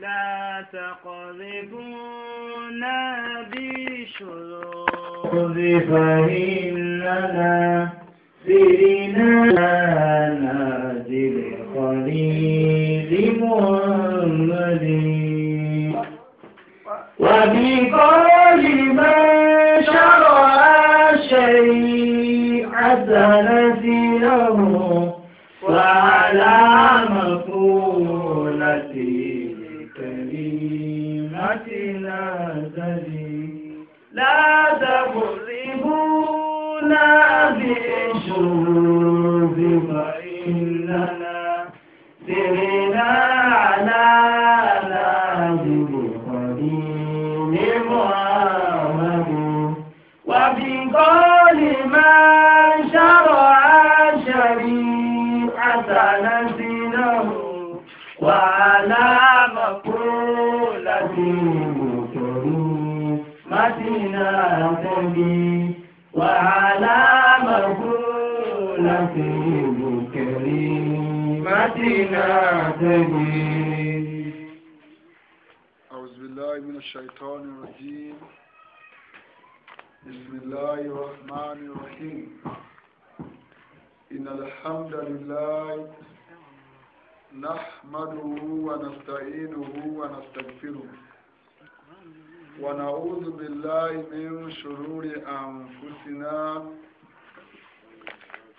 لا تقذفونا بالشذوذ فإننا سرنا نازل خليل محمد وبقول من شرع الشريعة نسير الشذوذ فإننا سرنا على نهج قديم محمد وبقول ما شرع شريعة نسله وعلى مقولة مكرمتنا تبي وعلى لطيف كريمتنا تجيب أعوذ بالله من الشيطان الرجيم بسم الله الرحمن الرحيم إن الحمد لله نحمده ونستعينه ونستغفره ونعوذ بالله من شرور أنفسنا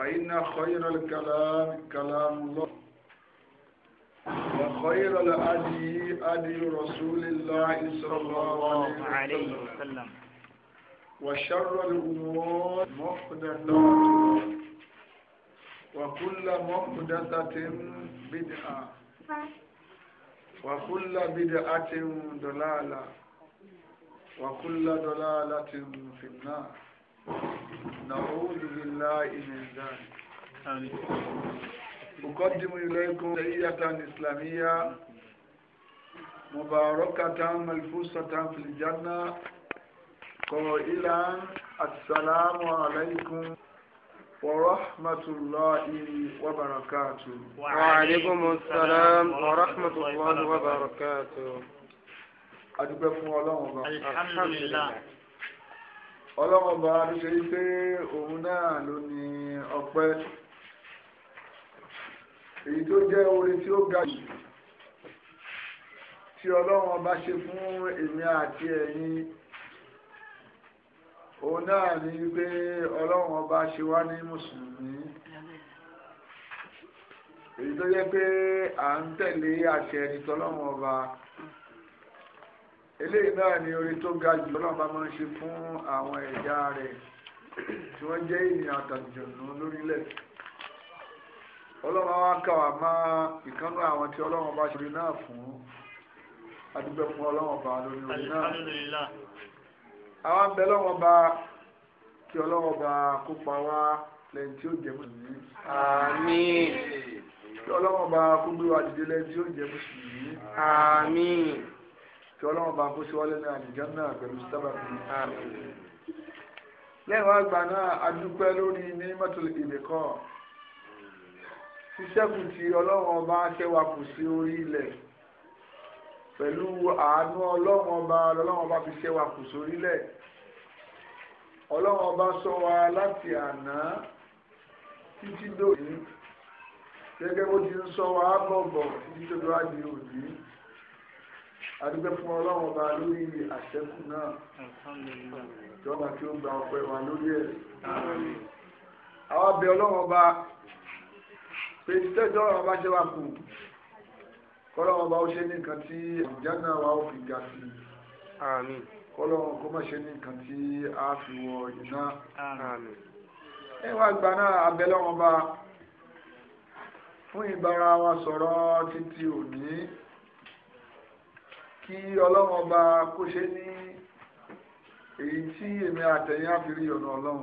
فإن خير الكلام كلام الله وخير الأدي أدي رسول الله صلى الله عليه وسلم وشر الأمور محدثاتها وكل محدثة بدعة وكل بدعة ضلالة وكل ضلالة في النار نعوذ بالله من ذلك أقدم إليكم تحية إسلامية مباركة ملفوسة في الجنة قائلا السلام عليكم ورحمة الله وبركاته وعليكم السلام ورحمة الله وبركاته أدب فوالا الحمد لله ọlọ́wọ́ bá rí ṣe pé òun náà ló ní ọpẹ́ èyí tó jẹ́ orin tí ó ga jù tí ọlọ́wọ́ bá ṣe fún èmi àti ẹ̀yin òun náà ní pé ọlọ́wọ́ bá ṣe wá ní mùsùlùmí èyí tó jẹ́ pé à ń tẹ̀lé àṣẹ ìtọ́lọ́wọ́ ọba eléyìí náà ni orí tó ga jù lọ́nà bá máa ń ṣe fún àwọn ẹ̀dá rẹ̀ tí wọ́n jẹ́ ènìyàn àtàjọ̀nù lórílẹ̀ ọlọ́run wa kà wá ìkánú àwọn tí ọlọ́run bá ṣe orí náà fún adúgbò fún ọlọ́run ọba lórí orí náà àwọn abẹ lọ́wọ́ bá kí ọlọ́run bá kópa wá lẹ́yìn tí ó jẹ́ mùsùlùmí. àmín. kí ọlọ́run bá kó dìde lẹ́yìn tí ó jẹ́ mùsùlùmí. àmín tí ọlọ́run bá kó síwájú ní àdìjọ́ náà pẹ̀lú sábàbí àmín. lẹ́yìn wá gbà náà a dúpẹ́ lórí mímọ́tò ìbè kọ́ ṣíṣẹ́kù tí ọlọ́run ọba ṣẹ́wà kù sí orí ilẹ̀ pẹ̀lú àánú ọlọ́run ọba ọlọ́run ọba fi ṣẹ́wà kù sórí ilẹ̀ ọlọ́run ọba sọ wa láti àná títí dòní gẹ́gẹ́ bó ti ń sọ wa bọ̀bọ̀ títí tó dọ́ òní adúgbò fún ọlọ́run ọba lórí àṣẹkù náà ìjọba tí ó gba ọpẹ́ wa lórí ẹ̀. àwọn abẹ ọlọ́run ọba pé tẹ́jọ́ ọlọ́run ọba ṣe wà kù kọ́lọ́run ọba ó ṣe ní nǹkan tí àjánà wa ó fi ga sí i kọ́lọ́run kó má ṣe ní nǹkan tí a fi wọ iná. ẹ wá náà abẹ ọlọ́run ọba fún ìbára wa sọ̀rọ̀ títí òní kí ọlọ́run ọba kó ṣe ní èyí tí èmi àtẹ̀yìn àfihàn ìyọ̀nà ọlọ́run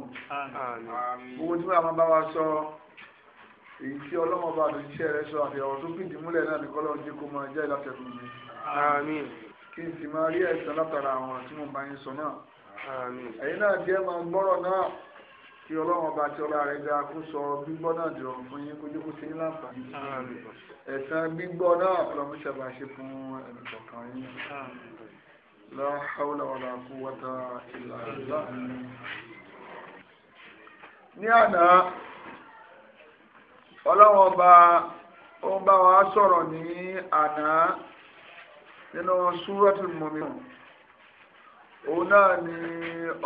owó tí wọ́n bá wa sọ èyí tí ọlọ́run ọba àtòjíṣẹ́ rẹ sọ àti ọ̀rọ̀ tó fìdí múlẹ̀ náà ní kọ́lọ́run jẹ́ kó máa jẹ́ ìlàtẹ̀ fún mi kí n sì máa rí ẹ̀sán látara àwọn tí mo bá yín sọ náà ẹ̀yin náà jẹ́ máa gbọ́rọ̀ náà tí ọlọ́run ọba tí ọlá rẹ̀ ga kó sọ gbígbọ́ náà dìrọ̀ fún yín kó jókòó sí yín láǹfààní. ẹ̀sán gbígbọ́ náà ọlọ́run ṣàbà ṣe fún ẹnì kọ̀ọ̀kan yín. la hawla wala quwwata illa billah. ní àná ọlọ́run ọba ó ń bá wa sọ̀rọ̀ ní àná nínú súrọ́tì mọ̀mí. òun náà ni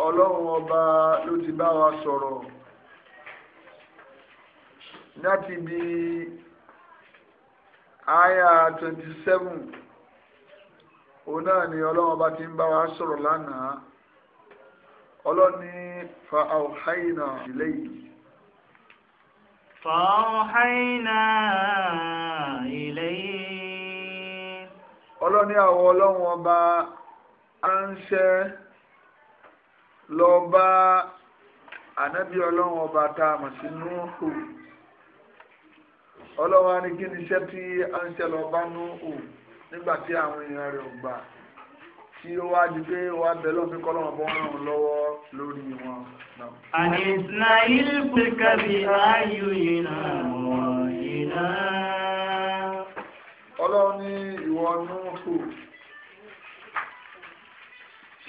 ọlọ́run ọba ló ti bá wa sọ̀rọ̀ láti bí àyà twenty òun náà ni ọlọ́run ọba ti ń bá wa sọ̀rọ̀ lánàá ọlọ́ni fa àwòháyìnà ìlẹ́yìí. Fọ́ọ̀háìnà ọba ránṣẹ́ lọ bá ànábì ọlọ́run ọba tá a mọ̀ sí núhù ọlọ́run á ní kí ni iṣẹ́ tí ránṣẹ́ lọ bá núhù nígbà tí àwọn èèyàn rẹ̀ ò gbà tí ó wá di pé wá bẹ lọ́fín kọ́lọ́run bọ́ ràn lọ́wọ́ lórí wọn. àní ismail pèkà bí ayò ìnà ìnà. ọlọ́run ní ìwọ núhù.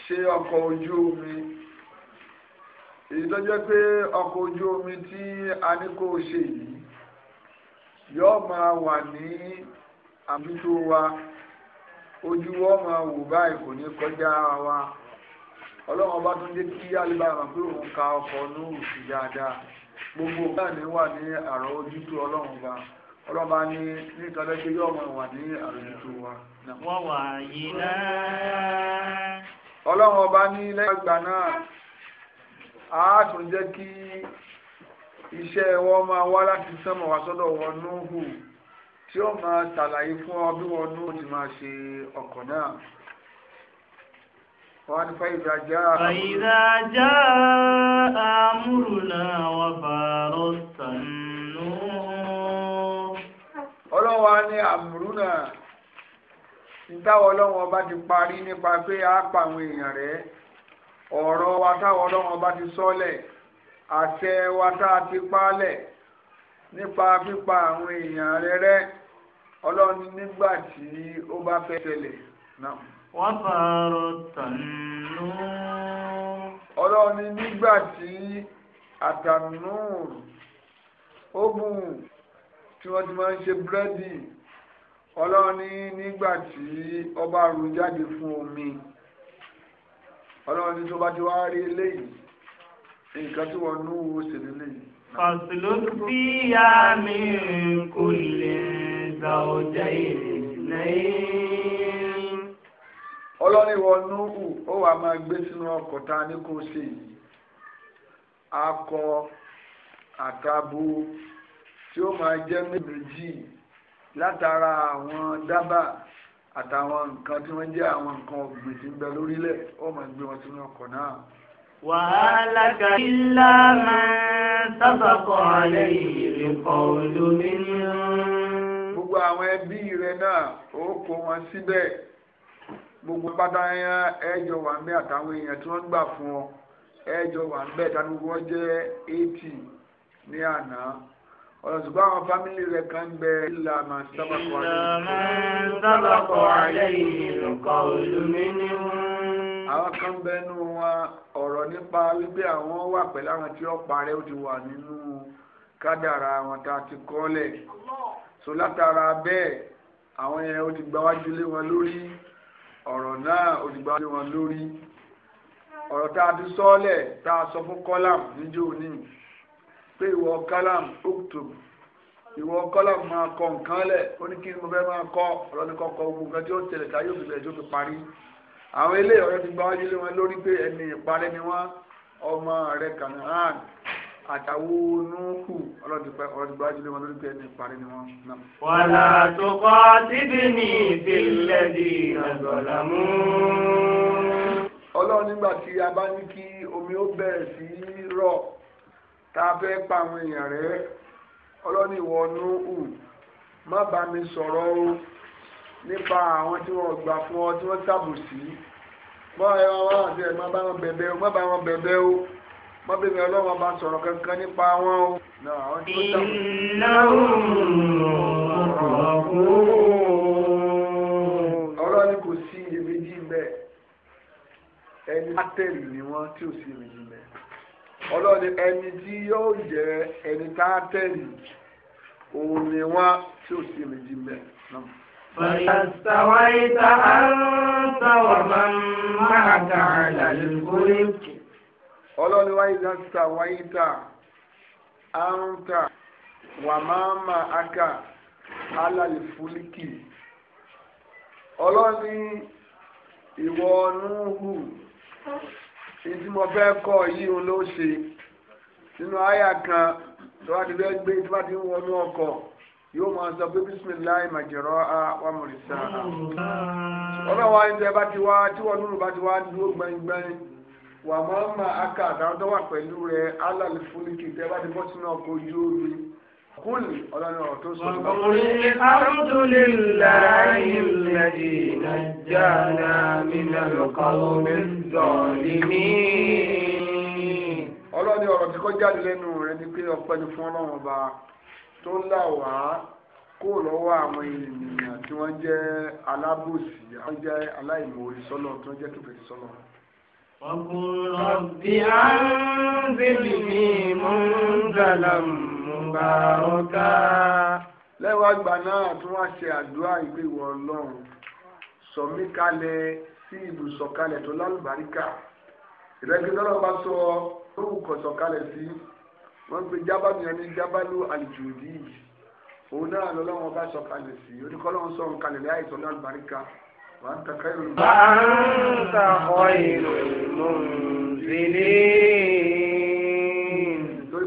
ṣe ọkọ̀ ojú omi èyí tó jẹ́ pé ọkọ̀ ojú omi tí a ní kó ṣe yìí yóò máa wà ní àmútó wa ojú wọn máa wò báyìí kò ní kọjá wa ọlọ́run ọba tó ń jẹ́ kí alibá àmà pé òun ka ọkọ̀ lóhùn sí dáadáa gbogbo ọ̀gá ni wà ní àrọ̀ ojú ọlọ́run ọba ọlọ́run ọba ní ní ìtọ́lẹ́gbẹ́ yóò máa wà ní àrọ̀ ojú wa. wọ́n wà yìí náà. ọlọ́run ọba ní lẹ́yìn náà a tún jẹ́ kí iṣẹ́ wọn máa wá láti sánmọ̀ wá sọ́dọ̀ wọn Núhù tí ó máa ṣàlàyé fún ọ bí wọn Núhù ti máa ṣe ọkọ̀ náà. wọ́n ní fàyídà já. fàyídà táwọn ọlọ́run ọba ti parí nípa pé a pa àwọn èèyàn rẹ̀ ọ̀rọ̀ wa táwọn ọlọ́run ọba ti sọ́lẹ̀ àṣẹ wa tá a ti paálẹ̀ nípa pípa àwọn èèyàn rẹ̀ rẹ́ ọlọ́run nígbà tí ó bá fẹ́ tẹ̀lẹ̀ wọ́n pààrọ̀ tànú. ọlọ́run nígbà tí àtànú ogun tí wọ́n ti máa ń ṣe búrẹ́dì ọlọ́run ní nígbà tí ọba rú jáde fún omi ọlọ́run ní tó bá ti wá rí eléyìí nǹkan tí wọ́n nú wo sì lélẹ́yìí. kọ̀sùlù bí ya mi kò lè gba ọjà ìrìnlẹ́yìn. ọlọ́run ìwọ núhù ó wàá máa gbé sínú ọkọ̀ ta ní kò sí yìí akọ àtabo tí ó máa jẹ́ méjì látara àwọn dábà àtàwọn nǹkan tí wọ́n jẹ́ àwọn nǹkan ọ̀gbìn tí ń bẹ lórílẹ̀ ó máa gbé wọn sínú ọkọ̀ náà. wàhálà kàlílà máa sábàkọ alẹ́ ìrìnkọ̀ olómi gbogbo àwọn ẹbí rẹ náà ó kó wọn síbẹ̀ gbogbo pátá ẹjọ wà ń àtàwọn èèyàn tí wọ́n gbà fún ọ ẹjọ wà ń bẹ tani wọ́n jẹ́ eighty ní àná ọ̀sùgbọ́n àwọn fámìlì rẹ̀ kan bẹ ilà máa sábàkọ̀ àlẹ́yìn nǹkan olùmí ní àwọn kan bẹnu wọn ọ̀rọ̀ nípa wípé àwọn wà pẹ̀lú àwọn tí ó parẹ́ ó ti wà nínú kádàrà àwọn tá a ti kọ́lẹ̀ so látara bẹ́ẹ̀ àwọn yẹn ó ti gbáwájú lé wọn lórí ọ̀rọ̀ náà ó ti gbáwájú lé wọn lórí ọ̀rọ̀ tá a ti sọ́ọ́lẹ̀ tá a sọ fún kọ́làm níjó níyì pé ìwọ kálám uktub ìwọ kálám máa kọ nǹkan lẹ̀ ó ní kí ni mo fẹ́ máa kọ ọ̀rọ̀ ní kọ́kọ́ gbogbo nǹkan tí ó tẹ̀lé tá yóò fi bẹ̀rẹ̀ tó fi parí àwọn ilé ọ̀rẹ́ ti gba wájú lé wọn lórí pé ẹni ìparí ni wọ́n ọmọ rẹ̀ kànáàn àtàwọn onúkù ọlọ́dúnpẹ́ ọlọ́dúnpẹ́ ajílẹ̀ wọn lórí pé ẹni parí ni wọ́n náà. wàlá tó kọ́ síbi ní ìfìlẹ̀ di àgbọ̀lámú. ọlọ́run nígbà tí a bá ní kí omi ó bẹ̀rẹ̀ sí rọ̀ tá a fẹ́ pa àwọn èèyàn rẹ ọlọ́ni ìwọ núhù má bá mi sọ̀rọ̀ o nípa àwọn tí wọ́n gbà fún ọ tí wọ́n tàbùsí mọ́ ẹ wọn àti ẹ̀ má bá wọn bẹ̀bẹ̀ o má bá wọn bẹ̀bẹ̀ o má bẹ̀bẹ̀ ọlọ́wọ́n bá sọ̀rọ̀ kankan nípa wọn o. ọlọ́ni kò sí iyèméjì bẹ́ẹ̀ ẹni látẹ̀lì ni wọ́n tí ò sí iyèméjì ọlọ́ni ẹni tí yóò jẹ ẹni tá a tẹ̀lé òun ni wọ́n tí ó sì méjì mẹ́. فاستويت أنت ومن معك على الفلك ọlọ́ni wáyé dáńtà wáyé tà áńtà wà máa ma aka alàlè fúlíkì ọlọ́ni ìwọ Núhù tí mo fẹ́ kọ́ yìí òun ló ṣe nínú àyà kan tó bá ti fẹ́ gbé tó bá ti ń wọnú ọkọ̀ yóò máa sọ pé bísímìláì á wà wa ń tẹ́ bá ti wá tí wọ́n nínú bá ti wá ma aka àtàwọn tó wà pẹ̀lú rẹ̀ alàlùfúnikì tẹ́ bá ti bọ́ sínú ọkọ̀ ojú omi. kúlì ọlọ́ni ọ̀rọ̀ tó sọ. ọkùnrin alhamdulillahi alladhi najjana minal qawmi zalimin. ọlọ́ni ọ̀rọ̀ tí kò jáde lẹ́nu rẹ̀ ni pé ọpẹ́ ni fún ọlọ́run ọba tó là wá kó lọ́wọ́ àwọn ènìyàn tí wọ́n jẹ́ alábòsí àwọn jẹ́ aláìmoore sọ́nà tí wọ́n jẹ́ kẹfẹ́ sọ́nà. ọkùnrin ọ̀bí á mi mú ń dàlámù mùbárọ́ká. lẹ́wọ̀n àgbà náà tí wọ́n ṣe àdúrà ìpè wọ ọlọ́run sọ̀mí kalẹ̀ sí ibùsọ̀kalẹ̀ tó lálùbáríkà ìrẹ́gbẹ́ lọ́rọ̀ bá sọ orúkọ sọ̀kalẹ̀ sí wọ́n pe jábàlú yẹn ní jábàlú àlùjòdì òun náà lọ́lọ́wọ́n bá sọ̀kalẹ̀ sí oníkọ́lọ́wọ́n sọ̀rọ̀ kalẹ̀ láì sọ lálùbáríkà wọ́n ń takẹ́ ìròyìn. bá a ń sàkọ́ ìròyìn mọ́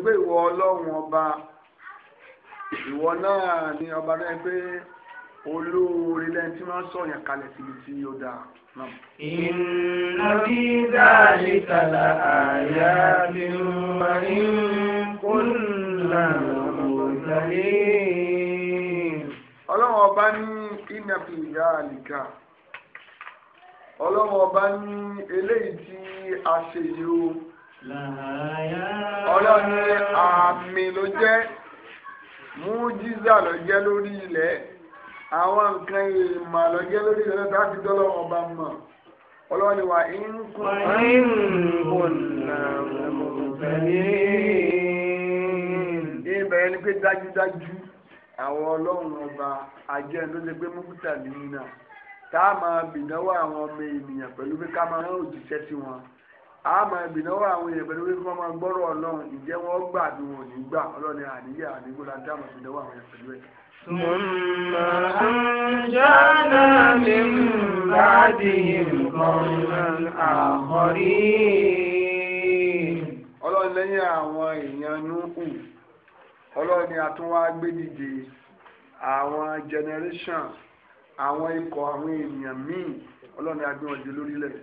pé ìwọ ọlọ́run ọba ìwọ náà ni ọba náà pé olóore lẹ́yìn tí wọ́n sọ yàn kalẹ̀ síbi tí ó dáa náà. inna fi dhalika la ayatin wa in kunna mursalin. ọlọ́run ọba ní inna fi dhalika ọlọ́run ọba ní eléyìí tí a ṣe yìí o. ọlọ́run ní àmì ló jẹ́ mújísà ló jẹ́ lórí ilẹ̀ àwọn nǹkan ìmọ̀ ló jẹ́ lórí ilẹ̀ lọ́ta dọ́lọ́ ọba mọ̀ ọlọ́run wà ni pé dájúdájú àwọn ọlọ́run ọba ajẹ́ ṣe pé múkútà nínú náà tá a máa àwọn ọmọ ènìyàn pẹ̀lú pé ká máa rán àmọ́ ìbìlọ́wọ́ àwọn èèyàn pẹ̀lú wípé wọ́n máa gbọ́rọ̀ ọlọ́run ìjẹ́ wọ́n gbà bí wọn ò ní gbà ọlọ́ni àníyà àdígbò láti àmọ́ ìbìlọ́wọ́ àwọn èèyàn pẹ̀lú ẹ̀. ثم أنجانا من بعدهم قوما آخرين ọlọ́run lẹ́yìn àwọn èèyàn núhù ọlọ́run ni àtúnwá gbédìde àwọn generation àwọn ikọ̀ àwọn èèyàn míì ọlọ́run ni agbẹ́wọ̀n jẹ lórílẹ̀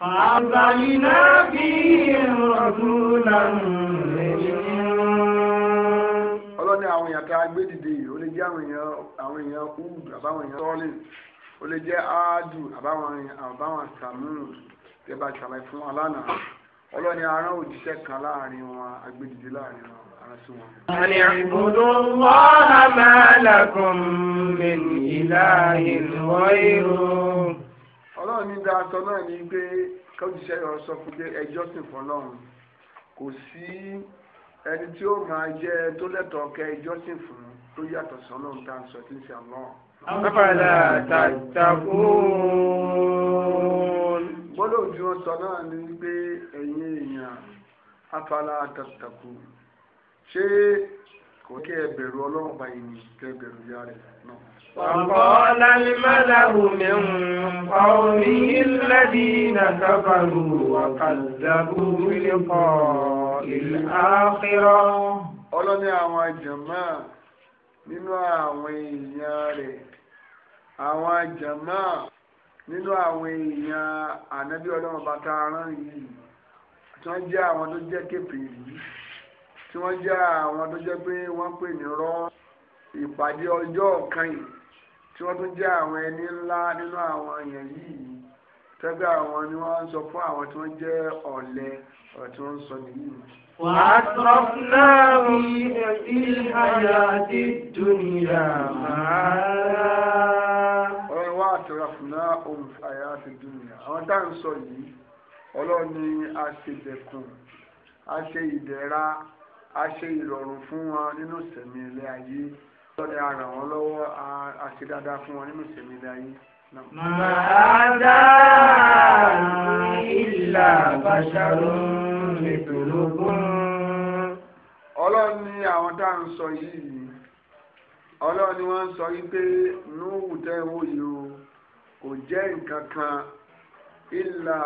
فأرسلنا فيهم رسولا ọlọ́ni àwọn èèyàn tá a yìí ó lè jẹ́ àwọn èèyàn àwọn èèyàn húd àbáwọn èèyàn sọ́ọ̀lì ó lè jẹ́ áádù àbáwọn àbáwọn sàmúù tẹ́ bá ṣàlàyé fún wa lánàá ọlọ́ni arán òjíṣẹ́ kan láàrin wọn agbẹ́dìde láàrin wọn ara sí wọn. àní àbùdó wọ́n á máa lakum min ilahin ọlọ́run ní dáadọ́ náà ni pé kọ́jíṣẹ́ yọ sọ fún pé ẹjọ́ sì fún ọlọ́run kò sí ẹni tí ó máa jẹ́ tó lẹ́tọ̀ọ́ kẹ ẹjọ́ sì fún tó yàtọ̀ sí ọlọ́run tá à ń sọ tí ń ṣe àlọ́. àbàlà tàtàkùn. gbọ́dọ̀ tí wọ́n sọ náà ni pé ẹ̀yin èèyàn àbàlà tàtàkùn ṣé kò kí ẹ bẹ̀rù ọlọ́run báyìí ni kẹ bẹ̀rù yára náà. وقال الملأ من قومه الذين كفروا وكذبوا بلقاء الآخرة ọlọ́ni àwọn jàmá nínú àwọn èèyàn rẹ̀ àwọn jàmá nínú àwọn èèyàn ànábí ọlọ́run bàtà arán yìí tí wọ́n jẹ́ àwọn tó jẹ́ kéfèé yìí tí wọ́n jẹ́ àwọn tó jẹ́ pé wọ́n pè ní rọ́ ìpàdé ọjọ́ kan yìí tí wọ́n tún jẹ́ àwọn ẹni ńlá nínú àwọn èèyàn yìí tẹ́gbẹ́ àwọn ni wọ́n ń sọ fún àwọn tí wọ́n jẹ́ ọ̀lẹ ọ̀rọ̀ tí wọ́n ń sọ nìyí. وأترفناهم في الحياة الدنيا وأترفناهم في الحياة الدنيا àwọn tá à ń sọ yìí ọlọ́run ni a ṣe dẹ̀kùn a ṣe ìdẹ̀ra a ṣe ìrọ̀rùn fún wọn nínú sẹ̀mí ilé ayé lọ́dẹ ara wọn lọ́wọ́ a ṣe dáadáa fún wọn nínú ìṣẹ̀mí láyé. ọlọ́run ní àwọn tá à ń sọ yìí ọlọ́run ni wọ́n ń sọ wípé núhù tẹ́ owó yìí o kò jẹ́ nǹkan kan ìlà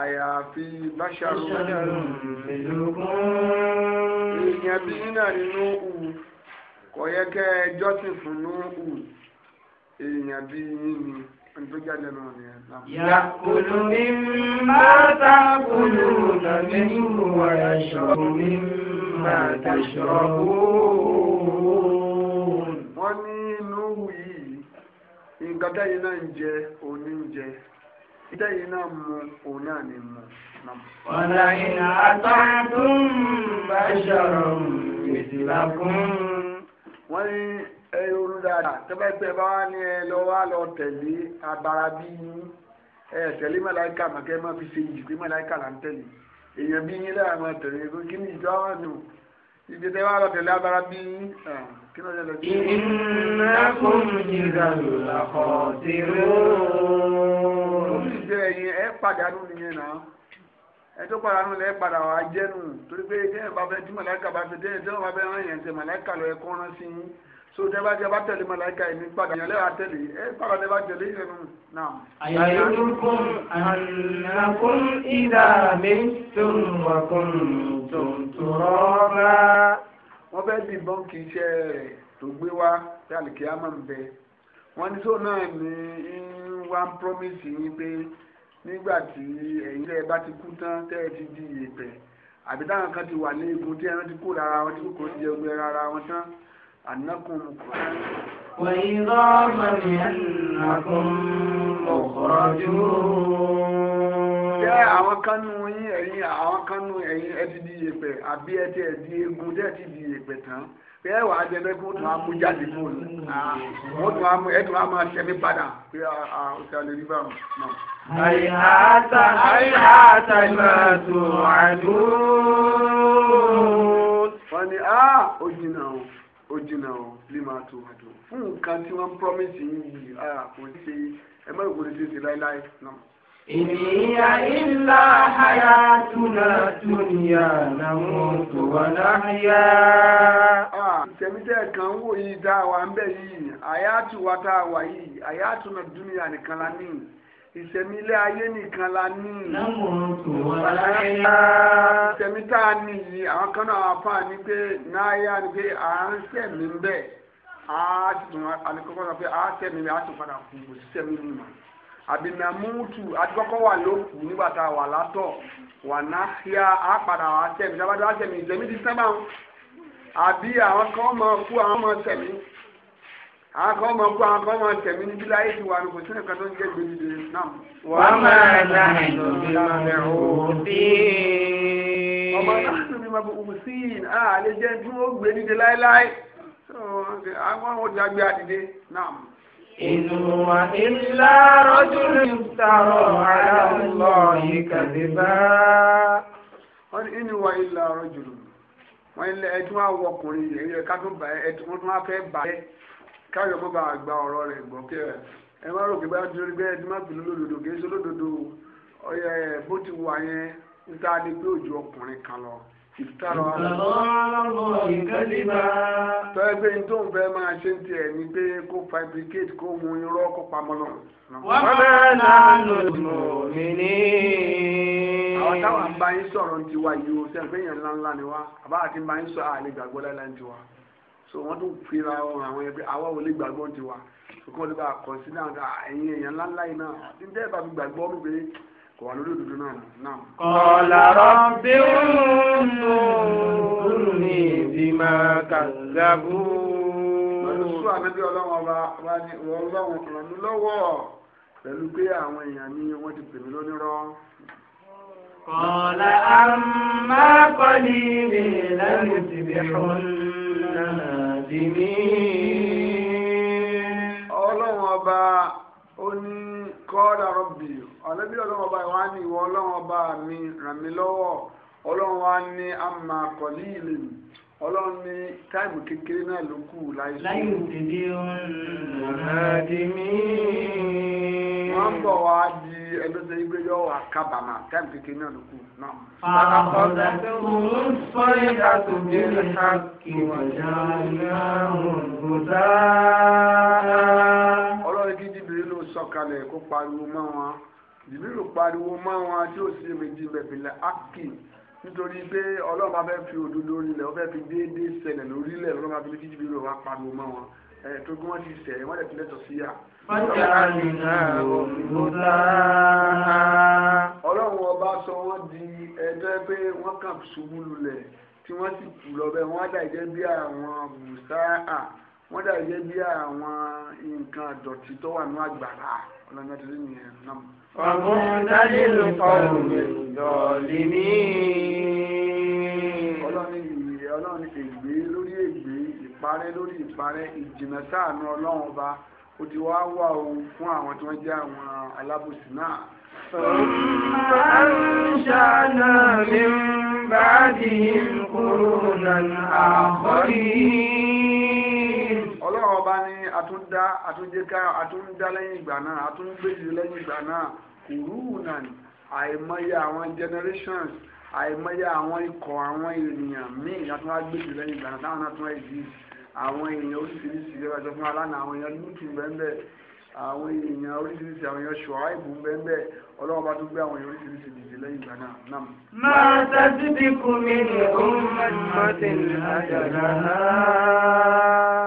àyàfi bàṣàrò lẹ́tọ̀lọ́gbọ́n. bí nínà nínú òwú kò yẹ kẹ́ ẹ jọ́sìn fún núhù èèyàn bíi yín ni ẹni tó jáde náà ni ẹ náà. yà kùlù mi máa ta kùlù tàbí nínú wàrà ṣọ́ọ̀bù mi máa ta ṣọ́ọ̀bù. wọ́n ní núhù yìí nǹkan tẹ́yìn náà ń jẹ òní ń jẹ tẹ́yìn náà mu òun náà ni mu. ọ̀nà ìnà àtàkùn bá ṣọ̀rọ̀ ìsìlákùn wọ́n ní ẹyọ olùdáàdà tẹ́fẹ́tẹ́ bá wá ní ẹ lọ wá lọ tẹ̀lé abara bí yín ẹ tẹ̀lé mẹ́láìkà màkẹ́ má fi ṣe ìjì pé mẹ́láìkà là ń tẹ̀lé èèyàn bí yín láàmú tẹ̀lé kí ni ìjọ wà nù ìjì tẹ́ wá lọ tẹ̀lé abara bí yín kí ló yẹlẹ. ìnákùn ìgbà lọ́kọ̀ọ́ ti rú. olùdíje ẹ̀yìn ẹ̀ pàdánù nìyẹn náà ẹtọ́ padà nù lẹ́ padà wà á jẹ́nu torí pé téèyàn bá fẹ́ tí màláìka bá fẹ́ téèyàn tí wọ́n bá fẹ́ rán yẹn ṣe màláìka lọ ẹ̀kọ́ rán sí yín so tẹ́ bá jẹ́ bá tẹ̀lé màláìka yìí ní padà yẹn lẹ́wà tẹ̀lé ẹ padà tẹ́ bá tẹ̀lé yẹn nù náà. àyẹ̀lúkún ànàkún ìdá mi tó ń wà kún tó wọ́n fẹ́ bí bọ́ǹkì iṣẹ́ rẹ̀ tó gbé wá tí àlìkè á máa ń bẹ wọ́n ní sọ náà ní wá promise yín pé nígbà tí ẹ̀yin lẹ́ẹ̀ bá ti kú tán tẹ́ ti di ìyẹ̀pẹ̀ àbí táwọn kan ti wà ní egun tí ẹran ti kó lára wọn tí kò jẹ ogun ẹran ara wọn tán ànákùn kùrán. وإذا ظننكم مخرجون jẹ́ àwọn kan nù yín ẹ̀yin àwọn kan nù ẹ̀yin ẹ ti di yèpẹ̀ àbí ẹ ti ẹ̀ di egun tẹ́ ti di yèpẹ̀ tán pé ẹwà ajẹmẹ kó tún amú jáde ah. Ah, mú un wọn tún amú ẹtún amú aṣẹmí padà pé ọsẹ ah, alẹ rí báwọn náà. àyíháta àyíháta ìlànà tó àdúró. wọ́n ní á ó jìnnà o ó jìnnà o lè máa tó àdó fún nǹkan tí wọ́n promise yín yìí kò ṣe ẹ má ìwúrí ṣe ṣe láéláé náà. إن هي إلا حياتنا الدنيا نموت ونحيا. tẹ̀mí tẹ́ ẹ̀ kàn wa ń bẹ̀ yìí àyàtù wa tá a wà yìí àyàtù náà dúnìyà la ní ìṣẹ̀mí ilé ayé nìkan la ní. nàmúrùtù a ní yìí àwọn kan náà wà fún àní pé náírà ni pé à ń ṣẹ̀mí ń bẹ̀ á ti pé à ń ṣẹ̀mí ń bẹ̀ padà kú kò sí ṣẹ̀mí àbìnàmútù àtikọ́kọ́ wà lókù nígbà tá a wà látọ̀ wà náà á padà wà sẹ́mi dábàdàn á sẹ́mi ìsẹ̀mí ti sẹ́mà ń àbí àwọn kan máa kú àwọn máa sẹ̀mí àwọn kan máa kú àwọn kan máa sẹ̀mí níbi láyé ti wà ní kò sí nǹkan tó ń jẹ́ gbèdéde náà. wọ́n máa dá ìdòdò òbí. ọmọ náà ló ní ma bọ̀ òkú sí tí wọ́n gbèdéde láéláé. àwọn ò إن هو إلا رجل افترى على الله كذبا wọ́n ní ìní wọ́n ilẹ̀ ọ̀rọ̀ jùlọ wọ́n ilẹ̀ ẹtí wọn ọkùnrin yìí ẹ̀yẹ ká tún bá wọn tún wá fẹ́ bá ẹ káyọ̀ bó rẹ̀ gbọ́ ìtàrọ̀ tọ́gbẹ́ tó ń fẹ́ máa ṣe ń tiẹ̀ ní pé kó fabricate kó mú irọ́ kó pamọ́ náà. wọ́n bẹ́ẹ̀ náà nù mí ní. àwọn táwọn bá sọ̀rọ̀ ń tiwa yìí o sẹ́yìn pé èèyàn ńlá ńlá ni wá àbá àti bá yín sọ àlè gbàgbọ́ láìláì ń tiwa so wọ́n tún fira ọ̀rọ̀ àwọn ẹgbẹ́ àwa ò lè gbàgbọ́ ń tiwa ṣùgbọ́n ó lè bá a kọ̀ sí náà kò wà lórí òdodo náà náà. kọ̀ọ̀lá rọ̀bì ònú ní ìdìmọ̀ kàgàbù. pẹ̀lú sùn ànábì ọlọ́run ọba wa ni ọlọ́run ràn lọ́wọ́ pẹ̀lú pé àwọn èèyàn mi wọ́n ti pè mí lónírọ́. قال أما قليلي ليصبحن نادمين ọlọ́run ọba ó ní kọ́ọ̀dà rọ́bì ànábì ọlọ́run ọba wa ní ìwọ ọlọ́run ọba mi ràn mí lọ́wọ́ ọlọ́run wa ní àmà kọ̀lí ìlè mi ọlọ́run ní táìmù kékeré náà ló kù láì sùn. láì òdìdí ọ̀nàdìmí. wọ́n bọ̀ wá di ẹgbẹ́ tó yígbé yọ wà kábàámà táìmù kékeré náà ló kù náà. àkọ́dà tó ń sọ ìdá tó bí ká kí wọ́n já láàrún gbọ́dá. ọlọ́run kí jìbìrì ló sọ̀kalẹ̀ kó pariwo mọ́ wọn jìbìrù pariwo mọ́ wọn tí ó sì méjì mẹ́fìlẹ̀ ákì nítorí pé ọlọ́run bá fẹ́ fi òdodo rinlẹ̀ ó fẹ́ fi déédéé ṣẹlẹ̀ lórílẹ̀ ọlọ́run bá fi létí jìbìrù wa pariwo mọ́ wọn tó gbọ́n ti sẹ̀ wọ́n lè fi lẹ́tọ̀ sí yà. ọlọ́run ọba sọ wọ́n di ẹjọ́ pé wọ́n kàn ṣubú lulẹ̀ tí wọ́n sì kú lọ bẹ́ẹ̀ wọ́n dà jẹ́ bí àwọn mùsáà wọ́n dà gẹ́gẹ́ bí àwọn nǹkan àdọ̀tí tó wà ní àgbàrá ọlọ́nà tó ní ẹ̀ náà. ọ̀gbọ́n dájú ló kọ́ òun ìdọ̀lì mí. ọlọ́ni ìyè ọlọ́ni ègbé lórí ègbé ìparẹ́ lórí ìparẹ́ ìjìnà sáànù ọlọ́run ọba ó ti wá wà òun fún àwọn tí wọ́n jẹ́ àwọn alábòsí náà. أنشأنا من بعدهم قرونا آخرين ọlọ́wọ́ bá ní àtúndá àtúndéká àtúndá lẹ́yìn ìgbà náà àtúndéjì lẹ́yìn ìgbà náà kùrúùnà àìmọye àwọn generations àìmọye àwọn ikọ̀ àwọn ènìyàn míì látún wá gbèsè lẹ́yìn ìgbà náà táwọn náà tún wá àwọn èèyàn oríṣiríṣi lẹ́wọ̀n ìjọba aláàánú àwọn èèyàn lùtù bẹ́ẹ̀ bẹ́ẹ̀ àwọn èèyàn oríṣiríṣi àwọn èèyàn ṣọ àìbù bẹ́ẹ̀ ọlọ́run bá tún gbé àwọn èèyàn oríṣiríṣi dìde lẹ́yìn ìgbà náà nam. máa tẹ́sí bí kú mi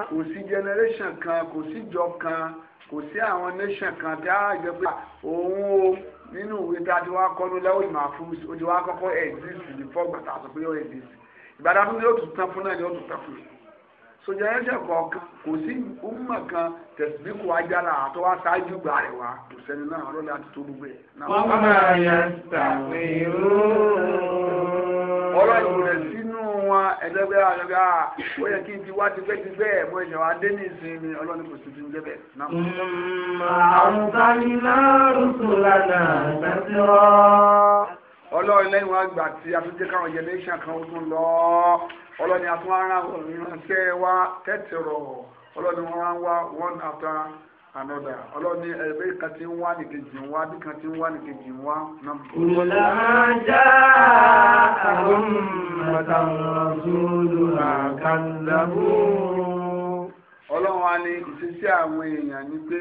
kò sí generation kan kò sí ìjọ kan kò sí àwọn nation kan tí a jẹ pé òun o nínú ìwé tí a ti wá kọ́ ló lẹ́wọ̀ ìmọ̀ àfúrúsí ó ti wá kọ́kọ́ exist ní fọ́gbà sọ pé ó exist ìgbàdàn tó ní tún tán fún náà ni ó tún tán fún mi sọjà ẹsẹ kọ̀ọ̀kan kò sí umma kan tẹsibíkù ajára àtọwá ṣáájú gbà rẹ wá kò náà lọlẹ àti tó gbogbo ẹ. wọn máa yẹ sàmìlú. ọ̀rọ̀ ìbùrẹ sínú wọn ẹlẹgbẹ́ àgbẹgbẹ à ó yẹ kí n ti wá tipẹ́tipẹ́ mo ẹsẹ wa dé ní ìsinmi ọlọrin kò sí ti ń débẹ̀. àwọn sani náà rúṣùlá ọlọ́run lẹ́yìn wọn àgbà tí àtúnjẹ káwọn generation kan ó tún lọ ọlọ́ni àtún ìránṣẹ́ wa tẹ̀tẹ̀rọ̀ ọlọ́ni wọn wá wá one after another ọlọ́ni ẹ̀rẹ́ kan ti ń wá nìkejì ń wá bí kan ti ń wá nìkejì ń wá. ìmọ̀lá máa já àwọn mọ̀tàwọn sódò àkàndàbò. ọlọ́run wa ni ìṣesí àwọn èèyàn ni pé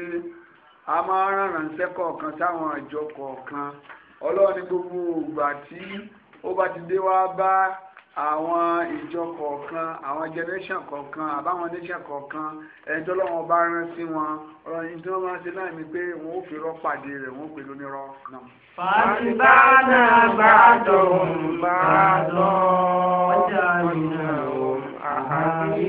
a máa ń rán ìránṣẹ́ kọ̀ọ̀kan sáwọn àjọ kọ̀ọ̀kan ọlọ́run ní gbogbo ìgbà tí ó bá ti dé wá bá àwọn ìjọ kọ̀ọ̀kan àwọn generation kọ̀ọ̀kan àbáwọn nation kọ̀ọ̀kan ẹjọ́ lọ́wọ́ bá rán sí wọn ọ̀rọ̀ yìí tí wọ́n máa ń ṣe náà ni pé wọ́n ó fi rọ́ pàdé rẹ̀ wọ́n ó pè lónírọ́ náà. fàtìbá náà gbàdọ̀ gbàdọ̀ ọjà ìnáwó àhàbí.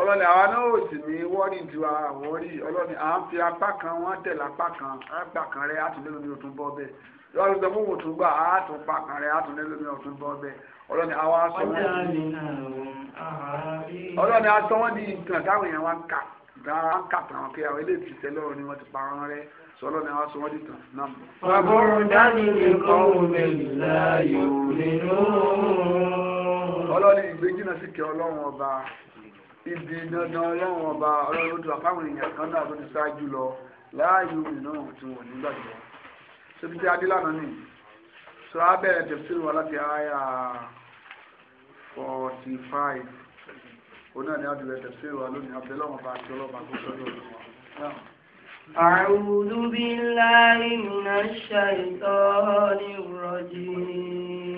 ọlọ́ni àwa náà ò sì wọ́ọ̀rì ju ara wọn rí ọlọ́ni à ń fi apá kan wọ́n tẹ̀lé apá kan apá kan rẹ̀ àtúndínlómi òtún bọ́ bẹ́ẹ̀ lọ́wọ́ ló sọ òtún gbà àtún kan rẹ̀ àtúndínlómi òtún bọ́ bẹ́ẹ̀ ọlọ́ni àwa sọ wọ́n di ọlọ́ni asọ wọ́n di ìtàn táwọn èèyàn wá ń kà dára ń kà tàn kí àwọn eléyìí tẹ lọ́wọ́ ni wọ́n ti pa wọn rẹ́ sọlọ́ ni àwa sọ wọ́n di ìtàn náà. ọgbọ́n dání ni kọ́wọ́ kẹ́ ọlọ́run ọba ibi dandan ọlọ́run ọba ọlọ́run ló ti wà fáwọn èèyàn kan náà tó ti ṣáájú lọ láàyè omi náà tí wọn ò ní gbàgbọ́ ṣébi tí adé lánàá nì sọ abẹ́rẹ́ tẹ̀sílù wa láti àyà forty five òun náà ni adìrẹ́ tẹ̀sílù wa lónìí abẹ́lẹ́ ọ̀hún bá ti ọlọ́ba tó sọ́dọ̀ ọ̀hún wa. أعوذ بالله من الشيطان الرجيم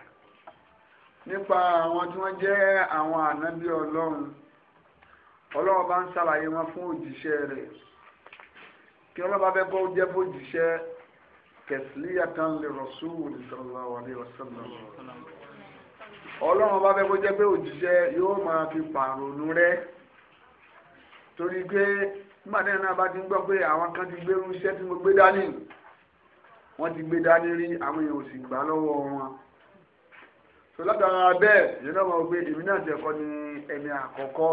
nípa àwọn tí wọ́n jẹ́ àwọn ànábí ọlọ́run ọlọ́run bá ń ṣàlàyé wọn fún òjíṣẹ́ rẹ̀ kí ọlọ́run bá fẹ́ kó jẹ́ fòjíṣẹ́ tẹ̀sílíyàtàn lè rasul sallallahu alaihi wasallam ọlọ́run bá fẹ́ kó jẹ́ pé òjíṣẹ́ yóò máa fi pàrònú rẹ̀ torí pé nígbà tí náà bá ti ń gbọ́ pé àwọn kan ti gbé irú iṣẹ́ tí mo gbé dání wọ́n ti gbé dání rí àwọn èèyàn ò sì gbà lọ́wọ́ wọn so látara bẹ́ẹ̀ yìí náà wọ́n gbé èmi náà ti ẹ̀kọ́ ní ẹni àkọ́kọ́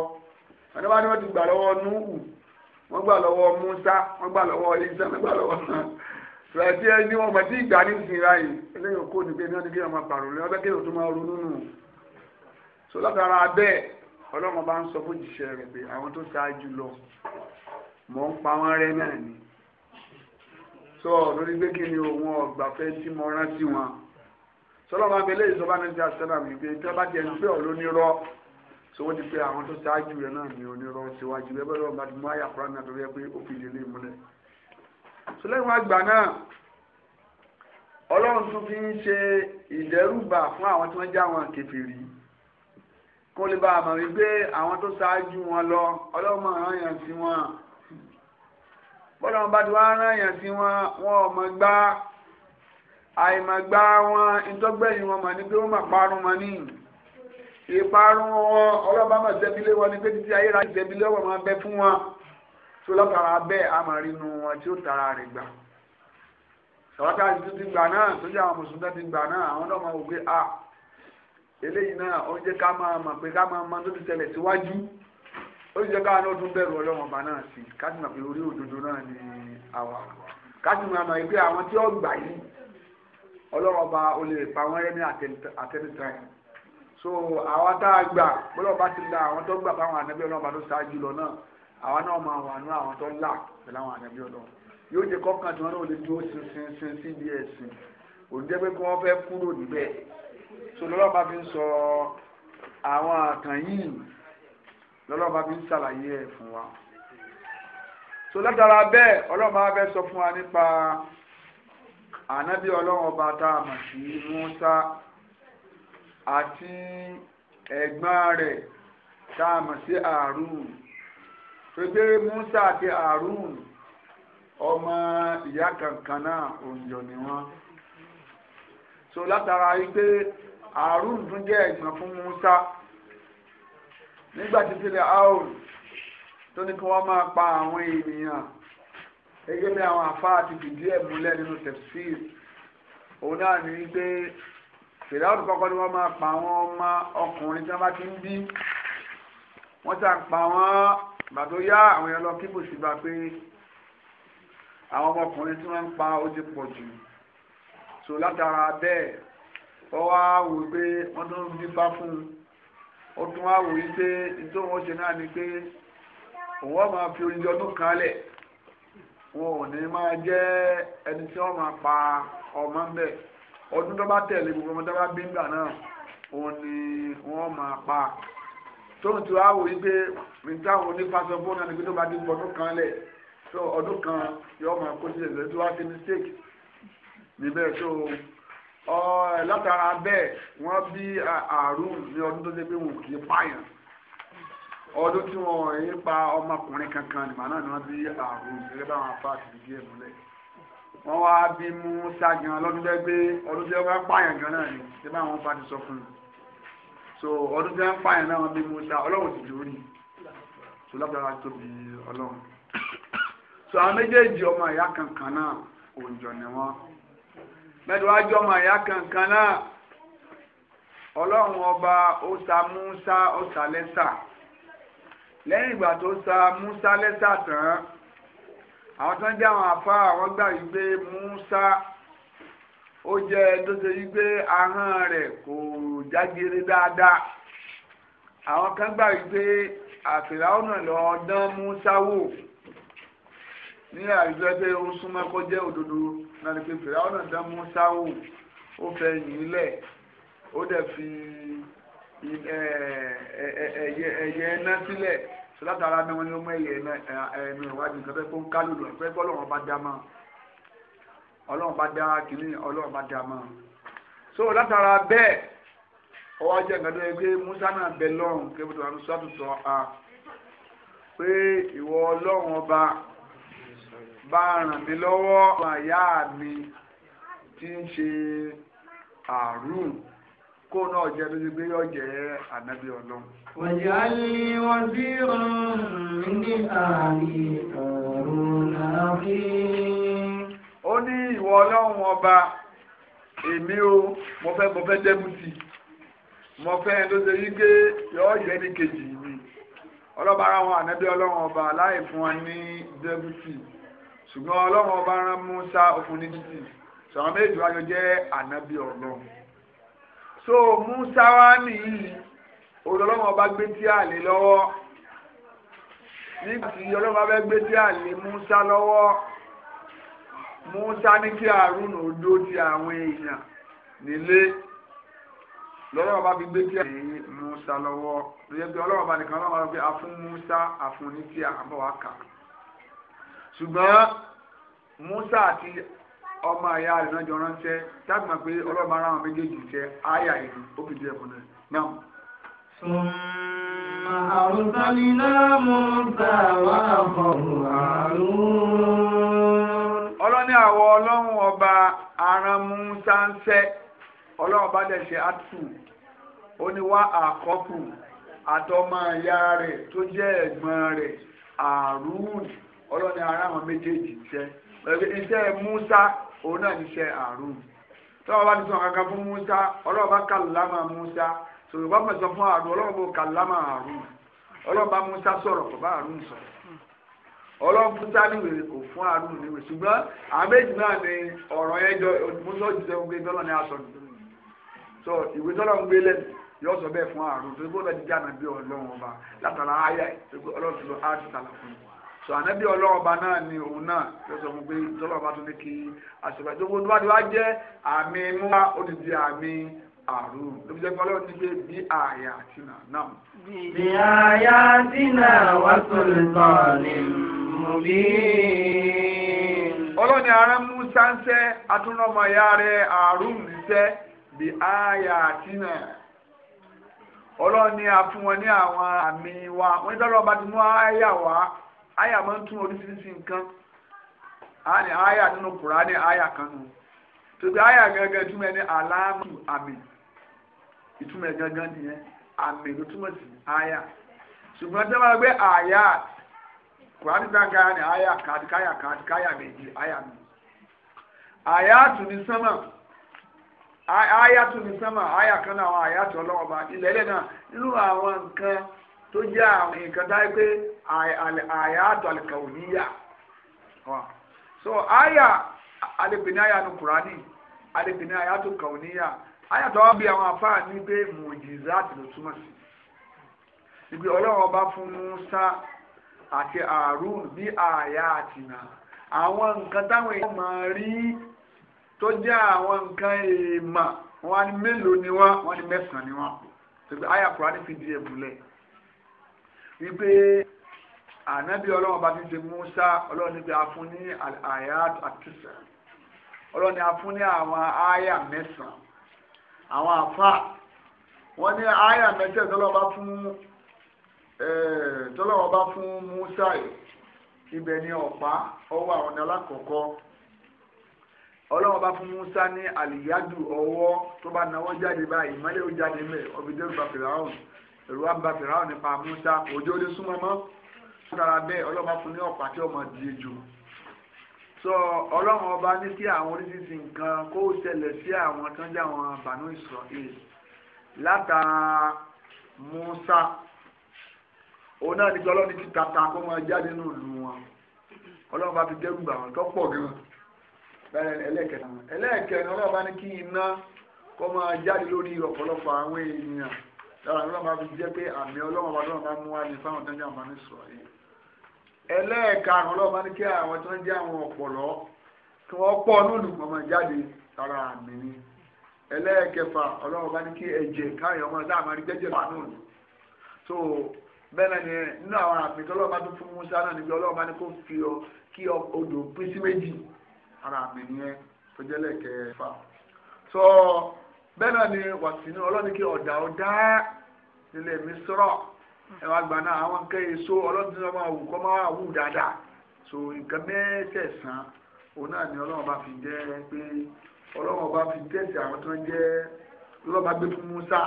ẹni wọ́n ní wọ́n ti gbà lọ́wọ́ nuhu wọ́n gbà lọ́wọ́ musa wọ́n gbà lọ́wọ́ isa wọ́n gbà lọ́wọ́ sọ̀rọ̀tì ẹni wọn mọ̀ tí ní ìsìn ra yìí eléyìí kó ní pé ní wọ́n ti kí wọ́n pàrọ̀ lé wọ́n fẹ́ kí máa ronú nù so látara bẹ́ẹ̀ ọlọ́run bá ń sọ fún jìṣẹ́ rẹ̀ so lórí pé kí ni òun ọ̀gbà fẹ́ tí mo sọlọ́ba abẹ́lẹ́ ìsọba ní ti àṣẹ náà wípé tí wọ́n bá jẹ́ pé ọ̀ lónírọ́ so wọ́n ti pe àwọn tó ṣáájú rẹ̀ náà ní onírọ́ síwájú bẹ́ẹ̀ bẹ́ẹ̀ lọ́ba mú àyà kúrán náà tó yẹ pé ó fi ìdílé múlẹ̀ so lẹ́yìn àgbà náà ọlọ́run tún fi ń ṣe ìdẹ́rùbà fún àwọn tí wọ́n já wọn kèfèrí kó lè bá a mọ̀ wípé àwọn tó ṣáájú wọn lọ ọlọ́run máa rán yàn sí wọn bọ́lá àìmọ̀gbà wọn ìtọ́gbẹ̀yìn wọn mà ní pé wọ́n mà parun wọn ní ìparun wọn ọlọ́ba mà zẹ́bílé wọn ní pé títí ayérayé zẹ́bílé wọn máa bẹ fún wọn tó lọ́kàrà bẹ́ẹ̀ a máa rí inú wọn tí ó tara rẹ̀ gbà sọ̀rọ̀tà tó ti gbà náà tó jẹ́ àwọn mùsùlùmí ti gbà náà àwọn náà máa wò pé a eléyìí náà ó jẹ́ ká máa mọ̀ pé ká máa mọ tó ti tẹ̀lẹ̀ síwájú ó jẹ́ ká náà tún bẹ̀rù ọlọ́wọ́n ni àwa ká sì mọ̀ àmọ̀ ọlọ́run ọba ó lè pa wọ́n so àwọn tá a gbà ọlọ́run bá ti la àwọn tó gbà fáwọn ànábì ọlọ́run bá tó ṣáájú lọ náà àwọn náà máa wà nú àwọn tó là pẹ̀lú àwọn ànábì ọlọ́run yóò jẹ́ kọ́kàn tí wọ́n náà lè dúró sinsin síbi ẹ̀sìn òjẹ́ pé kí wọ́n fẹ́ kúrò níbẹ̀ so lọ́lọ́run bá fi ń sọ àwọn àkàn yìí lọ́lọ́run bá fi ń ṣàlàyé ẹ̀ fún wa so látara bẹ́ẹ̀ ọlọ́run bá fẹ́ sọ fún wa ànábì ọlọ́run ọba tá a mọ̀ sí Musa àti ẹ̀gbọ́n rẹ̀ tá a mọ̀ sí Harun tó gbé Musa àti Harun ọmọ ìyá kankan náà òǹjọ ni wọ́n so látara wípé arun tún jẹ́ ẹ̀gbọ́n fún Musa nígbà tí tilẹ̀ Harun tó ní kí wọ́n máa pa àwọn ènìyàn gẹ́gẹ́ bí àwọn àfáà ti fìdí ẹ̀ múlẹ̀ nínú tafsir òun náà ní pé fìdáwọ́n kọ́kọ́ ni wọ́n máa pa àwọn ọmọ ọkùnrin tí wọ́n bá ti ń bí wọ́n ti pa wọ́n bàtó yá àwọn èèyàn lọ kí bùsì bá pé àwọn ọmọkùnrin tí wọ́n ń pa ó ti pọ̀ jù so látara bẹ́ẹ̀ wọ́n wá wò pé wọ́n tó ń dífá fún un ó tún wá wò yí pé nítorí ṣe náà ni pé òun wọ́n fi oúnjẹ ọdún kan lẹ̀ wọn ò ní máa jẹ́ ẹni tí wọ́n máa pa ọmọ ń bẹ̀ ọdún tó bá tẹ̀lé gbogbo ọmọ tó bá bí ńgbà náà òun ni wọ́n máa pa tóun ti wá wò yí pé níta àwọn onífàṣọ fóònù àti pé tó bá ti pọ̀ ọdún kan lẹ̀ tó ọdún kan yọ ọmọ kó sí ẹ̀sẹ̀ tó wá sí mistake níbẹ̀ tó ọ látara bẹ́ẹ̀ wọ́n bí àrùn ní ọdún tó ṣe pé wọn kì í pààyàn. ọdún tí wọn yé pa ọmọkùnrin kankan nìgbà náà ni wọn bí ààrùn ìṣẹ̀lẹ̀ báwọn afá ti di díẹ̀ wọn wá bí mú ságin ọlọdún tẹ gbé ọdún tí wọn pààyàn gan náà so ọdún wọn pààyàn náà wọn bí mú sá ti so so àwọn ọmọ ìyá kankan náà ni ọmọ ìyá kankan náà ọba ó sa lẹ́yìn ìgbà tó sa Musa lẹ́sà tán àwọn tó ń jẹ́ àwọn afá àwọn gbà wípé Musa ó jẹ́ tó ṣe wípé ahọ́n rẹ̀ kò jágere dáadáa àwọn kan gbà wípé àfìláwọ́ náà lọ dán Musa wò ní àìjọ pé ó súnmọ́ kó jẹ́ òdodo náà ni pé fìláwọ́ náà dán Musa wò ó fẹ́ yìn ín lẹ̀ ó dẹ̀ fi ẹyẹ ẹná sílẹ̀ sọlátara ni wọn ní ọmọ ẹyẹ ẹnu ìwádìí nǹkan tó ń kálù lọ pé bọ́lọ́wọ́n bá dá mọ́ ọlọ́wọ́n bá dá kínní ọlọ́wọ́n bá dá mọ́ so látara bẹ́ẹ̀ ọwọ́ ajé nǹkan tó yẹ pé musa náà bẹ lọ́rùn kébùtò àwọn sọ́tùtù ọ̀ha pé ìwọ ọlọ́wọ́n ọba bá ràn mí lọ́wọ́ àwọn àyà mi tí ń ṣe àrùn kó náà jẹ́ lójú pé yóò jẹ́ ànábì ọlọ́run. wàjà lè wọ́n sí ọ̀run ní ààyè ọ̀run àfi. ó ní ìwọ ọlọ́run ọba èmi o mo fẹ́ mo fẹ́ dẹ́mùtì mo fẹ́ ló ṣe yí pé yóò jẹ́ ní kejì mi ọlọ́ba ara wọn ànábì ọlọ́run ọba láì fún wa ní dẹ́mùtì ṣùgbọ́n ọlọ́run ọba rán Mùsá òfin ní títì sọ̀rọ̀ méjì wájú jẹ́ ànábì ọlọ́run so Musa wa nìyí olùlọ́wọ́ bá gbé tí àlè lọ́wọ́ nígbà tí ọlọ́wọ́ bá gbé tí àlè Musa lọ́wọ́ Musa ní kí àrùn òdo ti àwọn èèyàn nílé lọ́wọ́ bá fi gbé tí àlè Musa lọ́wọ́ lóye pé ọlọ́wọ́ bá nìkan lọ́wọ́ pé a fún Musa àfún ní tí àbọ̀ wá kà ṣùgbọ́n Musa àti ọmọ àyà rẹ̀ náà jọ ránṣẹ́ pé ọlọ́run ara ráwọn méjèèjì jẹ́ àyà ìlú ó fi di ẹ̀kún náà. náà. ta ọlọ́ni àwọ̀ ọlọ́run ọba aran ọba dẹ̀ ṣe àtù ó àkọ́kù àtọmọ rẹ̀ tó jẹ́ ẹ̀gbọ́n rẹ̀ àrùn ọlọ́ni méjèèjì musa òun náà níṣẹ́ àrùn tọ́wọ́ bá ti sọ kankan fún Musa ọlọ́wọ́ bá kàlámà Musa sọ̀rọ̀ bá mọ̀ sọ fún àrùn ọlọ́wọ́ bó kàlámà àrùn ọlọ́wọ́ bá Musa sọ̀rọ̀ kò bá àrùn sọ̀rọ̀ ọlọ́wọ́ Musa níwèé kò fún àrùn níwèé ṣùgbọ́n àbẹ́jì náà ni ọ̀rọ̀ yẹn jọ Musa jùlọ ń gbé tọ́lọ́ ní aṣọ so ìwé tọ́lọ́ ń gbé lẹ́nu yóò sọ bẹ́ẹ̀ fún àrùn tó gbọ́dọ̀ jíjà náà bí ọlọ́run ọba látara ayé tó gbọ́dọ̀ tó lọ á ti tàlà fún un so ànábì ọlọ́ọ̀ba náà ni òun náà tó fún pé tọ́lọ́ọ̀ba tó ní kí àṣìbà tó wá jẹ́ àmì múra odidi àmì àrùn lóbi jẹ́ pé ti gbé bí àyà àti nà náà. bí àyà àti nà sọ̀rọ̀ ara mú sáńsẹ́ ìyá rẹ̀ àrùn níṣẹ́ bí àyà àti nà a fún wọn ní àwọn àmì wa wọ́n ní tọ́lọ́ọ̀ba wá. aya ma tun orisirisi nkan a ni aya ninu qur'ani aya kan nu to bi aya gangan tumẹ ni alamu ami itumẹ gangan niyẹn ya lo tumẹ si aya ṣùgbọ́n tí a máa gbé aya qur'ani gbangan ni aya kadi kaya kadi kaya meji aya mi aya tu ni sama aya tu ni sama aya kan na awọn aya tọ lọwọ ba ilẹ̀ ilẹ̀ náà inú àwọn tó jẹ́ àwọn nǹkan tá pé àyà àtọ̀ àlìkàwòníyà so àyà àlepìní àyà nu kùránì àlepìní àyà tó kàwòníyà àyà tó wá bí àwọn afáà ní pé mùjìzá àti ló túmọ̀ sí ibi ọlọ́run ọba fún Musa àti Àrùn bí àyà àtìnà àwọn nǹkan táwọn èèyàn máa rí tó jẹ́ àwọn nǹkan èèmà wọn ni mélòó ni wọn wọn ni mẹ́sàn-án ni wọn àyà kùránì fi di ẹ̀bùn lẹ̀ wípé ànábì ọlọ́run bá ti ṣe Musa ọlọ́run níbi afún ní àyà àtúnṣe ọlọ́run ní afún ní àwọn àyà mẹ́sàn-án àwọn àfa wọ́n ní àyà mẹ́sàn-án tọ́lọ́run bá fún tọ́lọ́run bá fún Musa ibẹ̀ ni ọ̀pá ọwọ́ àwọn ní alákọ̀ọ́kọ́ ọlọ́run bá fún Musa ní àlìyádù ọwọ́ tó bá náwó jáde báyìí ìmọ́lẹ̀ jáde mẹ́ ọ̀bìdẹ́rù bàbá ìlà ọ̀hún ẹ̀rù wa ń ba fìràwọ̀ nípa Musa òjò lè súnmọ́ mọ́ látara bẹ́ẹ̀ ọlọ́mọ fún ní ọ̀pá tí ọmọ di ejò sọ ọlọ́run ọba ní kí àwọn oríṣiríṣi nǹkan kó ṣẹlẹ̀ sí àwọn tó ń jẹ́ àwọn àbànú Israel látara Musa òun náà ní kí ọlọ́run ti tata kó máa jáde nínú ìlú wọn ọlọ́run bá fi dẹ́rù bà wọn tó pọ̀ gan-an bẹ́ẹ̀ ẹlẹ́ẹ̀kẹrin ẹlẹ́ẹ̀kẹrin ọlọ́run bá ní kí iná kó máa jáde lórí ọ̀pọ̀lọpọ̀ àwọn èèyàn lára ní ọlọ́mọba fi jẹ́ pé àmì ọlọ́mọba ọlọ́mọba mú wá ní fáwọn tó ń jẹ́ àwọn ní sọ̀rọ̀ yìí ẹlẹ́ẹ̀karùn ọlọ́mọba ní kí àwọn tó ń jẹ́ àwọn ọ̀pọ̀lọ́ kí wọ́n pọ̀ lónìí ọmọ jáde lára àmì ni ẹlẹ́ẹ̀kẹfà ọlọ́mọba ní kí ẹ̀jẹ̀ káyọ̀ ọmọ sáà máa rí jẹ́jẹ̀ fà náà so bẹ́ẹ̀ ni nínú àwọn àmì tó ọlọ́mọba tó fún Musa náà níbi ọlọ́mọba ní kó fi ọ kí so bẹ́ẹ̀ ni wàsínú ọlọ́ni kí ọ̀dà ọ̀dà nílé misrọ ẹ wá gbà náà àwọn nǹkan èso ọlọ́dún ọmọ àwù kọ́ máa wù dáadáa so nǹkan mẹ́tẹ̀ẹ̀sán òun náà ni ọlọ́run bá fi jẹ́ pé ọlọ́run bá fi tẹ̀sí àwọn tó ń jẹ́ lọ́wọ́ bá gbé fún Musa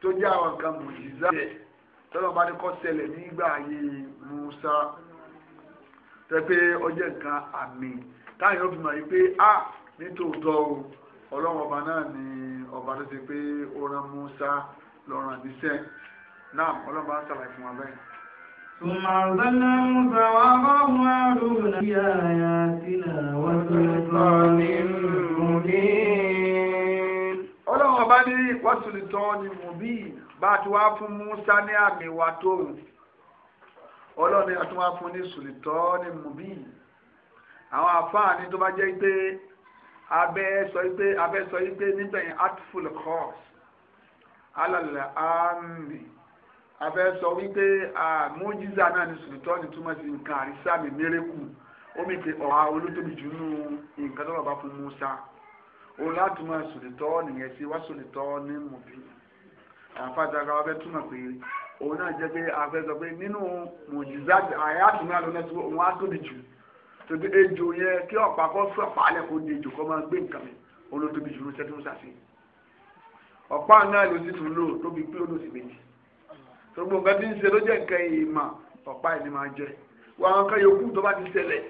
tó jẹ́ àwọn nǹkan mùjìzá rẹ̀ tọ́lọ́ bá ní kọ́ ṣẹlẹ̀ nígbà ayé Musa tẹ́ pé ọjọ́ nǹkan àmì táyọ̀ yóò fi mọ̀ yìí pé a nítòótọ́ o ọlọ́run ọba náà ni ọba tó ṣe pé ó rán Musa lọ́ràn níṣẹ́ náà ọlọ́ba ń ṣàlàyé fún wa bẹ́ẹ̀. ثم أرسلنا موسى وأخاه هارون بآياتنا وسلطان مبين ọlọ́run ọba ní wọ́sùlùtọ́ ni mùbí bá a ti wá fún Musa ní àmì wa tóun ọlọ́run a ti fún ní sùlùtọ́ ni mùbí àwọn àfáàní tó bá jẹ́ pé abẹ́ sọ pé nígbẹ̀yìn artful course alàlẹ̀ àmì abẹ́ sọ wípé àmójísà náà ni sùlùtọ́ọ̀nì túmọ̀ sí nǹkan àrísàmì mérekù omi pé ọ̀hà olótóbi jù nù nǹkan tó lọ́ba fún Musa òun láti mọ sùlùtọ́ọ̀nì yẹn sí wá sùlùtọ́ọ̀nì mọ̀bí àfàdàgà abẹ́ túmọ̀ pé òun náà jẹ́ pé abẹ́ sọ pé nínú mọ̀jísà àyàtúmọ̀ àlọ́ náà tí wọ́n á tóbi jù tòbí ejò yẹn kí ọ̀pá kọ́ fún ọ̀pá alẹ́ kó di ejò kọ́ máa gbé nǹkan mi olótóbi jù nù sẹ́tùmùsà sí i ọ̀pá náà ló sì tún lò tóbi pé ó lò sí méjì gbogbo nǹkan tí ń ṣe ló jẹ́ nǹkan ìmà ọ̀pá ìní máa jẹ wọ àwọn kan yòókù tó bá ti ṣẹlẹ̀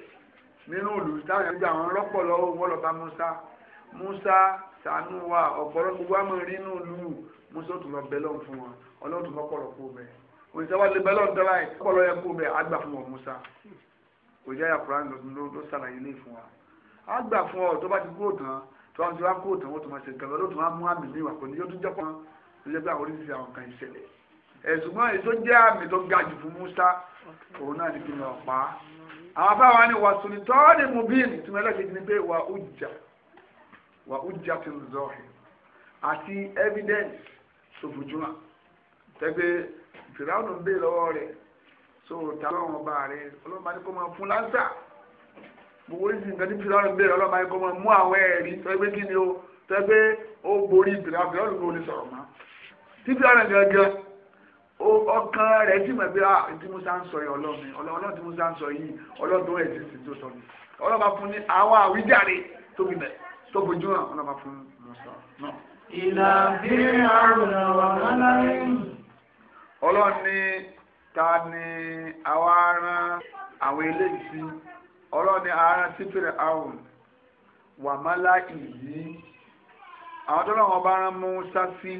nínú òlù táwọn ẹgbẹ́ àwọn lọ́pọ̀lọ́ wọ́n Musa Musa ṣàánú wa ọ̀pọ̀lọ́ gbogbo àmọ́ rí inú òlù Musa tó lọ bẹ́ẹ̀ lọ́n fún wọn ọlọ́run tó lọ́pọ̀lọ́ kó bẹ́ẹ̀ òṣìṣẹ́ wa lè bẹ́ẹ̀ lọ́n dára ọ̀pọ̀lọ́ yẹ kó bẹ́ẹ̀ àgbà fún wọn Musa òjá yà kúrán ló ṣàlàyé lé fún wa àgbà fún ọ tó bá ti kúrò tán tó àwọn tí wọ́n kó tán wọ́n tó máa ṣe nǹkan lọ́dún tó wọ́n mú àmì ní ìwàkọ́ ni yóò tún jẹ́ pọ́n tó jẹ́ pé àwọn oríṣiríṣi àwọn kan ìṣẹ̀lẹ̀ ẹ̀sùn mọ́ èyí tó jẹ́ àmì tó ga jù fún Musa òun náà ní kí n lọ àwọn afáwa ni wà sùnì tọ́ ni mo bí ní tìmọ̀ ẹlẹ́kejì ni pé wà ujja wà ujja ti ń zọ àti evidence tó fojú hàn tẹ́gbẹ́ fìràwọ̀n ń bè lọ́wọ́ rẹ̀ so tàbí ọmọ ni kò máa fún gbogbo oríṣi nǹkan tí fìlọ́ọ̀nù béèrè ọlọ́mọ ayé kọ́ mọ́ mú àwọn ẹ̀rí sọ pé kí ni o sọ pé ó borí ìbìlà fìlọ́ọ̀nù kò lè sọ̀rọ̀ mọ́ tí fìlọ́ọ̀nù gẹ́gẹ́ ọkàn rẹ̀ sì mọ̀ pé ah, tí musa ń sọ yìí ọlọ́run ọlọ́run tí musa ń sọ yìí ọlọ́run tó ẹ̀ sí tó sọ ni ọlọ́run bá fún ní àwọn àwíjàre tó fi bẹ̀ tó fojú hàn ọlọ́run bá fún musa náà. ìlà bí àrùn àwọn ọlọ́run. ọlọ́run ní ta ni àwa rán àwọn eléyìí ọlọ́ni ara sí fèrè àwọn wà mọ́lá ìyí àwọn tó lọ́wọ́ bá rán Mùsá sí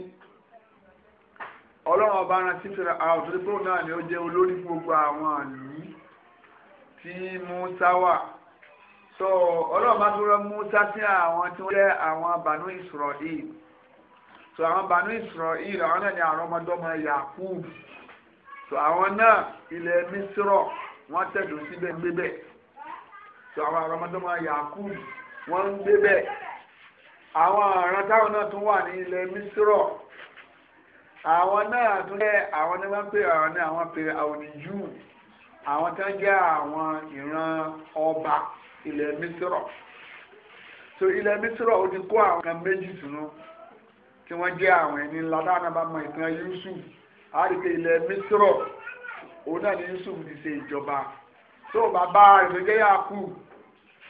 ọlọ́run ọba ran sí fèrè àwọn tó dúró náà ni ó jẹ́ olórí gbogbo àwọn àlùyí tí Mùsá wà so ọlọ́run bá tún rán Mùsá sí àwọn tí wọ́n jẹ́ àwọn bànú Ísírẹ́lì so àwọn bànú Ísírẹ́lì àwọn náà ni àrọ́mọdọ́mọ Yakub so àwọn náà ilẹ̀ Mísírọ̀ wọ́n tẹ̀dọ̀ síbẹ̀ gbébẹ̀ tó àwọn àrọmọdọ́mọ yakub wọ́n ń débẹ̀ àwọn àrùn táwọn náà tún wà ní ilẹ̀ mísírọ̀ àwọn náà tún jẹ́ àwọn ní wọ́n pè àwọn ní àwọn pè àwọn oníjú àwọn tó jẹ́ àwọn ìran ọba ilẹ̀ mísírọ̀ so ilẹ̀ mísírọ̀ ó ti kó àwọn kan méjì sínú tí wọ́n jẹ́ àwọn ẹni ńlá dáná bá mọ ìtàn yusuf àríkè ilẹ̀ mísírọ̀ òun náà ni yusuf ti ṣe ìjọba tó bàbá rẹ̀ tó jẹ́ yàkú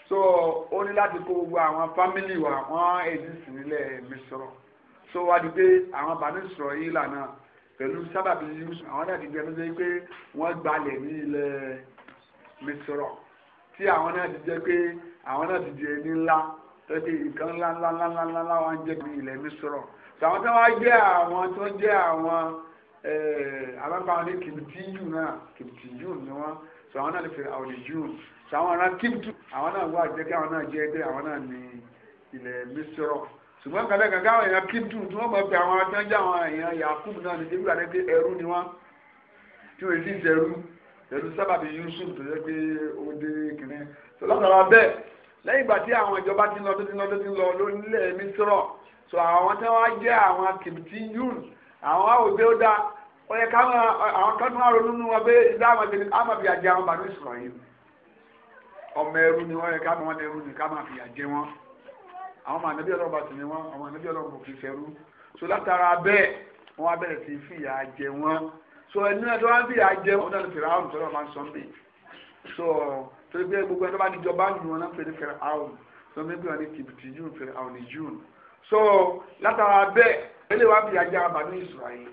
so ó ní láti kó gbogbo àwọn fámìlì wa wọ́n èdè sí nílẹ̀ Mísírọ̀ so wá di pé àwọn bàbá sọ̀rọ̀ yìí lànà pẹ̀lú sábàbí Yusuf àwọn náà ti jẹ́ pé pé wọ́n gbalẹ̀ ní ilẹ̀ Mísírọ̀ tí àwọn náà ti jẹ́ pé àwọn náà ti jẹ́ ní ńlá tẹ́tí nǹkan ńlá ńlá ńlá ńlá ńlá ńlá wa ń jẹ́ ní ilẹ̀ Mísírọ̀ tàwọn tí wọ́n jẹ́ àwọn tó jẹ́ àwọn alábàáwọn ní kìbìtì yù náà kìbìtì yù ni wọ́n sọ àwọn náà ti fi àwọn ìjù sàwọn ará kíntù àwọn náà wà jẹ́ kí àwọn náà jẹ́ pé àwọn náà ní ilẹ̀ mísírọ̀ ṣùgbọ́n kàlẹ́ kankan àwọn èèyàn kíntù tí wọ́n mọ̀ pé àwọn atẹ́jọ́ àwọn èèyàn yakubu náà ní débìlà pé ẹrú ni wọ́n tí wọ́n ti ṣẹrú ẹrú sábàbí yusuf tó jẹ́ pé ó dé kìnnì tó lọ́sọ̀rọ̀ bẹ́ẹ̀ ìgbà tí àwọn ìjọba ti lọ tó ti lọ tó ti lọ lórílẹ̀ mísírọ̀ so àwọn tí wọ́n jẹ́ àwọn kìbìtì yún àwọn àwògbé ó dáa ó yẹ káwọn àwọn kan tún wá wọn pé ìdá àwọn tèmi àmàbíyàjẹ àwọn bàbá ìsọ̀rọ̀ yìí ọmọ ẹrú ni wọ́n yẹ ká máa lẹ́rú ni ká máa fìyà jẹ wọ́n àwọn ọmọ ànábì ọlọ́run bá sì ni wọ́n ọmọ ànábì ọlọ́run kò fi fẹ́rú so látara bẹ́ẹ̀ wọ́n wá bẹ̀rẹ̀ sí fìyà jẹ wọ́n so ẹni náà tó wá fìyà jẹ wọ́n náà fìyà áwùn tó lọ́ọ́ máa ń so torí pé gbogbo ẹni tó bá níjọba nù wọn náà fẹ́ ní fẹ́ áwùn so wọn ní tìbìtì june fẹ́ áwùn ní june so látara bẹ́ẹ̀ eléyìí wá fìyà jẹ àbánú Ísírẹ́lì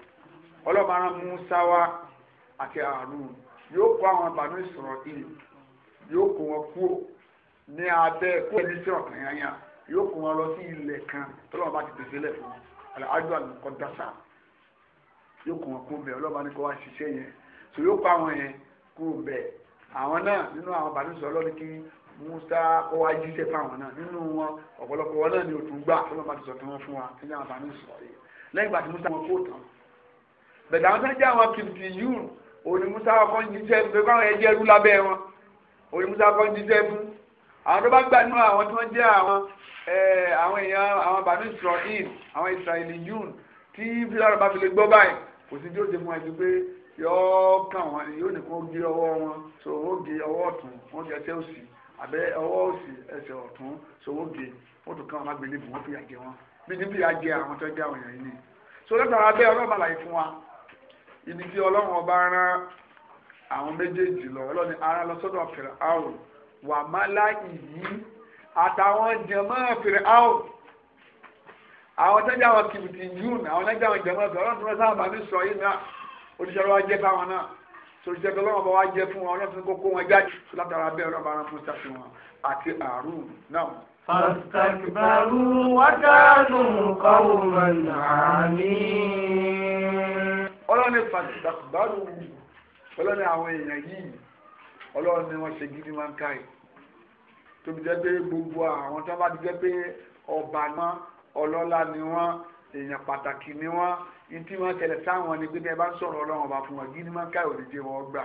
ọlọ́mọ yóò kó wọn kúrò ní abẹ́ kó ẹni sí ọ̀kan yanya yóò kó wọn lọ sí ilẹ̀ kan tọ́lọ́mọba ti pèsè lẹ̀ fún wọn àjọ àlùkò dasa yóò kó wọn kó bẹ̀ ọlọ́ba ní kó wá ṣiṣẹ́ yẹn so yóò kó àwọn yẹn kó bẹ̀ àwọn náà nínú àwọn bàdúsọ ọlọ́run kí Musa kó wá jíṣẹ́ fáwọn náà nínú wọn ọ̀pọ̀lọpọ̀ wọn náà ni òtún gbà tọ́lọ́mọba ti sọ fún wọn fún wa nínú àwọn bàdúsọ yẹn lẹ́yìn ìgbà tí Musa wọn kó tán bẹ̀dẹ̀ orí musa kọ́ ń jíjẹ́ fún àwọn tó bá gbà nínú àwọn tó ń jẹ́ àwọn àwọn èèyàn àwọn bàbá israel àwọn israeli yun tí fúlàrọ̀ bá fi lè gbọ́ báyìí kò sí tí ó ti fún ẹjú pé yóò kàn wọ́n yóò ní kó gé ọwọ́ wọn so wọ́n gé ọwọ́ ọ̀tún wọ́n gé ẹsẹ̀ òsì àbẹ́ ọwọ́ òsì ẹsẹ̀ ọ̀tún so wọ́n gé wọ́n tún kàn wọ́n lágbèlè fún wọ́n fìyà jẹ wọn bí ní fìyà àwọn tó jẹ́ àwọn èèyàn yìí ni so lẹ́tọ̀ọ́ abẹ́ ọlọ́run bàlàyé fún wa ìdí tí àwọn méjèèjì lọ ọlọ́ni ara lọ sọ́dọ̀ fèrè áwò wà má láì àtàwọn jẹ̀mọ́ fèrè áwò àwọn tẹ́jà wọn kìbìtì yún àwọn tẹ́jà wọn jẹ̀mọ́ fèrè ọlọ́run tó lọ sábà ní sọ yìí náà oníṣẹ́ lọ́wọ́ jẹ́ fáwọn náà sọ̀rọ̀jẹ́ pé ọlọ́run bá wá jẹ́ fún wọn ọlọ́run kókó wọn jáde látara bẹ́ẹ̀ ọlọ́run bá rán fún sáfì wọn àti àrùn náà. fàtàkìbàrú wákàánù kọ́wọ́ mọ̀ ọlọ́ni àwọn èèyàn yìí ọlọ́run ni wọ́n ṣe gidi máa ń ká yìí tóbi jẹ́ pé gbogbo àwọn tó bá ti jẹ́ pé ọba náà ọlọ́lá ni wọ́n èèyàn pàtàkì ni wọ́n ntí wọn tẹ̀lé sáwọn ni gbẹgbẹ bá sọ̀rọ̀ ọlọ́run ọba fún wọn gidi máa ń ká yìí òdìdí wọn gbà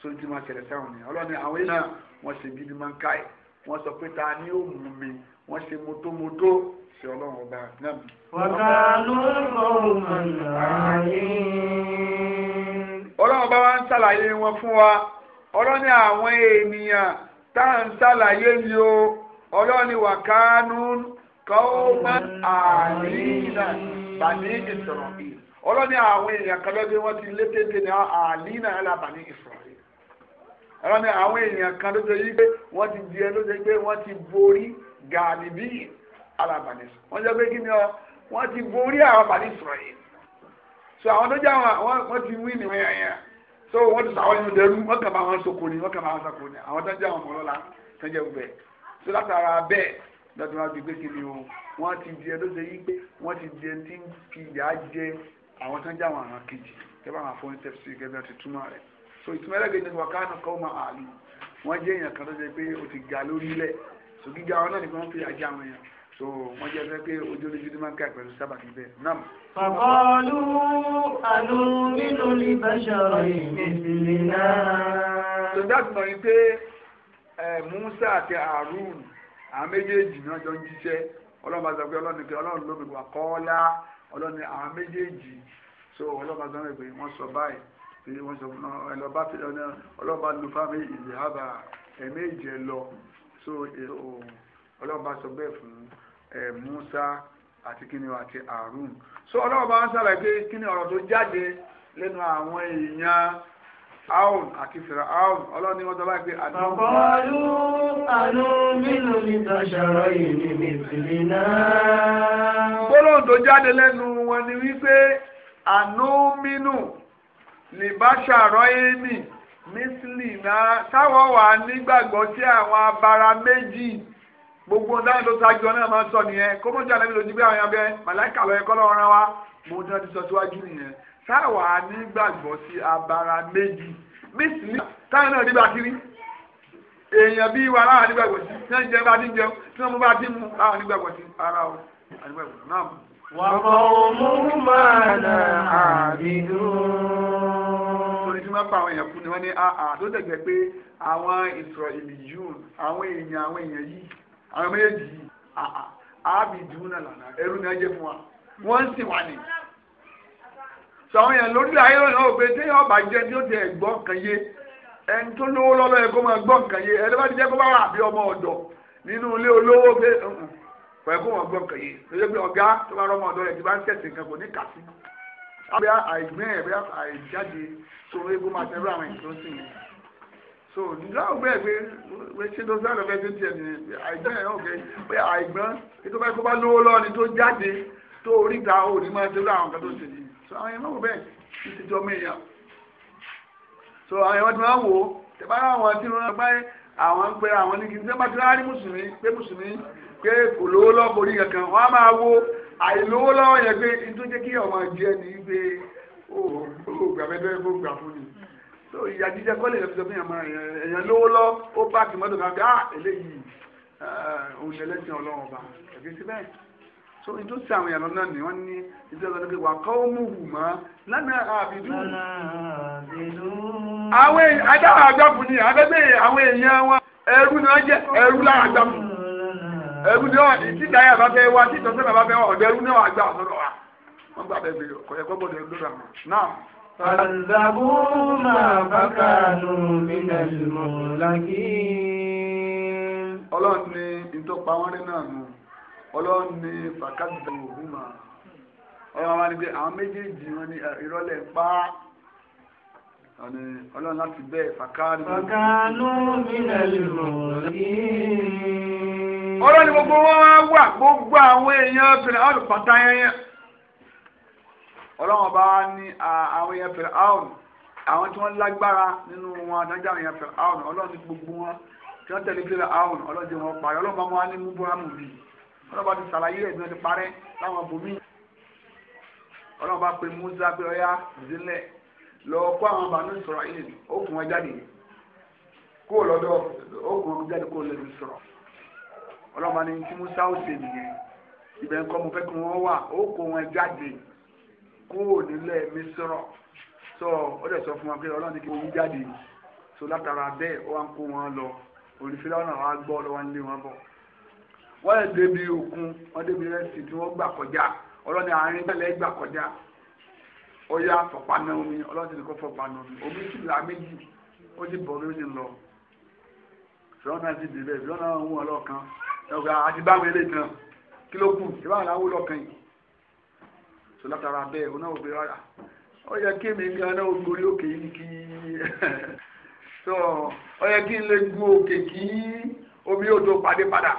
so ntí wọn tẹ̀lé sáwọn ni ọlọ́ni àwọn èèyàn wọ́n ṣe gidi máa ń ká yìí wọ́n sọ pé ta ni ó mú mi wọ́n ṣe moto ṣe ọlọ́run ọba náà. wàkàlù ọ̀rùn mọ̀nà ayé ọlọ́run bá wá ń ṣàlàyé wọn fún wa ọlọ́ni àwọn ènìyàn tá à ń ṣàlàyé yìí o ọlọ́ni wàkánú kọ́ọ́mọ́ àlìnà bàní Isra'il ọlọ́ni àwọn èèyàn kan lọ́dún wọ́n ti lé tètè ní àlìnà ẹ̀là bàní Isra'il ọlọ́ni àwọn èèyàn kan lọ́dún yìí pé wọ́n ti di ẹ lọ́dún pé wọ́n ti borí gàlíbí alábàní wọ́n jẹ́ pé kí ni ọ wọ́n ti borí àwọn bàní Isra'il so àwọn tó jẹ́ àwọn wọ́n ti wí ni wọ́n yẹn yẹn so wọ́n ti sàwọn ẹnu dẹrú wọ́n kàn bá wọn soko ni wọ́n kàn bá wọn sako ni àwọn tó jẹ́ àwọn ọmọlọ́la tó jẹ́ ọbẹ̀ so látara bẹ́ẹ̀ lọ́dún wa fi gbé kiri o wọ́n ti di ẹ ló ṣe yí pé wọ́n ti di ẹ tí ń fi ìyá jẹ àwọn tó jẹ́ àwọn àrùn kejì kẹ́bà àwọn afọ́n tẹ̀ sí gẹ́gẹ́ ti túmọ̀ rẹ̀ so ìtumọ̀ ẹlẹ́gẹ̀ẹ́ ni wàkánà kọ́ máa àlù wọ́n jẹ́ èèyàn kan tó jẹ́ pé ó ti ga lórí ilẹ̀ so gíga wọn náà ni wọ́n fi àjẹ àwọn èèyàn so wọ́n jẹ́ fẹ́ pé ojú olójú ní máa ń ká pẹ̀lú sábà níbẹ̀ náà. fàkọ́lù àlù nínú ní bàṣọ̀rọ̀ ìmìlì náà. so that mọ̀ ní pé Musa àti Harun àwọn méjèèjì náà jọ ń jíṣẹ́ ọlọ́run bá sọ pé ọlọ́run nìkan ọlọ́run ló gbẹ̀gbẹ̀ kọ́ọ́lá ọlọ́run àwọn méjèèjì so ọlọ́run bá sọ pé wọ́n sọ báyìí pé wọ́n sọ ẹlọ́ba ọlọ́run bá lu fáwọn ìlú àbá ẹ̀mẹ́jẹ lọ so ọlọ́run bá sọ bẹ́ẹ̀ fún un. Musa àti kíni àti arun so ọlọ́run bá ń sàlàyé pé kíni ọ̀rọ̀ tó jáde lẹ́nu àwọn èèyàn Aun àti Fìrà Aun ọlọ́run ni wọ́n sọ báyìí pé àdúgbò. ọ̀pọ̀lú àánú nínú níta ṣọ̀rọ̀ ìní ní fìlì náà. gbólóhùn tó jáde lẹ́nu wọn ni wípé àánú mínú lè bá ṣàrọ̀ ìní mísìlì náà táwọn wà nígbàgbọ́ sí àwọn abara méjì. gbogbo dáhùn tó ṣáájú ọ̀nà máa sọ nìyẹn kó mọ̀ jà lójú bí àwọn abẹ màláìkà lọ ẹ̀kọ́ lọ́wọ́ rán wa mo dán ti sọ síwájú nìyẹn sáwà nígbàgbọ́ sí abara méjì méjì ní táwọn náà nígbà kiri èèyàn bíi wa láwọn nígbàgbọ́ sí tí wọ́n jẹ́ bá ti jẹun tí wọ́n mú bá ti mú láwọn nígbàgbọ́ sí ara o ànígbàgbọ́ náà. wàhálà òun máa nà àbídùn máa ń bá àwọn èèyàn kú ni wọ́n ní àà tó dẹ̀gbẹ́ pé àwọn ìsọ̀rọ̀ ìlú yìí àwọn èèyàn àwọn èèyàn yìí àwọn méjèèjì yìí àábì dùnà lànà ẹrú ni ẹ jẹ fún wa wọ́n ń sìn wá ni. sọ àwọn yẹn lórí ayé lónìí náà òfin téèyàn ọba jẹ tí ó ti ẹgbọ́ kan yé ẹni tó lówó lọ́lọ́ ẹ̀ kó máa gbọ́ kan yé ẹni bá ti jẹ́ kó bá wà bí ọmọ ọ̀dọ̀ nínú ilé olówó pé pẹ̀lú kó wọ́n gbọ́ kan yé lóye pé ọ̀gá tó bá rọmọ ọ̀dọ̀ rẹ̀ ti bá ń tẹ̀sí nǹkan kò ní kà sí. àbí àìgbẹ́ ẹ̀ bí àìjáde tó ń gbé kó máa tẹ́lú àwọn ìtòsí so láwọn bẹ́ẹ̀ pé pé ṣé tó sáré fẹ́ tó tiẹ̀ ní àìgbọ́n ẹ̀ ọ̀kẹ́ pé àìgbọ́n ètò bá kó bá lówó lọ́ni tó jáde tó oríta ò ní máa tẹ́lú àwọn kan tó ṣe yìí so àwọn ẹ̀mọ́ bẹ́ẹ̀ ti ti jọ mí èèyàn so àwọn ẹ̀mọ́ ti máa wò ó tẹ̀bá àwọn tí wọ́n bá àwọn ń pe àwọn ní kí n tẹ́ bá ti rárí mùsùlùmí pé mùsùlùmí pé kò lówó lọ́wọ́ borí kankan wọ́n á máa wo àìlówó lọ́wọ́ yẹn pé n tó jẹ́ kí ọmọ jẹ́ ni pé ó gbàgbẹ́dẹ́ gbà fún mi so ìyà jíjẹ kọ́lé rẹ̀ fi sọ fún yàn máa èèyàn lówó lọ ó páàkì mọ́tò kan bíi ah eléyìí eh, òun ẹlẹ́sìn ọlọ́run ọba ẹ̀fí sí bẹ́ẹ̀ so ìjọ sí àwọn èèyàn náà ni wọ́n ní ìjọ ìjọba pé wà á kọ́ mú wù mọ́ lánàá àbídú. àwọn èèyàn adáwọ̀ àgbàfù ni àgbẹ̀gbẹ̀ àwọn èèyàn wọn ẹrú ni wọ́n jẹ́ ẹrú láwọn àgbàfù ẹrú ni wọ́n ti dáyà bá fẹ́ wá tí ìtọ́sẹ́ bàbá fẹ́ wá ọ̀dọ̀ ẹrú ni wọ́n àgbà ọ̀sọ̀rọ̀ wa wọ́n gbà bẹ́ẹ̀ bẹ́ẹ̀ kọ̀yẹ́kọ́ gbọ́dọ̀ ẹrú lọ́dọ̀ àwọn náà. فعذبوهما فكانوا من المهلكين ọlọ́run ní ìtọ́pa wọn rí náà nù ọlọ́run ọmọ wa ni pé àwọn méjèèjì wọn ni eh, ìrọ́lẹ̀ pa ọlọ́run láti bẹ́ẹ̀ ni gbogbo wọn wà gbogbo àwọn èèyàn tó ní àwọn ọlọ́run ọba wa ní àwọn èèyàn fẹ̀rẹ̀ áwùn àwọn tí wọ́n lágbára nínú wọn àtàjà àwọn èèyàn fẹ̀rẹ̀ áwùn ọlọ́run ní gbogbo wọn tí wọ́n tẹ̀lé fẹ̀rẹ̀ áwùn ọlọ́run jẹ́ wọn parí ọlọ́run bá wọn ní múbúrámù bì ọlọ́run bá ti sàlàyé rẹ̀ bí wọ́n ti parẹ́ láwọn bòmí ọlọ́run bá pe Musa pé ọyá ìdílé lọ kó àwọn bàánú sọ̀rọ̀ yìí ó kùn wọn jáde kó lọ́dọ̀ ó wọn jáde kó lè sọ̀rọ̀ ọlọ́run bá ní tí Musa ó ṣe nìyẹn ìbẹ̀ ńkọ́ mo fẹ́ kí wọ́n wà ó wọn jáde kúrò nílẹ̀ mísírọ̀ sọ ó dẹ̀ sọ fún wọn pé ọlọ́run ní kí wọ́n jáde so látara bẹ́ẹ̀ ó wá ń kó wọn lọ olùfilà ọ̀nà wa gbọ́ lọ́wọ́ ń lé wọn bọ̀ wọ́n lè débi òkun wọ́n débi rẹ́sì tí wọ́n gbà kọjá ọlọ́ni àárín tẹ́lẹ̀ gbà kọjá ó yá fọ̀pánà omi ọlọ́ni kò fọ̀pánà omi omi sì là méjì ó sì bọ̀ lórí lọ fìlọ́nà ti dìbẹ̀ fìlọ́nà ń wọ̀ lọ́kàn ẹ̀rọ àti báwọn eléyìí náà kí ló kù ìbáwọn làwọn lọ́kàn yìí so látara bẹ́ẹ̀ òun náà ò gbé rárá ó yẹ kí èmi gan náà gorí òkè yìí kí so ó yẹ kí n lè gun òkè kí omi odò pàdé padà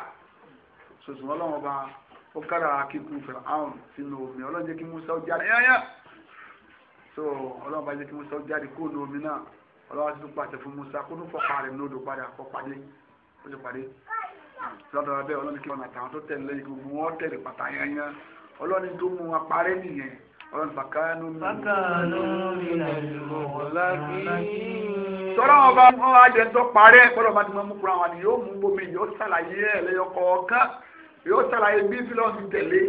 sòsùn ọlọ́run ọba ó kára kíkún fẹ̀ áhùn sínú omi ọlọ́run kí musa ó jáde yányá so ọlọ́run bá jẹ́ kí musa ó jáde kó nu omi náà ọlọ́run ti tún pàṣẹ fún musa kó tún fọpa rẹ̀ lódò padà kọ́ pàdé ó ti pàdé lọ́dọ̀ abẹ́ ọlọ́run kí wọn àtàwọn tó tẹ̀lé gbogbo wọn tẹ̀lé pàtàkì yányá ọlọ́ni tó mú wa parẹ́ nìyẹn ọlọ́ni fàkánú mi. fàkánú mi là ń mọ̀ wọ́n lábí. tọ́lá wọn bá wọn wá parẹ́ kọ́lọ́ bá ti mọ̀ mú kura wọn ni yóò mú bomi yóò ṣàlàyé ẹ̀ lẹ́yọ kọ̀ọ̀kan yóò ṣàlàyé bí fílọ́ọ̀sì tẹ̀lé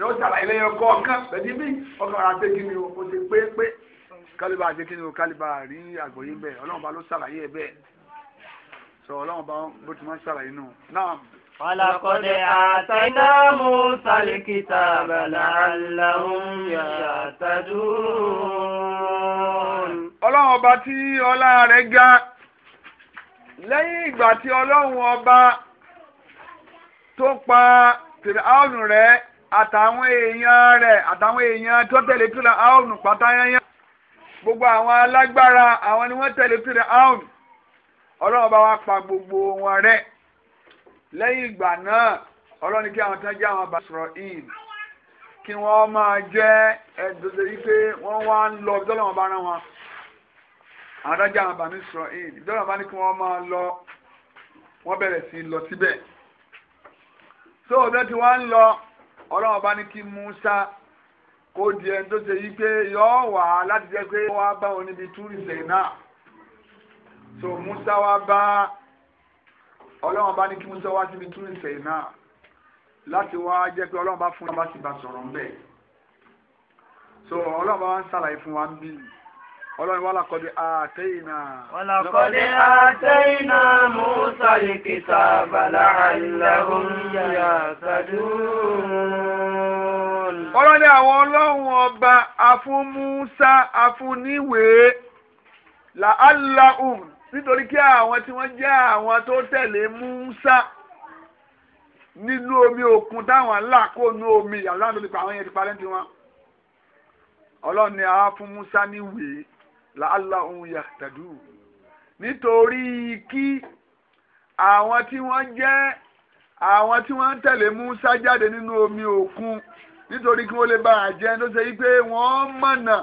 yóò ṣàlàyé lẹ́yọ kọ̀ọ̀kan pẹ̀lú bí ọkàn ara pé kí ni o ti pé pé kálíbà àti kí ni o kálíbà rí àgbọ́yé bẹ́ẹ̀ ọlọ́run bá ló ṣàlàyé ẹ̀ bẹ́ẹ̀ sọ ọlọ́run bá bó ti máa ṣàlàyé nù náà. ولقد آتينا موسى الكتاب لعلهم يهتدون ọlọ́run ọba tí ọlá rẹ̀ ga lẹ́yìn ìgbà tí ọlọ́run ọba tó pa fìràhùn rẹ̀ àtàwọn èèyàn rẹ̀ àtàwọn èèyàn tó tẹ̀lé fìràhùn pátáyányá gbogbo àwọn alágbára àwọn ni wọ́n tẹ̀lé fìràhùn ọlọ́run ọba wa pa gbogbo wọn rẹ̀. lẹ́yìn ìgbà náà ọlọ́ni kí àwọn tán jẹ́ àwọn bàbá Israel kí wọ́n máa jẹ́ ẹ̀dọ́dọ̀ yìí pé wọ́n wá ń lọ ibi tọ́lọ́wọ́n bá rán wọn àwọn tán jẹ́ àwọn bàbá Israel ibi tọ́lọ́wọ́n bá ní kí wọ́n máa lọ wọ́n bẹ̀rẹ̀ sí lọ síbẹ̀ so ọ̀dọ́ tí wọ́n ń lọ ọlọ́wọ́n bá ní kí Musa kó di ẹni yìí pé yọ wà láti jẹ́ pé wọ́n wá bá wọn níbi túrìsì náà so Musa wá bá ọlọ́run bá ní kí musa wá síbi tún ìsẹ̀ náà láti wá jẹ́ pé ọlọ́run bá fún un bá sì bá sọ̀rọ̀ ń bẹ̀ so ọlọ́run bá wá ń ṣàlàyé fún wa ń bí ọlọ́run wà lákọ̀dé àtẹ́yìnà. wàlàkọ̀dé àtẹ́yìnà musa ìkìtà bàlá àìlẹ́hùn yà sàdún. ọlọ́run ní àwọn ọlọ́run ọba afún musa afún níwèé làálàhùn nítorí kí àwọn tí wọ́n jẹ́ àwọn tó tẹ̀lé Musa nínú omi òkun táwọn ńlá kó nú omi aláàánú nípa àwọn yẹn ti parẹ́ ti wọn ọlọ́run ni àá fún Musa níwèé làálà òun yà tàdú nítorí kí àwọn tí wọ́n jẹ́ àwọn tí wọ́n tẹ̀lé Musa jáde nínú omi òkun nítorí kí wọ́n lè bá a jẹ́ tó ṣe yí pé wọ́n mọ̀nà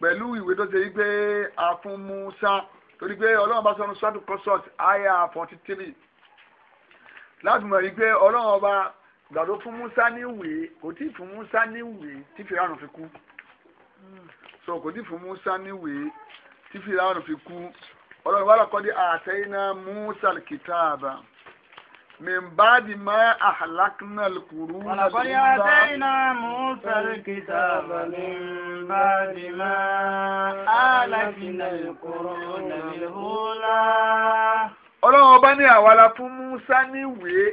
pẹ̀lú ìwé tó ṣe yí pé a fún Musa torí pé ọlọ́run bá sọnù sọ́dún consult aya forty three láti mọ̀ yìí pé ọlọ́run ọba gbàdó fún musa níwèé kò tí fún musa níwèé tí fìlànà fi kú so kò tí fún musa níwèé tí fìlànà fi kú ọlọ́run wàlá kọ́ di àtẹ̀yìn náà musa kìtàbà. من بعد ما أحلقنا القرون ولقد آتينا موسى الكتاب من بعد ما أهلكنا القرون الأولى ọlọ́run ọba ní àwa la fún Musa níwèé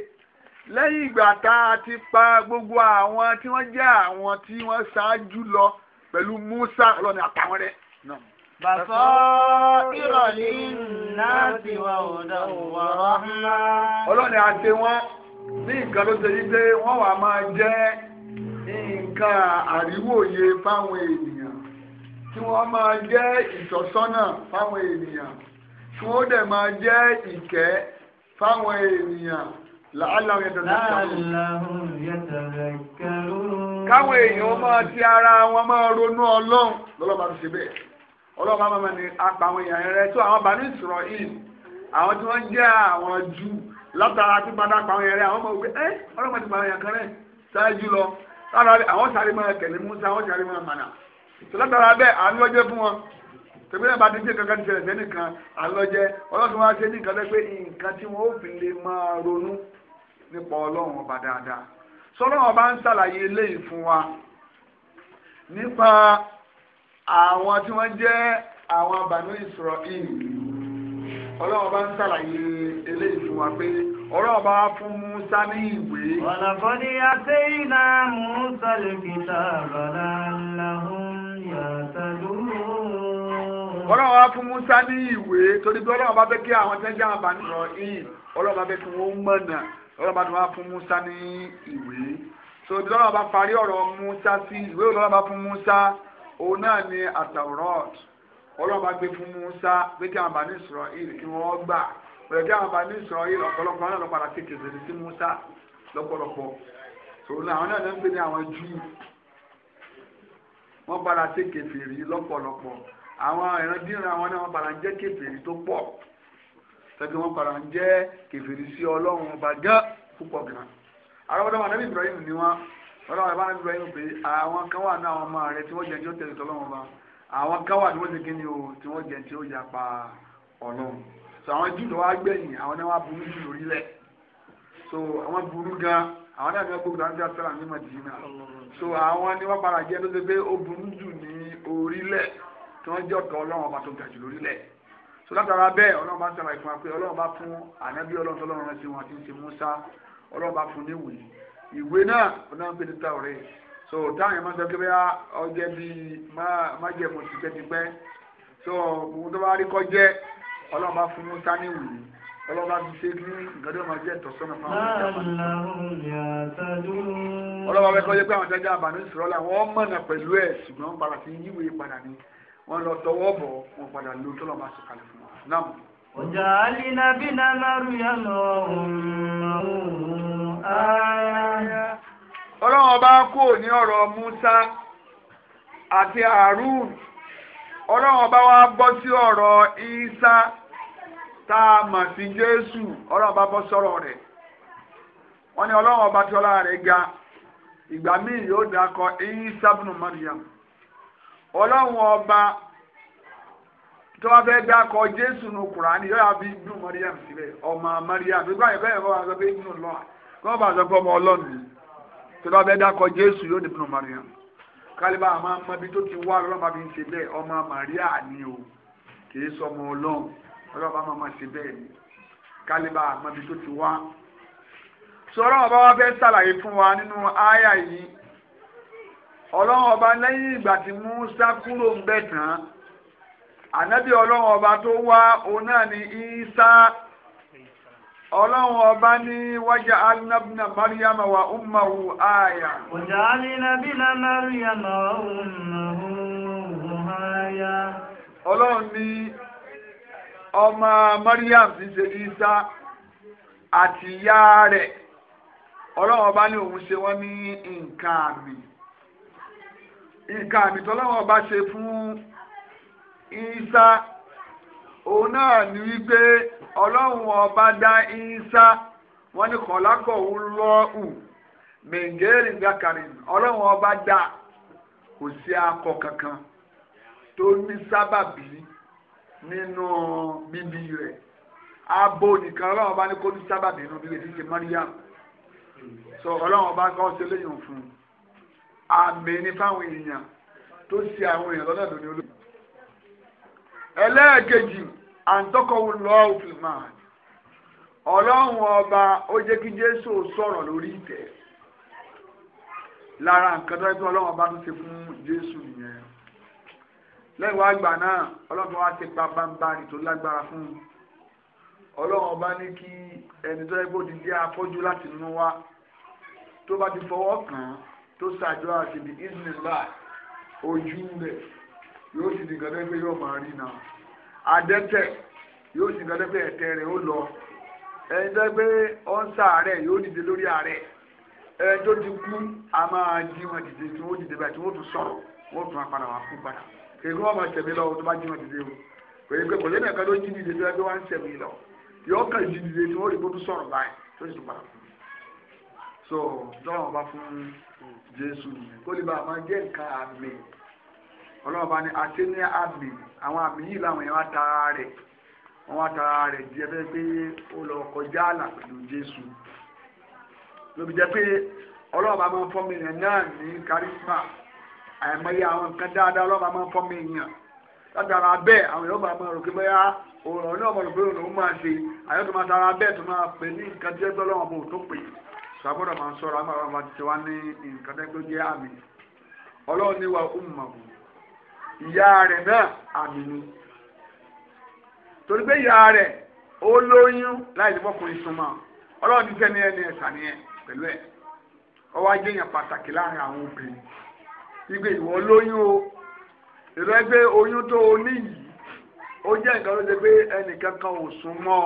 lẹ́yìn ìgbà tá a ti pa gbogbo àwọn tí wọ́n jẹ́ àwọn tí wọ́n ṣáájú lọ pẹ̀lú Musa ọlọ́run àtàwọn rẹ̀ náà. Bàṣọ́rọ̀ lè náà ti wà òdà wọ̀rọ̀ ńlá. Ọlọ́ni àti wọn ní nǹkan jẹ́ nǹkan àríwòye fáwọn ènìyàn tí wọ́n máa jẹ́ ìtọ́sọ́nà fáwọn ènìyàn tí wọ́n dẹ̀ máa jẹ́ ìkẹ́ fáwọn ènìyàn láàláwọn yẹtọ̀lẹ́kẹ̀rún. Káwọn èèyàn máa ti ara wọn máa ronú Ọlọ́run lọ́lọ́ ọlọ́pàá mọ́mọ́ ni apá àwọn èèyàn rẹ̀ tó àwọn bàánú ìsọ̀rọ̀ yìí àwọn tí wọ́n jẹ́ àwọn jù látara tí padà pa àwọn èèyàn rẹ̀ àwọn ọmọ òwe ẹ́ ọlọ́pàá ti pa àwọn èèyàn kan rẹ̀ ṣáájú lọ àwọn sáré máa kẹ̀lé Musa àwọn sáré máa mànà látara bẹ́ẹ̀ àánú ọjọ́ fún wọn tẹ̀gbẹ́ náà bá ti dé kankan ti ṣẹlẹ̀ sẹ́nìkan àlọ́jẹ́ ọlọ́run wá ṣe ní nǹkan pé nǹkan tí wọ́n ó fi lè máa ronú nípa ọlọ́run ọba dáadáa sọlọ́run ọba ń ṣàlàyé eléyìí fún wa nípa àwọn tí wọ́n jẹ́ àwọn Banu Israel ọlọ́wọ́ bá ń sàlàyé eléyìí fún wa pé ọlọ́wọ́ bá fún Musa ní ìwé. ọ̀nà fọ́dí àti iná Musa lè kìtà bàlá làwọn yàtàdú. ọlọ́wọ́ bá fún Musa ní ìwé torí pé ọlọ́wọ́ bá fẹ́ kí àwọn tẹ́jú àwọn Banu Israel ọlọ́wọ́ bá fẹ́ kí wọ́n mọ̀nà ọlọ́wọ́ bá tún wá fún Musa ní ìwé. sọ̀rọ̀ bí ọlọ́wọ́ bá parí ọ̀rọ̀ Musa sí ìwé ọlọ́wọ́ bá fún Musa òun náà ni àtàwọ̀rọ̀t ọlọ́run bá gbé fún Musa pé kí àwọn bá ní sọ̀rọ̀ ìlú kí wọ́n gbà pẹ̀lú kí àwọn bá ní sọ̀rọ̀ ìlú ọ̀pọ̀lọpọ̀ náà lọ padà sí kèsìrì sí Musa lọ́pọ̀lọpọ̀ òun àwọn náà ń gbé ní àwọn Júù wọ́n padà sí kèfèrí lọ́pọ̀lọpọ̀ àwọn ìrandíran àwọn náà wọ́n padà ń jẹ́ kèfèrí tó pọ̀ tẹ́tí wọ́n padà ń jẹ́ kèfèrí sí ọlọ́run ọba gán púpọ̀ gan ọlọ́run ẹ̀ bá ń lọ ẹ̀yìn pé àwọn kan wà ní àwọn ọmọ rẹ tí wọ́n jẹ́ tí ó tẹ̀lé tọ́lọ́run bá àwọn kan wà tí wọ́n ti kí ni o tí wọ́n jẹ́ tí ó yà pa ọlọ́run so àwọn jù lọ́wọ́ agbẹ̀yìn àwọn náà wà burú jù lórílẹ̀ so àwọn burú gan àwọn náà ní wọ́n gbógun láti àtàrà ní Madina so àwọn ni wọ́n para jẹ́ tó ṣe pé ó burú jù ní orílẹ̀ tí wọ́n jẹ́ ọ̀tọ̀ ọlọ́run ọba tó ga jù lórílẹ̀ so látara bẹ́ẹ̀ ọlọ́run bá ń sara ìfún wa pé ọlọ́run bá fún ànábì ọlọ́run tọ́lọ́run rẹ̀ sí wọn àti ń ṣe Musa ọlọ́run bá fún níwèé ìwé náà wọn náà ń pè so táwọn yẹn sọ pé bá ọjẹ́ bíi má jẹ́ fún tipẹ́tipẹ́ so òun tó bá rí kọjẹ́ ọlọ́run bá fún musa ní ìwé ọlọ́run bá fi ṣe kí nǹkan tó máa jẹ́ ìtọ́sọ́nà fáwọn ọlọ́run bá fẹ́ kọjẹ́ pé àwọn jẹ́jẹ́ àbànú ìṣòro là wọ́n mọ̀nà pẹ̀lú ẹ̀ ṣùgbọ́n padà sí yíwé padà ni wọ́n lọ tọwọ́ bọ̀ wọn padà lo tó lọ́ọ́ máa sọ̀kalẹ̀ fún wọn. ọlọ́run ọba kò ní ọ̀rọ̀ Musa àti Harun ọlọ́run ọba wa bọ́ sí ọ̀rọ̀ Isa tá a mọ̀ Jésù ọlọ́run ọba bọ́ sọ̀rọ̀ rẹ̀ wọ́n ní ọlọ́run ọba tí rẹ̀ ga ìgbà míì yóò dákọ Isa ọba tó fẹ́ Jésù nù Kùránì yóò ọmọ yẹn fọwọ́ tọ́wọ́ bá sọ pé ọmọ ọlọ́run ni tó bá bẹ́ẹ̀ dákọ jésù yóò ní bínú mariam kálíbà àmọ́ ọmọbi tó ti wá ọlọ́run bá fi ń ṣe bẹ́ẹ̀ ọmọ maria ni o kì í sọmọ ọlọ́run ọlọ́run bá máa ṣe bẹ́ẹ̀ ni kálíbà àmọ́bi tó ti wá. sọ̀rọ̀ ọba wa fẹ́ ṣàlàyé fún wa nínú àyà yìí ọlọ́run ọba lẹ́yìn ìgbà tí musa kúrò ń bẹ̀ tán ànábì ni isa. ọlọ́run ọba ní wájà alínàbínà mariam wa umaru aya. alínàbínà wa umaru aya. ọlọ́run ní ọmọ mariam ti ṣe isa àti rẹ̀ ọlọ́run ọba ní òun ṣe wọ́n ní nkààmì. àmì tọ́lọ́run ọba ṣe fún isa òun náà ní wípé. ọlọ́run ọba dá ìsá wọ́n ní kọ̀lákọ̀ ń lọ́ọ̀hù mẹ̀ngẹ́rì gbàkàrì ọlọ́run ọba dá kò sí akọ kankan tó ní sábàbí nínú bíbí rẹ̀ abo nìkan ọlọ́run ọba ní kó ní sábàbí nínú bíbí rẹ̀ ti ṣe Mariam sọ ọlọ́run ọba kọ́ ṣe léyìn fún un àmì ní fáwọn èèyàn tó ṣe àwọn èèyàn lọ́dọ̀ ní olóògbé ẹlẹ́ẹ̀kejì àǹtọ́kọ̀wò lọ́ọ́ òfin máa ọlọ́run ọba ó jẹ́ kí jésù sọ̀rọ̀ lórí ìtẹ́ lára nǹkan tó yẹ kí ọlọ́run ọba tó ṣe fún jésù nìyẹn lẹ́yìn wá gbà náà ọlọ́run wa ti pa bámbárì tó lágbára fún un ọlọ́run ọba ní kí ẹni tó yẹ kó ti afọ́jú láti nú wá tó bá ti fọwọ́ kàn án tó ṣàjọ àti the ismail ojú rẹ̀ yóò sì di nǹkan yóò máa rí náà. adẹ́tẹ̀ yóò sì gbọ́dọ̀ pé ẹ̀tẹ̀ rẹ̀ ó lọ ẹni tó pé ó ń yóò dìde lórí ẹni tó ti kú a máa jí wọn dìde tí wọ́n dìde báyìí tí wọ́n tún sọ̀rọ̀ wọ́n tún apàdà wà fún padà kí wọ́n máa o kò pé kò lẹ́nu ẹ̀ka ló jí dìde tó ẹgbẹ́ wá ń tẹ̀mí lọ yóò jí dìde tí rí kó tún báyìí so dọ́wọ́n bá fún Jésù máa jẹ́ ọlọ́ọ̀bá ni àti ní àmì àwọn àmì yìí làwọn èèyàn atara rẹ̀ wọ́n atara rẹ̀ di ẹgbẹ́ pé ó lọ kọjá àlà pẹ̀lú Jésù lóbi jẹ́ pé ọlọ́ọ̀bá máa ń fọ́ mi yẹn náà ní kárísímà àìmọye àwọn nǹkan dáadáa ọlọ́ọ̀bá máa ń fọ́ mi látara bẹ́ẹ̀ àwọn èèyàn máa rò pé náà mọ̀ rò pé máa ṣe tó máa tara bẹ́ẹ̀ tó máa pè ní nǹkan tí ẹgbẹ́ ọlọ́wọ́n tó pè ìyá rẹ̀ náà àmì ni torí pé ìyá rẹ̀ ó lóyún láì lè bọ́kùnrin súnmọ́ ọlọ́run ti sẹ́ni ẹni ẹ̀sà ẹ pẹ̀lú ẹ̀ ọwọ́ ajé pàtàkì láàrin àwọn obìnrin ìgbé ìwọ lóyún o ìrẹ́gbẹ́ oyún o ní yìí ó jẹ́ nǹkan ló ṣe pé ò súnmọ́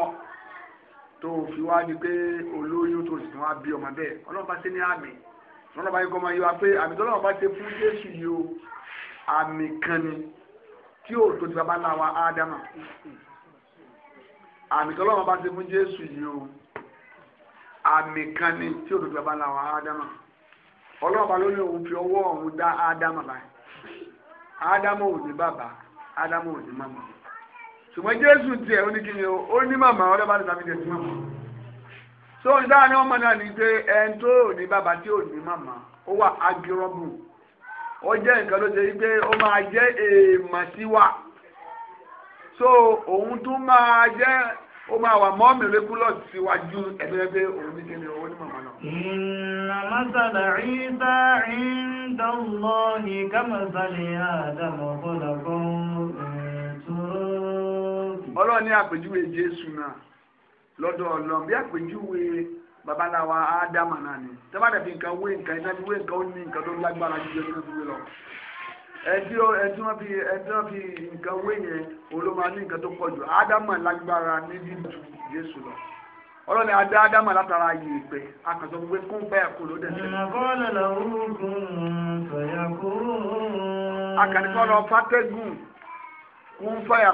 fi wá ní pé olóyún tó sì wá bí ọmọ bẹ́ẹ̀ ọlọ́run bá ṣe ní àmì ọlọ́run bá yẹ àmì kan tí yóò tó ti bàbá ńlá wa ádámà bá ti jésù o tí yóò tó ti bàbá ńlá wa ádámà ọlọ́ọ̀bá òun fi ọwọ́ ọ̀hún dá ádámà báyìí ádámà ò bàbá ádámà ò jésù tiẹ̀ ó ní kíni ó ní màmá jésù màmá so náà ní pé ẹni tó ní bàbá tí ó jẹ́ nǹkan ló ṣe wípé ó máa jẹ́ èèmọ̀ sí wa so òun tún máa jẹ́ ó máa wà mọ́ mìlẹ́kúlọ̀ síwájú ẹgbẹ́gbẹ́ òun ní kíni owó ní màmá náà. ìnà mọ́sálà ìta ìta lọ ní kámọ́sálẹ̀ àdàmọ̀ fọlọ́kọ́ ẹ̀túrọ́. ọlọ́run ní àpèjúwe jésù náà lọ́dọ̀ ọlọ́run bí àpèjúwe babaláwa ádámà náà ni tẹ́bàdà fi nǹkan wé nǹkan iná wé nǹkan ó ní tó lágbára ju ẹni tó wé lọ ẹtí ẹtí wọn fi ẹtí wọn fi nǹkan wé yẹn olóma ní nǹkan tó pọ̀ jù ádámà lágbára níbi ju Jésù lọ ọlọ́ni adá ádámà látara yìí pé akàtọ̀ gbogbo kún fẹ́ kú ló dẹ̀ sí. làwọn ogun fẹ̀yà kú. akànìkọ́ lọ fàtẹ́gùn kún fẹ́yà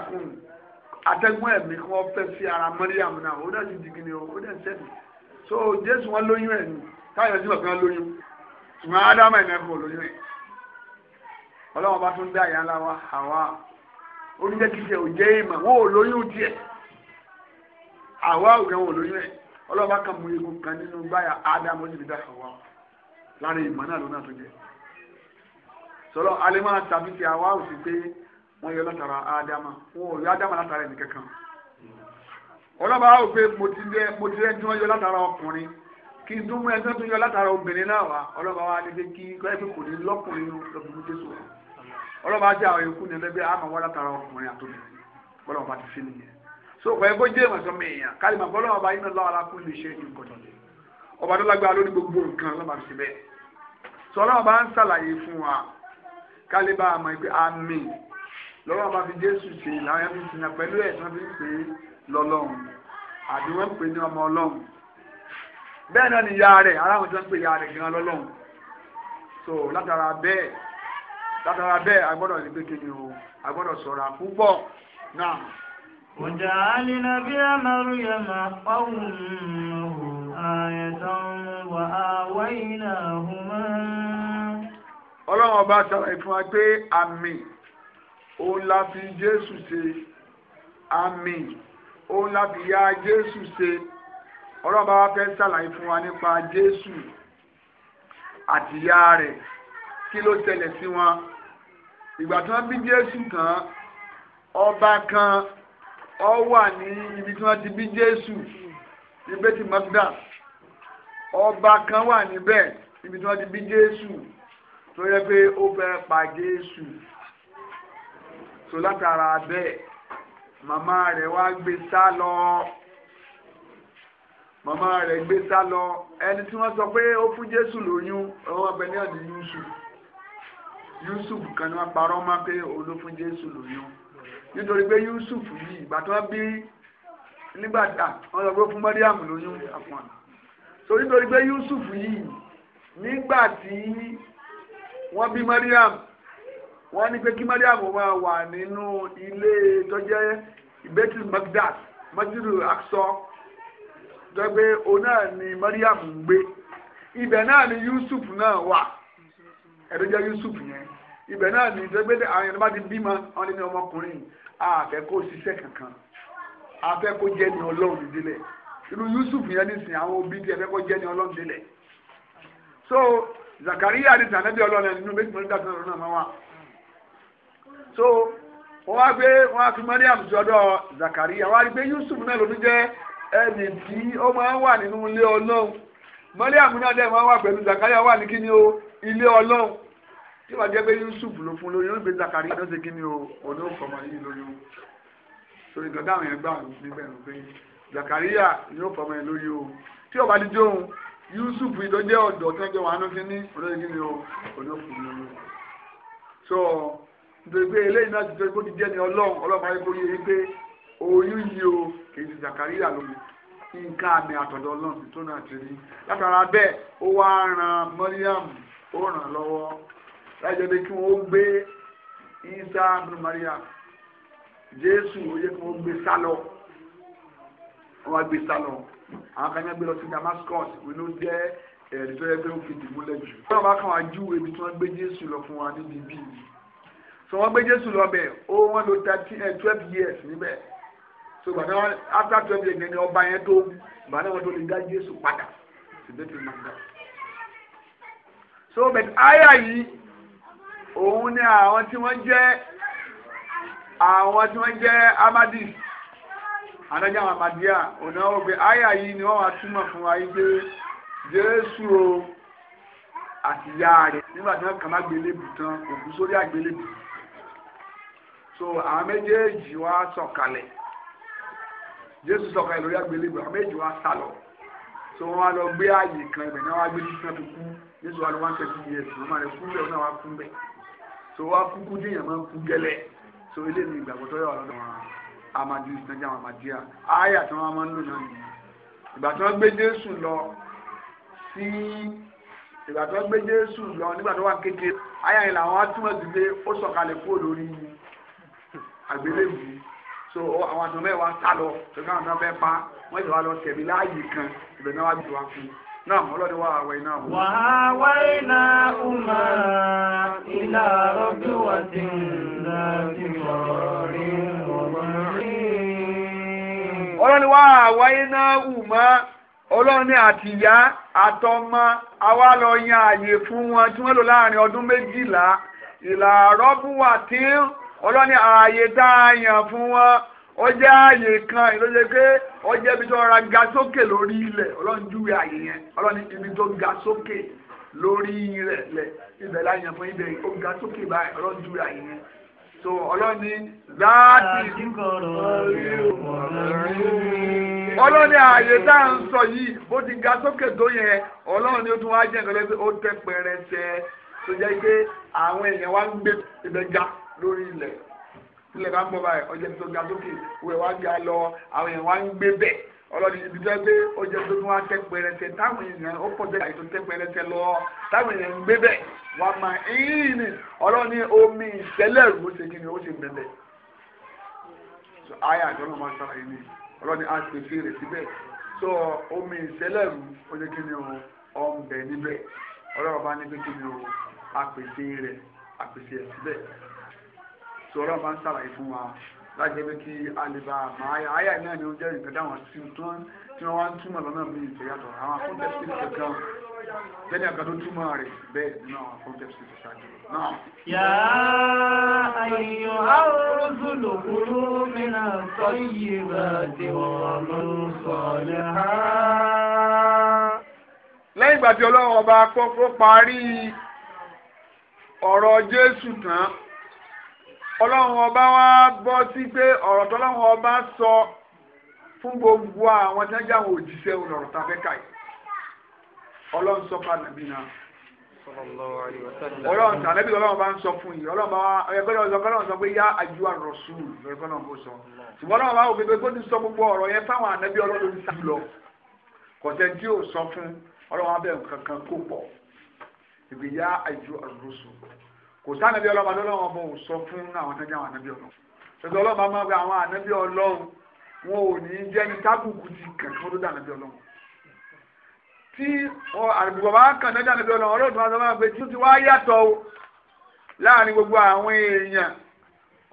atẹ́gùn ẹ̀mí kí fẹ́ sí ara Mọ́ríyàmù náà ó dẹ̀ sì dìgínì ó dẹ̀ sẹ́ni so jésù wọn lóyún ẹ̀ nù káyọ̀ sí ọ̀kan lóyún ṣùgbọ́n ádámà ẹ̀ mẹ́fọ́ lóyún ẹ̀ ọlọ́wọ́n bá tún dá ìyá ńlá wa àwa oníjẹ́ kí ṣe òjẹ́ ìmọ̀ wọn ò lóyún díẹ̀ àwa òkè wọn ò lóyún ẹ̀ ọlọ́wọ́n bá kàn mú egun kan nínú gbáyà ádámà ó sì fi dá àwa lára ìmọ̀ náà lónà tó jẹ́ sọlọ alẹ́ máa tàbí ti àwa ò sì pé wọ́n yọ látara ádámà wọn ò yọ ádámà látara ẹnì kankan ọlọ́ba á wò pé mo ti rẹ́ tí wọ́n yọ látara ọkùnrin kí n tún mú ẹgbẹ́ tó yọ látara obìnrin náà wá ọlọ́ba wa ní pé kí kọ́ẹ́fì kò ní lọ́kùnrin lọ́kùnrin jésù wa ọlọ́ba jẹ́ àwọn ikú ní ẹlẹ́gbẹ́ àmọ́ wọ́n látara ọkùnrin àtòbí bọ́lọ́ba ti fi nìyẹn so kọ́ ẹgbẹ́ jẹ́ ìmọ̀ sọmọ èèyàn kálí mà bọ́lọ́ba bá iná lọ́wọ́ alákùn lè ṣe ìkọ̀tọ̀ ọba tó lágbára lórí gbogbo nǹkan ọlọ́ba ti bẹ́ẹ̀ sọ ọlọ́ba ń ṣàlàyé fún wa kálí bá àmọ́ ìpè àmì lọ́wọ́ bá fi jésù ṣe ìlànà ẹ̀mí ìsìn lọ́lọ́run àbí wọ́n ń pè ní ọmọ ọlọ́run bẹ́ẹ̀ náà ni ìyá rẹ̀ aráwọn tí wọ́n ń pè ìyá rẹ̀ gan lọ́lọ́run so látara bẹ́ẹ̀ látara bẹ́ẹ̀ agbọ́dọ̀ ní pékeré o agbọ́dọ̀ sọ̀rọ̀ púpọ̀ náà. Òjà alìnà bí a máa rú yẹ máa pọ́wùn ààyẹ̀tàn wà áwọ̀ ìnà ọ̀húnmọ́. Ọlọ́run ọba sára ìfún wa pé àmì òun la fi Jésù ṣe àmì òun lábìyá jésù ṣe ọlọ́ba wa fẹ́ ṣàlàyé fún wa nípa jésù àtìyá rẹ̀ kí ló ṣẹlẹ̀ sí wọn ìgbà tí wọ́n bí jésù tán ọba kan ó wà ní ibi tí wọ́n ti bí jésù ní bẹ́tì magda ọba kan wà níbẹ̀ ibi tí wọ́n ti bí jésù tó yẹ pé ó fẹ́ pa jésù tó látara bẹ́ẹ̀ màmá rẹ̀ wá gbé sá lọ màmá rẹ̀ gbé sá lọ ẹni tí wọ́n sọ pé ó fún Jésù lóyún ọwọ́ abẹ ní ọ̀dí Yusuf Yusuf kan ni wọ́n parọ́ mọ́ pé ó ló fún Jésù lóyún nítorí pé Yusuf yìí ìgbà tí wọ́n bí nígbà tá wọ́n sọ pé ó fún Mariam lóyún àpọ̀n so nítorí pé Yusuf yìí nígbà tí wọ́n bí Mariam wọ́n ní pé kí Mariam wà nínú ilé tó jẹ́ Betul Magdas Masjidul akso, gbẹgbẹ ona ni Mariam ń gbé náà ni Yusuf náà wà ẹ̀dọ́jọ́ Yusuf yẹn ibẹ̀ náà ni gbẹgbẹ àwọn yẹn bá ti bímọ àwọn ẹni ọmọkùnrin àfẹ́kọ́ òṣìṣẹ́ kankan afẹ́kọ́ jẹ́ ni Ọlọ́run délẹ̀ inú Yusuf yẹn nísìnyí àwọn òbí ti ẹ̀fẹ́kọ́ jẹ́ ni Ọlọ́run délẹ̀ so Zakariya ni sànẹ́bí Ọlọ́run ẹni nínú méjì mọ́lẹ́dá sọ̀rọ̀ náà máa wà so wọ́n wá gbé wọ́n á fi Mariam jọ̀dọ̀ Zakaria wọ́n á rí Yusuf náà ló ń jẹ́ ẹnì tí ó máa ń wà nínú ilé Ọlọ́run Mariam náà dẹ̀ máa ń wà pẹ̀lú Zakaria wà ní kíni o ilé Ọlọ́run tí wàá jẹ́ pé Yusuf ló fún lóyún gbé Zakaria ló ṣe kíni o òun ó yìí lóyún torí ìgbà táwọn yẹn gbà níbẹ̀ rò pé Zakaria yóò fọmọ yẹn lóyún o tí ọba dídó òun Yusuf ìdọ́jẹ́ ọ̀dọ́ tẹ́jọ́ wà á kíni o òun ó lóyún so nítorí pé eléyìí náà ti tó kó ti jẹ́ ní ọlọ́run ọlọ́run ayé kó yẹ pé oyún yìí o kì í ti Zakaria lómi nǹkan àmì àtọ̀dọ̀ ọlọ́run tó náà ti rí látara bẹ́ẹ̀ ó wá ran Mariam ó ràn lọ́wọ́ láìjọ pé kí wọ́n gbé Isa bin Mariam Jésù ó yẹ kí wọ́n gbé sálọ wọ́n wá gbé sálọ àwọn kan yẹn gbé lọ sí Damascus wọ́n ló jẹ́ ẹ̀ẹ́dì tó yẹ pé ó fi dìbò lẹ́jù. wọ́n bá kàn wá júwèé ibi tí wọ́n gbé Jésù lọ fún wa níbi bíi so wọ́n gbé jésù lọ́bẹ̀ ó wọ́n lò thirteen eh, twelve years níbẹ̀ so gbàdá after twelve years ni ọba yẹn tó gbàdá wọn tó lè dá jésù padà síbẹ̀tì mọ̀gá so bẹ̀t àyà yìí òun ni àwọn tí wọ́n jẹ́ àwọn tí wọ́n jẹ́ amadis adájọ́ àwọn amadia ọ̀nà ọ̀gbẹ́ àyà yìí ni wọ́n wá túmọ̀ fún wa yìí pé jésù o àti ìyá rẹ̀ nígbà tí wọ́n kàn má gbélébù tán òkú sórí àgbélébù so àwọn méjèèjì wá sọ̀kalẹ̀ jésù sọ̀kalẹ̀ lórí àgbélébùú àwọn méjèèjì wá sálọ so wọ́n wá lọ gbé ààyè kan ibẹ̀ náà wá gbé títí náà fi kú jésù wá lọ wá ń tẹ̀sí iye ẹ̀sìn wọ́n máa rẹ̀ kú bẹ́ẹ̀ náà wá kú bẹ́ẹ̀ so wá kú kú díyàn máa ń kú gẹ́lẹ́ so ilé mi ìgbàgbọ́ tó yà wà lọ́dọ̀ wọn amadi ìsìnàjà wọn àmàdíà ààyè àti wọn máa ń lò náà nìyí ìgbà tí wọ́n gbé jésù lọ sí ìgbà tí wọ́n gbé jésù lọ nígbà tó wà kékeré ààyè àyè làwọn á túmọ̀ sí pé ó sọ̀kalẹ̀ kúrò lórí yìí àgbélébù so àwọn àtọ̀ mẹ́wàá sá lọ ṣùgbọ́n àwọn náà fẹ́ pa wọ́n ti wá lọ tẹ̀mí láàyè kan ibẹ̀ náà wá bí wá fún un náà ọlọ́dún wá àwẹ̀ náà wà á wá iná ọmọ ilá rọ́bì wà sí ńlá rí ọ̀rọ̀ rí. ọlọ́dún wá àwá iná ọmọ ọlọ́ni àtìyá àtọmọ àwa lọ yan àyè fún wọn tí wọ́n lò láàrin ọdún méjìlá ìlà rọ́bù wà tí ń ọlọ́ni ààyè tá a yàn fún wọn ó jẹ́ ààyè kan ìlójẹ́ pé ó jẹ́ ibi tó ra ga sókè lórí ilẹ̀ ọlọ́run júwe ààyè yẹn ọlọ́ni ibi tó ga sókè lórí ilẹ̀ lẹ̀ ibẹ̀ la yàn fún ibẹ̀ ó ga sókè báyìí ọlọ́run júwe ààyè yẹn so ọlọ́ni láti ọlọ́ni ààyè tá à ń sọ yìí bó ti ga sókè tó yẹn ọlọ́run ni ó tún wá jẹ́ nǹkan lẹ́sẹ̀ ó tẹ́ pẹrẹsẹ tó jẹ́ pé àwọn èèyàn wá ń gbé ibẹ̀ ga. lórí ilẹ̀ ilẹ̀ bá ń bọ̀ báyìí tó ga sókè wẹ̀ wá lọ àwọn èèyàn wá ń gbé bẹ̀ ọlọ́ni ibi tó gbé ọjọ́ tó tún wá tẹ́ pẹrẹsẹ táwọn èèyàn ó pọ̀ tẹ́ lọ táwọn èèyàn ń gbé bẹ̀ ni omi ṣe kí ni ó ṣe bẹ̀bẹ̀ ayé máa yìí sọ̀rọ̀ máa ń sàlàyé fún wa láti ẹgbẹ́ kí alìbá àmà àyà àyà náà ni ó jẹ́ ìgbẹ́ dáwọn tí wọ́n wá ń túmọ̀ lọ́nà mi ìfẹ̀yàtọ̀ àwọn akọ́ńtẹ́sì kankan lẹ́ni àgbàdo túmọ̀ rẹ̀ bẹ́ẹ̀ nínú àwọn akọ́ńtẹ́sì tó ṣáájú náà. yà á ayò àrùsù lòkúrú mi náà sọ iye bá ti wọ́n mú sọ̀lẹ̀ ha. lẹ́yìn ìgbà tí ọlọ́run ọba kọ́kọ́ parí ọ̀rọ̀ jésù tán. ọlọ́run ọba wa bọ́ sí pé ọ̀rọ̀ tọ́lọ́run ọba sọ fún gbogbo àwọn tí wọ́n jẹ́ àwọn òjíṣẹ́ olọ̀rọ̀ káyì ọlọ́run sọ fún náà ọlọ́run tàbí ọlọ́run bá ń sọ fún yìí ọlọ́run bá ẹgbẹ́ ọlọ́run sọ pé yá àrọ̀ lọ́rọ̀ náà sọ ṣùgbọ́n ọlọ́run bá wò pé kó ti sọ gbogbo ọ̀rọ̀ yẹn fáwọn ọlọ́run kò sánàbí ọlọ́ba lọ́lọ́wọ́ bọ̀ sọ fún àwọn tẹ́jú àwọn ànábí ọlọ́run ṣùgbọ́n ọlọ́ba máa ń gba àwọn ànábí ọlọ́run wọn ò ní jẹ́ ní tábùkù ti kàn fún tó dànàbí ọlọ́run tí àgbègbè bá kàn náà dànàbí ọlọ́run ọlọ́run máa sọ́mọ́ pé títí wá yàtọ̀ o láàrin gbogbo àwọn èèyàn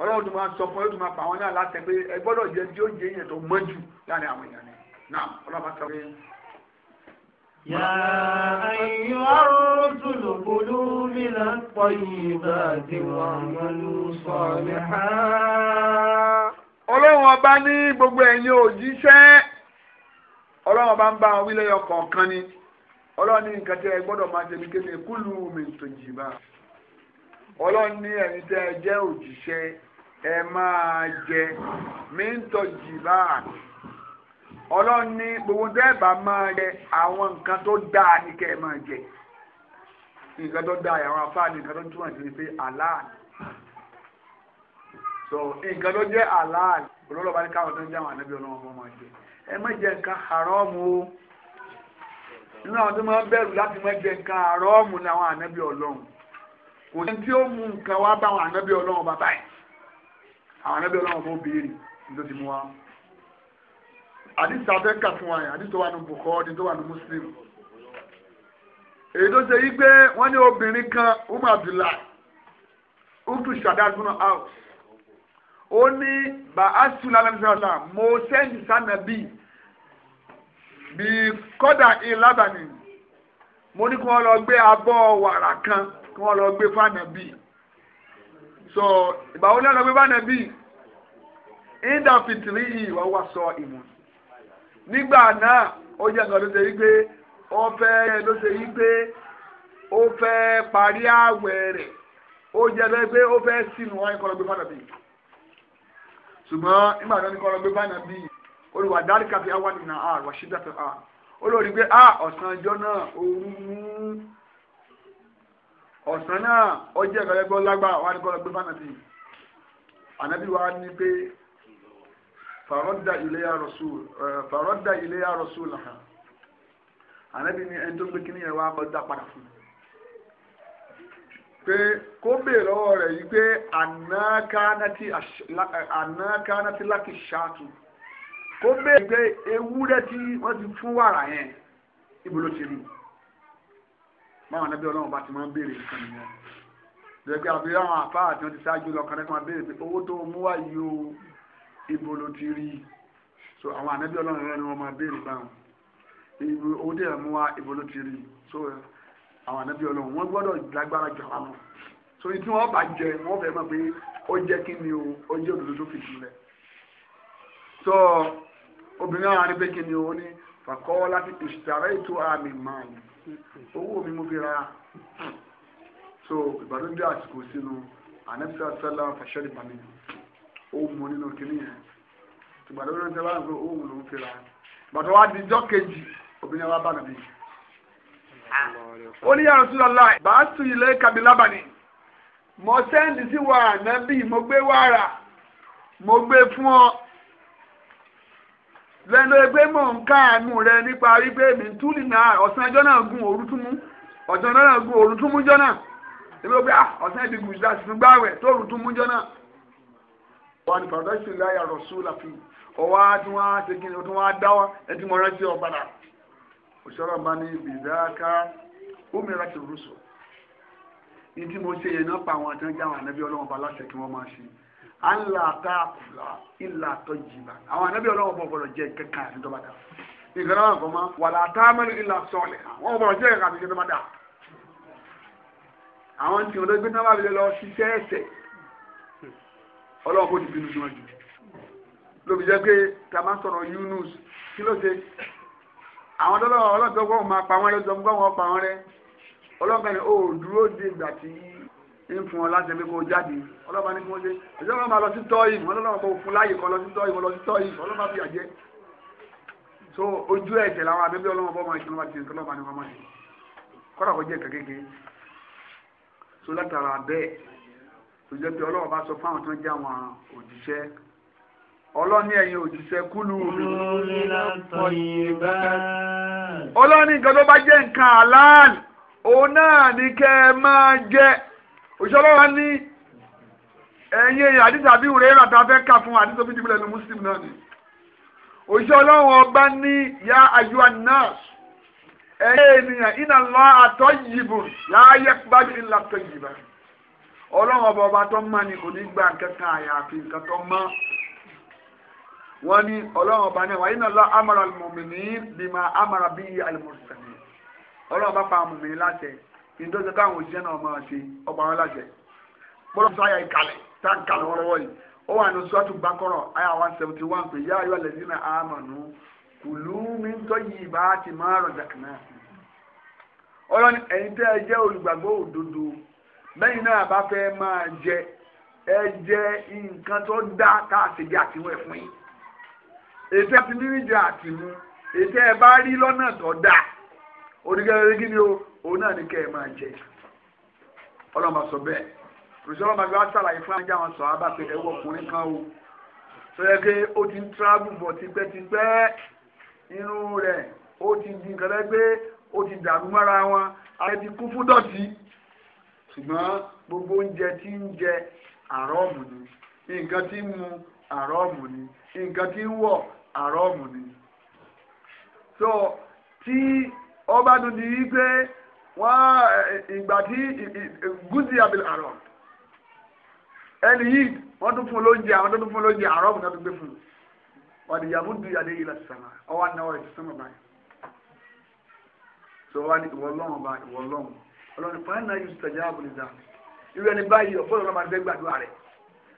ọlọ́run máa sọ fún ọlọ́run máa pa àwọn náà látẹ̀ pé ẹ jẹ́ tí ó jẹ́ èèyàn tó mọ́jú láàrin àwọn èèyàn náà ọlọ́run máa sọ pé يا أيها الرسل كلوا من الطيبات واعملوا صالحا ọlọ́run ọba ní gbogbo ẹ̀yin òjíṣẹ́ ọlọ́run ọba ń bá àwọn ni ọlọ́run ní nǹkan tẹ́ ẹ gbọ́dọ̀ máa jẹ nìkéde kúlù mìtòjìbá ọlọ́run ní jẹ́ òjíṣẹ́ ẹ máa jẹ bá. ọlọ́run ní gbogbo dẹ́ẹ̀bà máa jẹ àwọn nǹkan tó dáa ní kẹ́ ẹ máa jẹ nǹkan tó dáa àwọn afáàní nǹkan tó túmọ̀ sí pé aláàlì so nǹkan tó jẹ́ aláàlì olólùbá ní káwọn tó ń jẹ àwọn ànábì ọlọ́run ọmọ máa jẹ ẹ má jẹ nǹkan haramu o nínú àwọn tó máa ń bẹ̀rù láti má jẹ nǹkan haramu ní àwọn ànábì ọlọ́run kò sí tí ó mú nǹkan wá bá àwọn ànábì ọlọ́run bàbá yìí àwọn ànábì ọlọ́run fún bèèrè nítorí mu wá àdìsí afẹ́kà fún wa yẹn àdìsí tó wà ní Bukhari tó wà ní Muslim èyí tó ṣe yí pé wọ́n ní obìnrin kan umu abdullahi utu umm shadadun house ó ní bàásù lálẹ́sọ̀lá mo sẹ́ǹdì sànàbí bí kọ́dà ìlàbàní mo ní kí wọ́n lọ gbé abọ́ wàrà kan kí wọ́n lọ gbé fànàbí so ìgbà wo lọ́ọ́ lọ gbé fànàbí ìdá fìtìrì yìí wọ́n wá sọ ìmọ̀ nígbà náà ó jẹ́ nǹkan ló ṣe wípé ó fẹ́ ló ṣe wípé ó fẹ́ parí ààwẹ̀ rẹ̀ ó jẹ́ lọ pé ó fẹ́ sínú wọn kọ́ lọ gbé fànàbí ṣùgbọ́n nígbà náà ní kọ́ lọ gbé fànàbí olùwà dárí kàfi àwọn nìyà àrùn wàṣídà tó à olórí pé à ọ̀sán ọjọ́ náà òun fàrọ́dà iléyà rasul fàrọ́dà iléyà rasul ha ànábì ni ẹni tó gbé kíní yẹn wá kọ́ dá padà fún mi pé kó béèrè lọ́wọ́ rẹ̀ yìí pé ànákánáti láti ṣáàtú kó béèrè pé ewúrẹ́ tí wọ́n ti fún wàrà yẹn ibo ló ti mú báwọn ànábì ọlọ́run bá ti máa ń béèrè nǹkan nìyẹn lẹ́gbẹ́ àbí àwọn àfáà tí wọ́n ti ṣáájú lọ kàn lẹ́kọ̀ọ́ béèrè pé owó tó mú wá yìí o ibo ló ti rí so àwọn ànábì ọlọ́run rẹ ni wọ́n máa béèrè báwọn ibo owó tí ẹ̀ mú ibo ló ti rí so àwọn ànábì ọlọ́run wọ́n gbọ́dọ̀ lágbára jù àwọn lọ so ìtú wọn bá jẹ wọn fẹ́ mọ̀ pé ó jẹ́ kí ni o ó jẹ́ òdodo tó fìdí rẹ̀ so obìnrin àwọn àníbẹ́ kí ni o ní fàkọ́ láti ìṣàrẹ́ ètò àmì máa ní owó mi mú fi so ìbàdàn jẹ́ àsìkò sínú ànábìsà sálà fàṣẹ́rì pàmìlì. òun nínú kìíní yẹn ìgbà tó ń tẹ́ bá ń ló ń di kejì obìnrin wa bá ah. ó ní ya Rasulullah bàásù ilé kabilábàní mo sẹ́ndì sí wàrà nàbí mo gbé wàrà mo gbé fún ọ rẹ nípa wípé mi túlì náà náà gun òru túmú náà gun òru túmú jọ náà ah, ìdásí fún tó wọn ni fàdásù láyà rọ̀ṣù làfi ọwọ́ tún wá ṣe kí ni tún wá dá wa ẹ ti mọ rántí ọ padà òṣèlú ọba ní bìdáká òmìnira ti rúṣọ ní tí mo ṣe yẹn náà pa àwọn àtẹnjá àwọn ànábì ọlọ́wọ́n ba láṣẹ kí wọ́n máa ṣe à ń là tá a kù là ìlà tó jìbà àwọn ànábì ọlọ́wọ́n bọ̀ gbọ́dọ̀ jẹ́ kankan àti dọ́bàdà ìgbàlá wọn kọ́ máa wà látà mẹ́rin ìlà sọ̀lẹ̀ wọn bọ̀ jẹ́ kankan àti dọ́bàdà àwọn tí wọn lọ gbé náà wà lọ ṣiṣẹ́ ẹ̀sẹ̀ ọlọ́run kò ní bínú sí wọn jù lóbi jẹ́ pé tá a máa ń sọ̀rọ̀ Yunus kí ló ṣe àwọn tọ́lọ́ ọlọ́dọ̀ gbọ́n máa pa wọ́n lọ́dọ̀ gbọ́n wọn pa wọ́n rẹ́ ọlọ́run kan ní o dúró de ìgbà tí ń fún ọ láti ẹgbẹ́ kó jáde ọlọ́ba ní kí wọ́n ṣe ẹ̀jẹ̀ wọn máa lọ sí tọ́yì wọn lọ́wọ́ kó fún láàyè kan lọ sí tọ́yì wọn lọ sí tọ́yì ọlọ́ba fi àjẹ́ so ojú ẹ̀jẹ̀ làwọn abẹ́bí ọlọ́wọ́ bọ́ máa ṣe lọ́wọ́ ti nǹkan lọ́ba ní wọn máa ṣe kọ́ra kó jẹ́ tó jẹ́ pé ọlọ́run bá sọ fáwọn tó ń jẹ́ àwọn òjíṣẹ́ ọlọ́ni ẹ̀yin òjíṣẹ́ kúlù ọlọ́ni nǹkan tó bá jẹ́ nǹkan àlàán òun náà ní kẹ́ ẹ máa jẹ òṣìṣẹ́ ọlọ́run ní ẹ̀yin èèyàn àdìsí àbí ìwúrẹ́ yẹn lọ́ta fẹ́ kà fún àdìsí òfin jìbìlẹ̀ ní muslim náà ni òṣìṣẹ́ ọlọ́run ọba ní ya ayu anas ẹ̀yin ènìyàn iná lọ àtọ́ yìbùn láàyè pàdé ńlá tó yìbùn. ọlọ́run ọba ọba tó mọ́ ni kò ní gba nǹkan kan àyàfi nǹkan tó mọ́ wọ́n ní ọlọ́run ọba náà wàyí náà lọ amara alùmọ̀mìnì bímọ amara bí alùmọ̀sẹ̀mì ọlọ́run ọba pa àmọ̀mìnì láṣẹ ìdóṣe káwọn òṣìṣẹ́ náà máa ṣe ọba wọn láṣẹ gbọ́dọ̀ sọ àyà ìkàlẹ̀ tá ń kàlẹ̀ wọ́rọ́wọ́ yìí ó wà ní àyà seventy one pé yá lẹ́sìn náà kùlù mi ń tọ́ yìí bá ti máa rọ̀ jàkánná ẹ̀yin tẹ́ ẹ jẹ́ olùgbàgbọ́ òdodo lẹ́yìn náà bá fẹ́ máa jẹ ẹ jẹ nǹkan tó dá tá a ṣèjẹ àtiwọ̀n ẹ̀ fún yín ètò àti níríjà àtìmú ètò ẹ bá rí lọ́nà tó dá oníkẹ́rẹ́ gíní o òun náà ní kẹ́ ẹ máa jẹ ọlọ́mọ sọ bẹ́ẹ̀ rìsọ́lọ́ máa fi wá sàlàyé fún ajá wọn sọ abá pé ẹwọ́ ọkùnrin kan o sọ́yẹ́ pé ó ti ń tíráàbù bọ̀ tipẹ́tipẹ́ inú rẹ̀ ó ti di nǹkan lẹ́gbẹ́ ó ti dàrú mọ́ra wọn àti ti fún dọ̀tí. ṣùgbọ́n gbogbo oúnjẹ tí ń jẹ àrọ́ọ̀mù ni nǹkan tí ń mu àrọ́ọ̀mù ni nǹkan tí ń ni. so tí ọba dùn ní wípé wọ́n ìgbà tí gúúsì abilà àrọ̀ ẹni yìí wọ́n tún fún lóúnjẹ àwọn tó tún fún lóúnjẹ àrọ́ọ̀mù náà tó gbé fún un wọ́n ti yàgò dùn yìí láti sàmà ọwọ́ ẹ̀ báyìí. so wọ́n ní ìwọ ọlọ́run fún àná yóò sọ̀jà àbúrò dà irú ẹni báyìí ọ̀pọ̀ ìrọ̀lọ́ máa fẹ́ gbàdúrà rẹ̀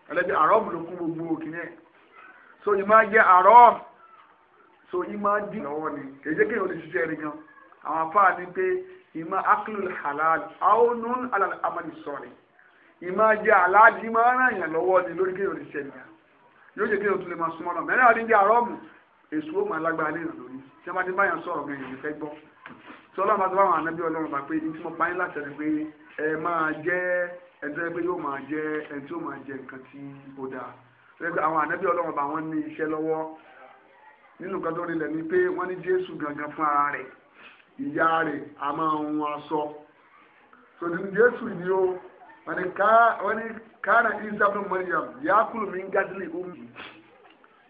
ọlọ́bí àrọ́ọ̀mù ló kún gbogbo òkìní ẹ̀ so yìí máa jẹ́ àrọ́ọ̀mù so yìí máa dín lọ́wọ́ ni kì í jẹ́ kéèyàn lè ṣiṣẹ́ rẹ̀ gan àwọn afáà ní pé ìmọ̀ akílù halal aonun alal amali sọ̀rẹ̀ ìmọ̀ jẹ́ aláàdì máa ràn yàn lọ́wọ́ ni lórí kéèyàn lè ṣiṣẹ́ rẹ̀ yóò jẹ́ kéèyàn tún lè máa súnmọ́ náà mẹ́rin àdín jẹ́ àrọ́ọ̀mù èso ó máa lágbára lé tí ọlọ́run bá ti báwọn ànábì ọlọ́run bá pé ní mo pa yín láti ẹni pé ẹ máa jẹ́ ẹni tó yẹ pé yóò máa jẹ́ ẹni tí yóò máa jẹ nǹkan tí ó dáa lẹ́gbẹ̀ẹ́ àwọn ànábì ọlọ́run bá wọ́n ní iṣẹ́ lọ́wọ́ nínú nǹkan tó rinlẹ̀ ni pé wọ́n ní jésù gangan fún ara rẹ̀ ìyá rẹ̀ a máa ń wọn aṣọ sọdún jésù ni ó wọ́n ní kára isa mariam yakulu mi ń gádìlì ó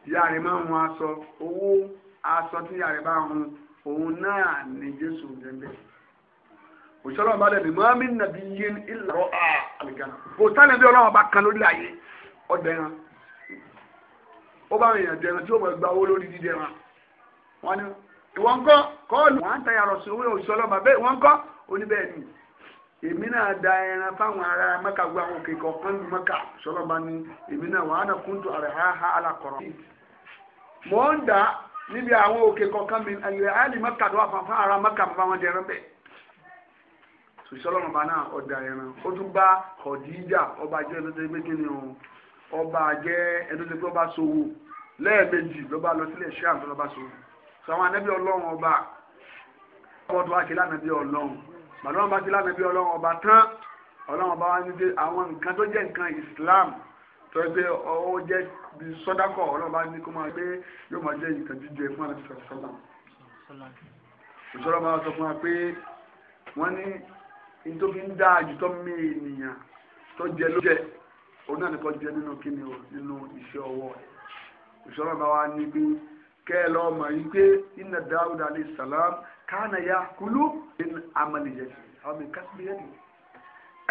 ìyá rẹ̀ máa ń wọn aṣọ owó aṣọ tí ìyá rẹ̀ bá ń hun òun náà ni jésù gẹ́gẹ́ òṣèlú ọba lẹ́bi mọ́mí nàbí yín ìlàrọ̀ àlùjáná kò sálẹ̀ bí ọlọ́run ọba kan lórí ayé ọdẹ ẹran ó bá èèyàn tí gba owó lórí dídẹ ẹran wọn ni ìwọ́n kọ́ kọ́ọ̀lù wọn àtàyà rọ̀ owó òṣèlú ọba da ẹran fáwọn ará níbi àwọn òkè kọ̀ọ̀kan mi ẹ̀yẹ àlì mẹ́ka tó wà fún fún ara mẹ́ka fún àwọn jẹrẹ bẹ́ẹ̀. sùsọ́lọ́mù bá náà ọ̀dà ẹran ó tún bá Khadija ọba jẹ́ ẹni tó ṣe pé kí ni òun ọba jẹ́ ẹni tó ṣe pé ọba ṣòwò lẹ́ẹ̀mejì ló bá lọ sílẹ̀ ṣáà tó lọ bá ṣòwò. sọ àwọn anábì ọlọ́run ọba ọkọ̀ tó wá sí lánàbí ọlọ́run màdúrà bá sí lánàbí ọlọ́run ọba tán ọlọ́run ọba wá ní pé àwọn Islam tó yẹ pé ọwọ́ bí sọ́dákọ̀ ọlọ́run bá ní kó máa gbé yóò máa jẹ́ nǹkan jíjẹ fún àlejò sọ́lá. ìṣọ́lá máa sọ fún wa pé wọ́n ní nítorí ń dá àjùtọ́ mí ènìyàn tó jẹ ló jẹ òun náà nìkan jẹ nínú kíni o nínú iṣẹ́ ọwọ́ ẹ̀. ìṣọ́lá máa wá ní pé kẹ́ ẹ lọ́ọ́ mọ̀ yìí pé inna Dawud alayhi salam kana yakulu min amali yẹn àwọn mi kásìlẹ̀ yẹn ni.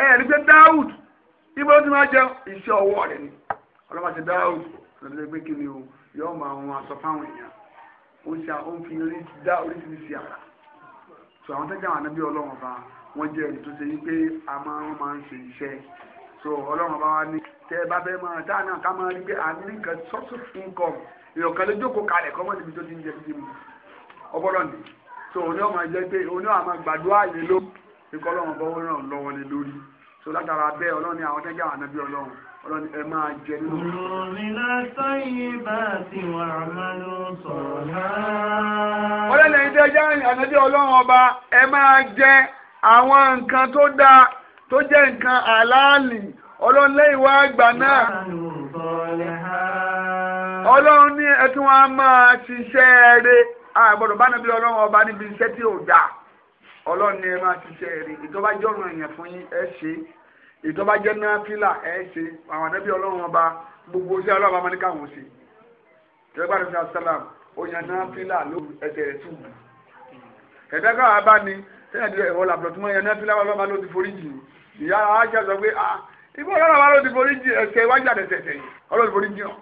ẹ̀ẹ́dẹ́gbẹ́ Dawud ibo ti máa jẹ iṣẹ́ ọwọ́ rẹ̀ ni ọlọ́pàá ti dáhùn lọ́dún pé kí ni o yọ ọmọ àwọn aṣọ fáwọn èèyàn ó ń ṣe ó ń dá oríṣiríṣi àrà so àwọn tẹ́jà àwọn anábí ọlọ́run ọba wọ́n jẹ́ ẹni tó ṣe wípé a máa ń máa ń ṣe iṣẹ́ so ọlọ́run ọba wa ní tẹ́ ẹ bá fẹ́ máa dáa náà ká máa rí pé a ní nǹkan sọ́ọ̀sì fún kọ́ èèyàn kan ló jókòó kalẹ̀ kọ́ mọ́ níbi tó ti ń jẹ títí mu ọgbọ́dọ̀ ni so òní ọmọ ẹ̀jẹ̀ pé òní ọmọ gbàdúrà yìí ló ikọ́ ọlọ́run ọba wọn ràn lọ́wọ́ lé lórí so látara bẹ́ẹ̀ ọlọ́run ni àwọn tẹ́jà àwọn anábí ọlọ́run ọlọ́ni ẹ máa jẹ nínú. Mùrùnlá sáyé bá ti wà mánú sọ̀rọ̀ náà. Ọlọ́ni ẹ̀yin tẹ́ jẹ́ ànájẹ́ ọlọ́run ọba ẹ máa jẹ àwọn nǹkan tó dáa tó jẹ́ nǹkan àlàálì ọlọ́run lẹ́yìn wá àgbà náà. Ọlọ́run ní ẹ tún wá máa ṣiṣẹ́ rẹ̀ àgbọ̀dọ̀ bá níbi ọlọ́run ọba níbi iṣẹ́ tí ò dáa. Ọlọ́run ní ẹ máa ṣiṣẹ́ rẹ̀ ìjọba jọ̀ràn èèyàn fún yín ẹ ṣe é ìtọ́ba jẹ́ náfìlà ẹ̀ ṣe àwọn ànábì ọlọ́run ọba gbogbo sí ọlọ́run ọba ní káwọn ṣe tẹ́gbà ní sàlám oyan náfìlà ló ẹsẹ̀ rẹ̀ tù bù ẹ̀dá káwọn abá ni sẹ́yìn àti ẹ̀wọ́ làbọ̀ tó mọ yan náfìlà ọlọ́run ọba ló ti forí jì ìyá ajá sọ pé ah ibi ọlọ́run ọba ló ti forí jì ẹsẹ̀ iwájú àtẹ̀sẹ̀ sẹ́yìn ọlọ́run forí jì hàn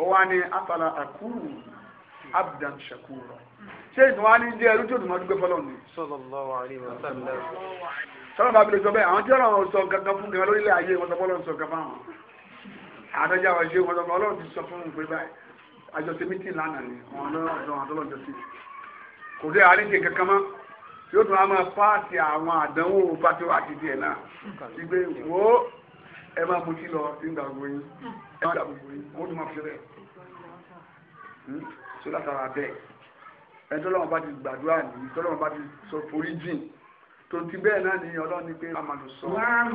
ó wá ní afala àkúrù abdan shakura ṣé ìtàn wa ní jẹ́ ẹrú tí ò sọ́nà bá bìlẹ̀ sọ bẹ́ẹ̀ àwọn tí ọlọ́run sọ gangan fún gan lórílẹ̀ ayé wọn sọ fún ọlọ́run sọ gan fáwọn àtọ́jà wọn ṣe wọn sọ fún ọlọ́run ti sọ fún un pé báyìí àjọṣe mítìn lánàá ni wọn lọ́rọ̀ àtọ́lọ́jọ sí kò dé àríṣe kankan mọ́ yóò tún á máa pààtì àwọn àdánwò pàtó àti díẹ̀ náà ti gbé wo ẹ máa mutí lọ nígbà gbogbo yín ẹ máa gbogbo yín wọ́n tún máa fi rẹ̀ ṣó hmm? látara bẹ́ẹ̀ ẹ tọ́lọ́wọ́n bá ti gbàdúrà nìyí tọ́lọ́wọ́n bá ti sọ forí jìn tonti bẹ́ẹ̀ náà ni ọlọ́run ní pé amalu sọ. wọ́n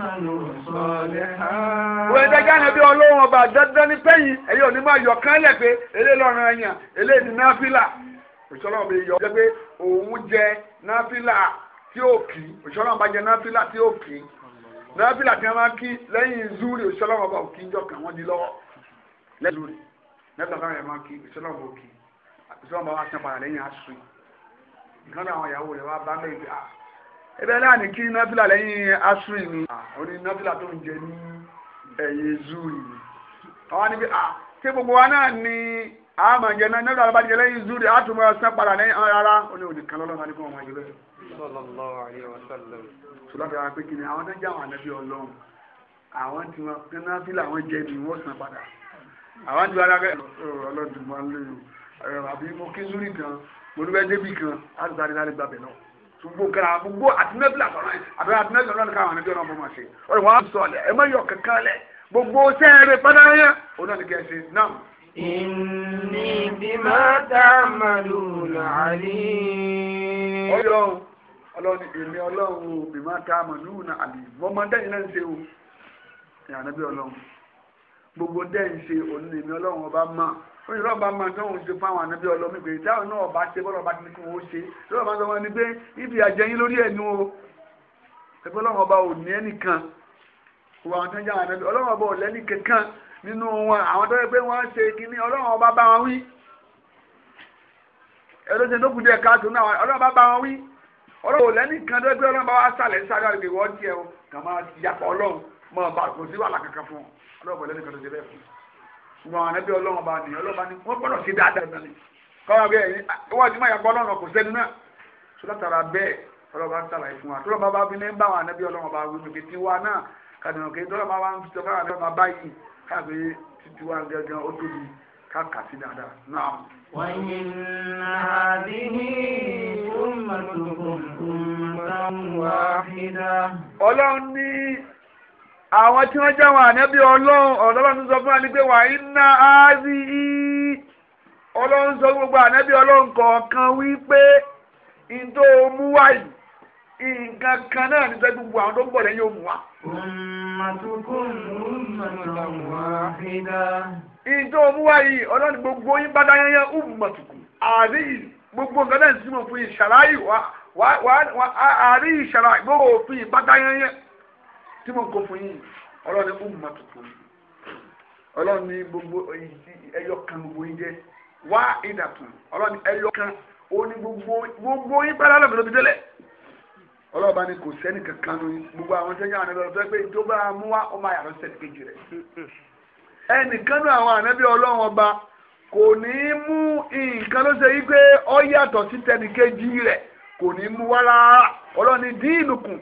ẹ dájá ni bí ọlọ́run ọba dandan ní pẹ́yìn ẹ̀yẹ́ òní máa yọ kán lẹ̀ pé eléyìí lọ́rùn ẹ̀yàn eléyìí ní náfìlà òṣìṣọ́lá ọba yọ jẹ́ pé òun jẹ náfìlà tí ó kì í òṣìṣọ́lá ọba jẹ náfìlà tí ó kì í náfìlà tí wọ́n máa kí lẹ́yìn zúrì òṣìṣọ́lá ọba òkì ń jọkàn wọ́n di lọ́wọ́ lẹ́yìn zúrì mẹ́ta táwọn yẹn máa kí òṣìṣọ́lá ọba òkì òṣìṣọ́lá ọba wa sẹ́n padà lẹ́yìn asùn ìkànnì ẹbẹ náà ní kí nọfìlà lẹ́yìn asiri ni orí nọfìlà tó ń jẹ ní ẹ̀yìn zuri àwọn níbi ṣé gbogbo wa náà ní àmọ̀ jẹ náà nọfìlà bá jẹ lẹ́yìn zuri àtúmọ̀ ọ̀sán padà lẹ́yìn ọ̀rọ̀ rárá ó ní òdìkan lọ́lọ́ máa ní kí wọ́n máa bẹ́ẹ̀. sallallahu alaihi wasallam. pé kí ni àwọn tó ń jẹ́ àwọn ànábì ọlọ́run àwọn tí wọ́n pín nọfìlà wọn jẹ ni wọ́n san padà àwọn tí wọ́n rárá ọlọ́dún gbogbo kara gbogbo atinabila sọ̀rọ̀ yẹn àbẹ atinabila sọ̀rọ̀ yẹn káwọn ànàbí ọlọmọ máa ṣe ọ̀rọ̀ wọn á sọ ọlẹ ẹ má yọ kankan lẹ gbogbo sẹẹrẹ padà yẹn òun náà ní kẹ ṣe náà. ìní bímọ dàmàlù nàálí. ọlọ́run ọlọ́run èmi ọlọ́run o bímọ dàmàlù nàálí wọn máa dẹyìn náà ń ṣe o ìyànàbí ọlọ́run gbogbo dẹyìn ṣe òun èmi ọlọ́run ọba máa wọ́n yìí lọ́ba máa tán òun ṣe fún àwọn ànábì ọlọ́mí pé tí àwọn náà ọba ṣe bọ́lá ọba ti kú owó ṣe lọ́ba máa tán wọn ni pé ibi àjẹyìn lórí ẹ̀nu o ẹgbẹ́ ọlọ́run ọba ò ní ẹnìkan wọ àwọn tó ń jẹ́ àwọn ànábì ọlọ́run ọba ò lẹ́nì kankan nínú wọn àwọn tó yẹ pé wọ́n ṣe kínní ọlọ́run ọba bá wọn wí ẹlọ́sẹ̀ tó kù díẹ̀ káàtó náà ọlọ́run ọba bá wọn wí ọlọ́run ò lẹ́nì kan tó yẹ pé ọlọ́run bá wá sàlẹ̀ sáré àgbègbè wọ́n tiẹ̀ kàn máa yàpọ̀ ṣùgbọ́n àwọn ẹbí ọlọ́run bá nìyẹn ọlọ́run bá ní wọ́n gbọ́dọ̀ sí dáadáa náà ni káwọn bẹ́ẹ̀ ni wọ́n ti máa kò sẹ́ni náà ṣùgbọ́n látara bẹ́ẹ̀ bá ń fún wa tọ́lọ́ bá bá bí ní bá ẹbí ọlọ́run bá wí pé tiwa náà kàdùnà kí tọ́lọ́ bá wá ń sọ fún àwọn ẹbí báyìí káàbí tiwa gẹ́gẹ́ ó tóbi káàkà sí dáadáa náà. wàyínà àdínní ọlọ́run àwọn tí wọ́n jẹ́ wọn ànábì ọlọ́run ọlọ́run sọ fún wa ní pé wà iná áàzì í ọlọ́run sọ gbogbo ànábì ọlọ́run kọ̀ọ̀kan wípé ìdó mú wá yìí nǹkan kan náà ní sẹ́gun gbogbo àwọn tó ń bọ̀ lẹ́yìn òmù wa. ìdó mú wá yìí ọlọ́run gbogbo yín bá dáyẹyẹ ùmùmọ̀tùkù àrí gbogbo nǹkan náà sì mọ̀ fún ìṣàlàyé wà àrí ìṣàlàyé gbogbo òfin ìbá dáyẹyẹ. tí mo ń kó fún yín ọlọ́run ní ọmọ tuntun gbogbo ẹyọ kan gbogbo yín jẹ wá ìdàtún ọlọ́ni ẹyọ kan ó ní gbogbo yín bá lálẹ́ lóbi délẹ̀ ni kò sẹ́ni kankan ní gbogbo àwọn pé tó bá mú sẹ́ni kejì rẹ̀ ẹnìkan àwọn ọlọ́run ọba kò ní mú nǹkan ló ṣe wípé ọ yàtọ̀ sí tẹnìkejì rẹ̀ kò ní mú rárá dín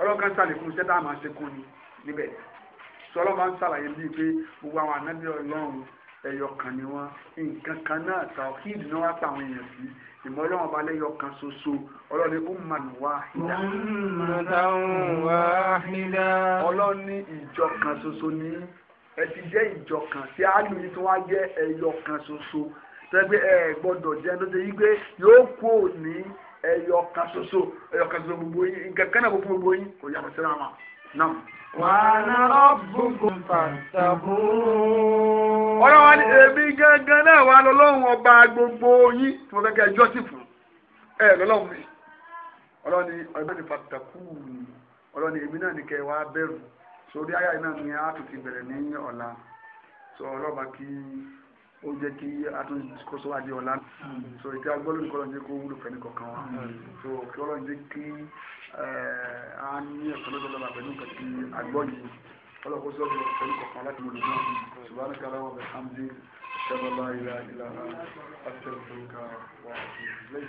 ọlọ́kan sàlékún iṣẹ́ tá máa ṣe kún ni níbẹ̀ sọ ọlọ́kan sàlàyé bíi pé gbogbo àwọn ànábì ọlọ́run ẹyọ kan ni wọn nǹkan kan náà tawhid náà wá pa àwọn èèyàn sí ìmọ̀ ọlọ́run ọba lẹ́yọ kan ṣoṣo ọlọ́run ní umman wahida. umman wahida. ọlọ́run ní ìjọ kan ṣoṣo ní ẹ ti jẹ́ ìjọ kan tí áàlù yìí tí wọ́n á jẹ́ ẹyọ kan ṣoṣo tẹ́gbẹ́ ẹ gbọ́dọ̀ jẹ́ ló yí pé yóò kú òní ẹyọ kan ṣoṣo ẹyọ kan ṣoṣo gbogbo yín nǹkan kan náà gbogbo gbogbo yín kò yàtọ̀ síra wọn náà. wàhálà ọ̀bùnkùn fàṣàbù. ọlọ́wọ́ ni èmi gángan náà wà lọ́lọ́run ọba gbogbo yín tí mo fẹ́ kẹ́ ẹjọ́ sì fún ẹ lọ́lọ́run mi ọlọ́ni ọ̀gbẹ́ni fàtàkùn ọlọ́ni èmi náà ní kẹ́ ẹ bẹ̀rù sórí ayáyé náà ni a tún ti bẹ̀rẹ̀ ní ọ̀la sọ ọlọ́ba kí ó jẹ́ kí atúnkọ́sọ́ àjẹ́ ọ̀la hmm. so ìtí agbọ́lù ní kọ́lọ̀ ń jẹ́ kó wúlò fẹ́ ní kọ̀ọ̀kan wa hmm. so kí ọlọ́run jẹ́ kí a ní ẹ̀kọ́ lọ́dọ̀ lọ́ba pẹ̀lú nǹkan tí agbọ́ yìí ọlọ́kọ́ sọ́ bí ọ̀fẹ́ ní kọ̀ọ̀kan láti wọlé náà ṣùgbọ́n ní kára wọn bẹ̀ hàmdí ṣẹlọ́lá ìlà ìlà àti ẹ̀fọ́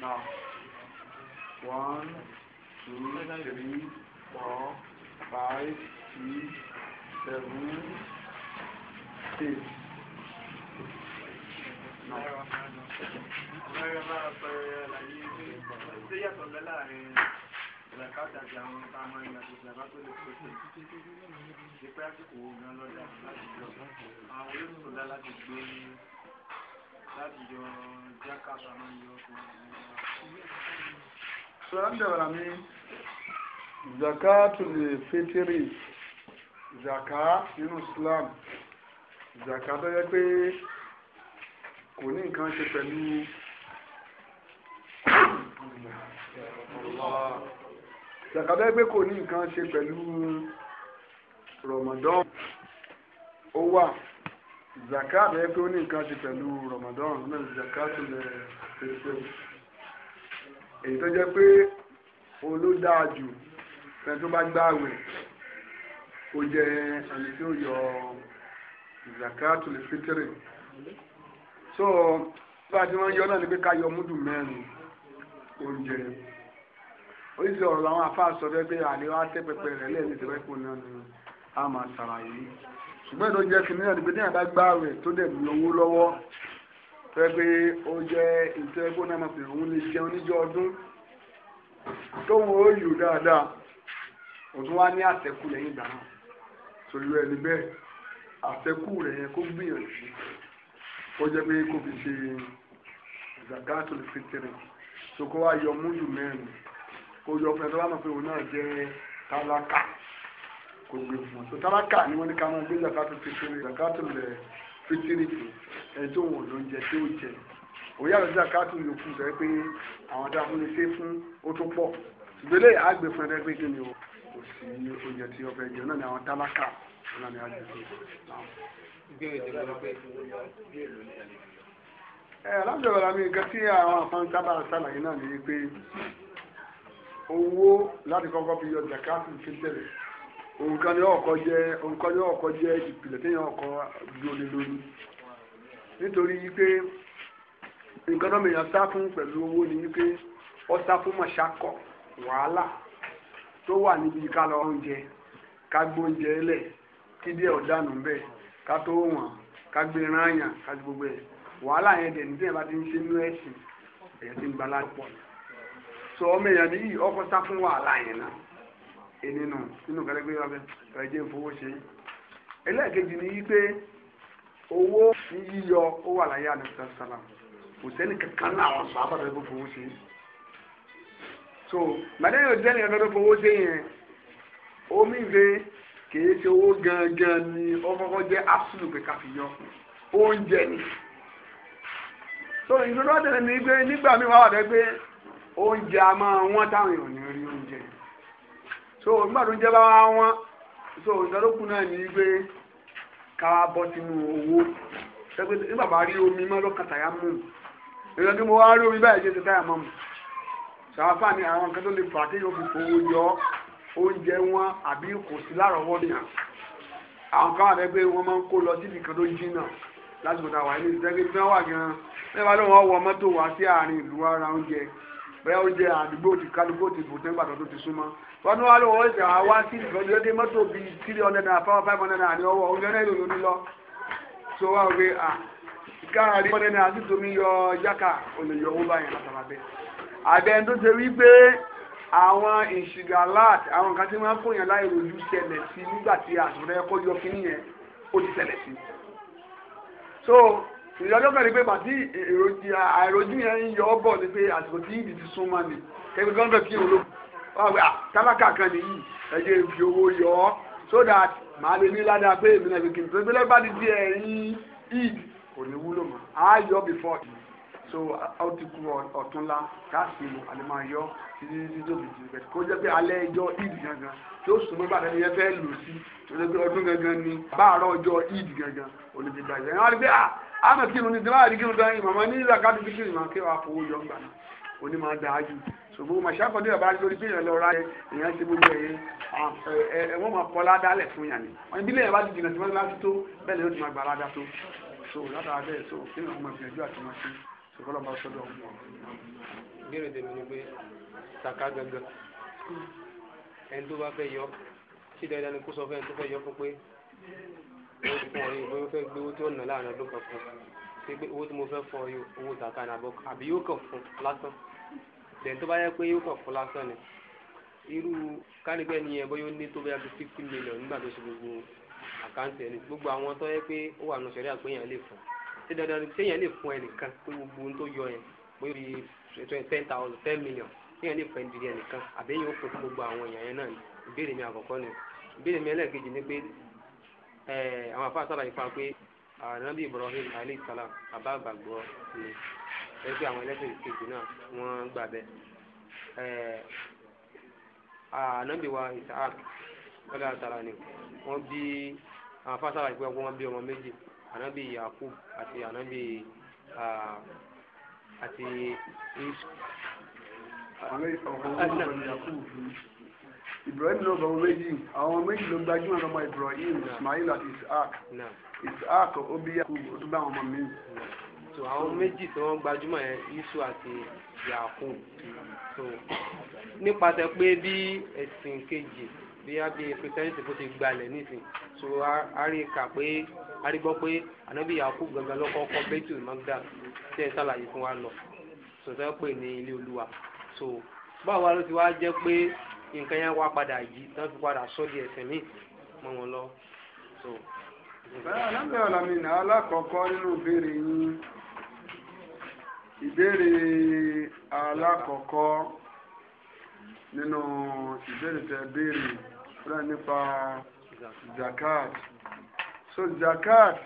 Now, one, two, three, four, five, six, seven, eight. Now sọ́dọ̀ dẹ̀wọ̀rọ̀ mi zakatu lè fetiri zaka nínú Islam zaka tó yẹ pé kò ní nǹkan ṣe pẹ̀lú zaka tó yẹ pé kò ní nǹkan ṣe pẹ̀lú Ramadan ó wà zaka bẹ́ẹ̀ pé ó ní nǹkan ṣe pẹ̀lú Ramadan náà zaka tó lẹ̀ pèsè èyí tó jẹ́ pé olódàá jù fẹ́ni tó bá gbààwẹ̀ ó jẹ́ ẹni tí yọ zaka tó lè fitiri so bá a ti wọ́n yọ náà ni pé ká yọ múdù mẹ́rin oúnjẹ oríṣi ọ̀rọ̀ làwọn afáàsọ bẹ́ẹ̀ pé àlè wa tẹ́ pẹpẹ rẹ̀ lẹ́yìn tí wọ́n kó náà ni a máa ṣàlàyé ṣùgbọ́n ìlú jẹ́ kìnìún ẹni pé ní àbá gbá rẹ̀ tó dẹ̀ bí owó lọ́wọ́ tó yẹ pé ó jẹ́ ìtẹ́gbó náà máa fi òun lè jẹun níjọ́ ọdún tóun ó yù dáadáa òtún wá ní àtẹ̀kù lẹ́yìn ìgbà náà torí ẹni bẹ́ẹ̀ àtẹ̀kù rẹ̀ yẹn kó gbìyànjú ó jẹ́ pé kò fi ṣe zakato lè fi tẹ̀rẹ̀ tó kó wá yọ múlù mẹ́rin kó yọ fún tó bá mọ̀ pé òun náà jẹ́ tálákà kò gbé fún un so tálákà ni wọ́n ní ká máa gbé zakato fitiri zakato lẹ eh, fitiri fún ẹni tó wọn ló ń jẹ tí ó jẹ òun yàtọ̀ zakato yòókù sọ pé àwọn tá a fún mi ṣe fún ó tó pọ̀ ṣùgbọ́n lè fún ẹni pé kí ni o kò sí oúnjẹ tí ọbẹ̀ jẹ náà ni àwọn tálákà náà ni àgbè fún ẹ alájọba la mi nǹkan tí àwọn àfọ̀n sábà ṣàlàyé náà ni pé owó láti kọ́kọ́ fi yọ zakato fi tẹ̀lé nǹkan ni ọkọ jẹ nǹkan ni ọkọ jẹ ìpìlẹ̀ téèyàn ọkọ lórí lórí nítorí wípé nǹkan fún pẹ̀lú owó ni wípé sá fún mọ̀ṣákọ̀ wàhálà tó wà níbi ká lọ oúnjẹ ká gbóúnjẹ lẹ̀ kí díẹ̀ ọ̀dànù bẹ́ẹ̀ ká tó wọ̀n ká gbé ráyàn ká gbogbo ẹ̀ wàhálà yẹn dẹ̀ ti ń ṣe ẹ̀sìn ti ń gbalá pọ̀ sọ ọmọ èèyàn ní fún wàhálà yẹn nínú nínú kẹlẹgbẹ abẹ ẹjẹ fowó ṣe ẹlẹ́ẹ̀kejì ni wípé owó yíyọ ó wà láyé àdàtà sàlám kò sẹ́ni kankan náà àwọn sọ àbàdàn tó fowó ṣe so màdé yóò jẹ́ nìkan tó fowó ṣe yẹn omi ìwé kìí ṣe owó gangan ni ó kọ́kọ́ jẹ́ absolu pé káfí yọ oúnjẹ ni so ìṣòro àtẹnudẹ ni pé nígbà míì wà wà dé oúnjẹ a máa wọ́n táwọn èèyàn ní rí so nígbà tó ń jẹ́ bá wá wọ́n so ìdádókù náà ní gbé káwá sínú owó rí omi mú mo wá rí omi báyìí ṣe ti táyà mu ṣàwáfà ni àwọn nǹkan tó lè fà kéèyàn fi fowó yọ oúnjẹ wọn àbí kò sí lárọ̀ọ́wọ́ nìyà àwọn kan àbẹ́ máa ń kó lọ síbi kan tó jìnnà lásìkò táwa ilé ìṣẹ́gbẹ́ tí wà gan-an wọ wá sí àárín ìlú ara bẹ́ẹ̀ oúnjẹ àdúgbò ti kálukú ti bù tẹ́ gbàdọ́ tó ti súnmọ́ wọn wá lọ́wọ́ ẹ̀sẹ̀ àwa sí ìgbọ́njú ẹ̀dẹ́ mọ́tò bíi three hundred naira five five hundred naira ní ọwọ́ oúnjẹ náà yòó ní lọ so wá wí à káàrí hundred naira sì tómi yọ jáka olùyọ owó báyìí látara bẹ́ẹ̀ àbẹ̀ tó ṣe wí pé àwọn ìṣìgàláàt àwọn nǹkan tí wọ́n fún yẹn ṣẹlẹ̀ sí nígbà tí àtúntẹ̀ kọ́ yọ kíní ó ti ṣẹlẹ̀ sí so ìdájọ́ kan ni pé pàtí àìrojú yẹn ń yọ ọ́ bọ̀ ni pé àsìkò tí ìdí ti sún mọ́ ni kẹ́gbẹ́ kan fẹ́ kí n ló ọ̀gbẹ́ ah, tálákà kan nìyí ẹ̀jẹ̀ fi owó yọ ọ́ so that màá lè ní ládàá pé èmi náà fi kí n tó gbélé bá di di ẹ̀yìn id kò ní wúlò mọ́ á yọ before id so ó ti kú ọ̀túnla káàsìmù àlèmọ́ ayọ́ títí títí tó fi jìbẹ̀ kó jẹ́ pé alẹ́ ẹjọ́ id gangan tí ó sùnmọ́ bàtà ni yẹn fẹ́ lò sí tó jẹ́ pé ọdún gangan ni báàrọ̀ ọjọ́ id gangan olùdíje àmọ̀ kírun ní tíwáàrí kírun tó yín màmá ní ìlàkàtú fi kírun máa kéwàá fowó yọ ńgbà náà òní máa dáa jù ṣùgbọ́n màṣákọ̀dé ọ̀bá lórí pé èèyàn lọ ra èèyàn ṣe gbogbo ẹ̀yẹ wọ́n máa kọ́ ládàálẹ̀ fún yàn ni wọ́n ibi lẹ́yìn bá ti jìnnà tí wọ́n láti tó bẹ́ẹ̀ ni ó ti máa gbà ládà tó so látara bẹ́ẹ̀ so kí ni ọmọ ìgbìyànjú àti ọmọ ṣe ṣùgbọ́n ọba ṣọdọ̀ ọmọ. ìbéèrè tèmi ni pé sàkà gangan ẹni tó bá fẹ́ yọ ṣé dáadáa ni kó sọ fẹ́ ẹni tó fẹ́ yọ fún pé ó fún ọ yìí bóyá ó fẹ́ gbé owó tí ó nà láàrin ọdún kan fún ṣé pé owó tí mo fẹ́ fún ọ yìí owó tàkà ní abọ́ àbí yóò kàn fún lásán dẹ̀n tó bá yẹ pé yóò kàn fún lásán ni irú kánigbẹ́ ni ẹ bóyá ó ní tó bóyá bí fifty million nígbà tó ṣe gbogbo àkáǹtì ẹni gbogbo àwọn tó yẹ pé ó wà nù sẹ́rí àpéyàn lè fún ṣé dandan ṣéyàn lè fún ẹnìkan pé gbogbo ohun tó yọ yẹn bóyá bí ten thousand ten million ṣéyàn lè fún ẹnìkan àbẹ́yìn ó kó fún gbogbo àwọn èèyàn yẹn náà ìbéèrè mi àkọ́kọ́ ni ìbéèrè mi ẹlẹ́ẹ̀kejì ni pé Eh, àwọn afa sábàá ipa pé ànábì Ibrahim alayhi salam bàbá àgbàgbọ́ ni ẹgbẹ́ àwọn ẹlẹ́sìn kejì náà wọ́n gbà bẹ́ẹ̀ eh, ànábì wa Isaac lọ́dọ̀ àtàrà ni wọ́n bí àwọn afa sábàá ipa wọ́n bí ọmọ méjì ànábì Yakub àti ànábì àti ibrahim ló bọ̀ méjì àwọn méjì ló gbajúmọ̀ lọ́mọ ibrahim ismail àti isaac isaac obi yakub ó tún bá àwọn ọmọ mi. so àwọn méjì tí wọ́n gbajúmọ̀ yẹn yusuf àti yakub so nípasẹ̀ pé bí ẹ̀sìn kejì bí a bí christianity bó ti gbalẹ̀ nísìn so a rí kà pé a rí gbọ́ pé ànábì yakub gangan ló kọ́kọ́ bẹ́tùl magdal tí ẹ̀ sàlàyé fún wa lọ sọ̀tẹ́ pè ní ilé olúwa so báwo wá ti wá jẹ́ pé nǹkan yẹn wá padà yìí tán fi padà sọ di ẹ̀sìn míì mọ́ wọn lọ. lábẹ́ ọ̀làmì náà alákọ̀ọ́kọ́ nínú ìbéèrè yín ìbéèrè alákọ̀ọ́kọ́ nínú ìbéèrè tẹ béèrè fúnra nípa zakat so zakat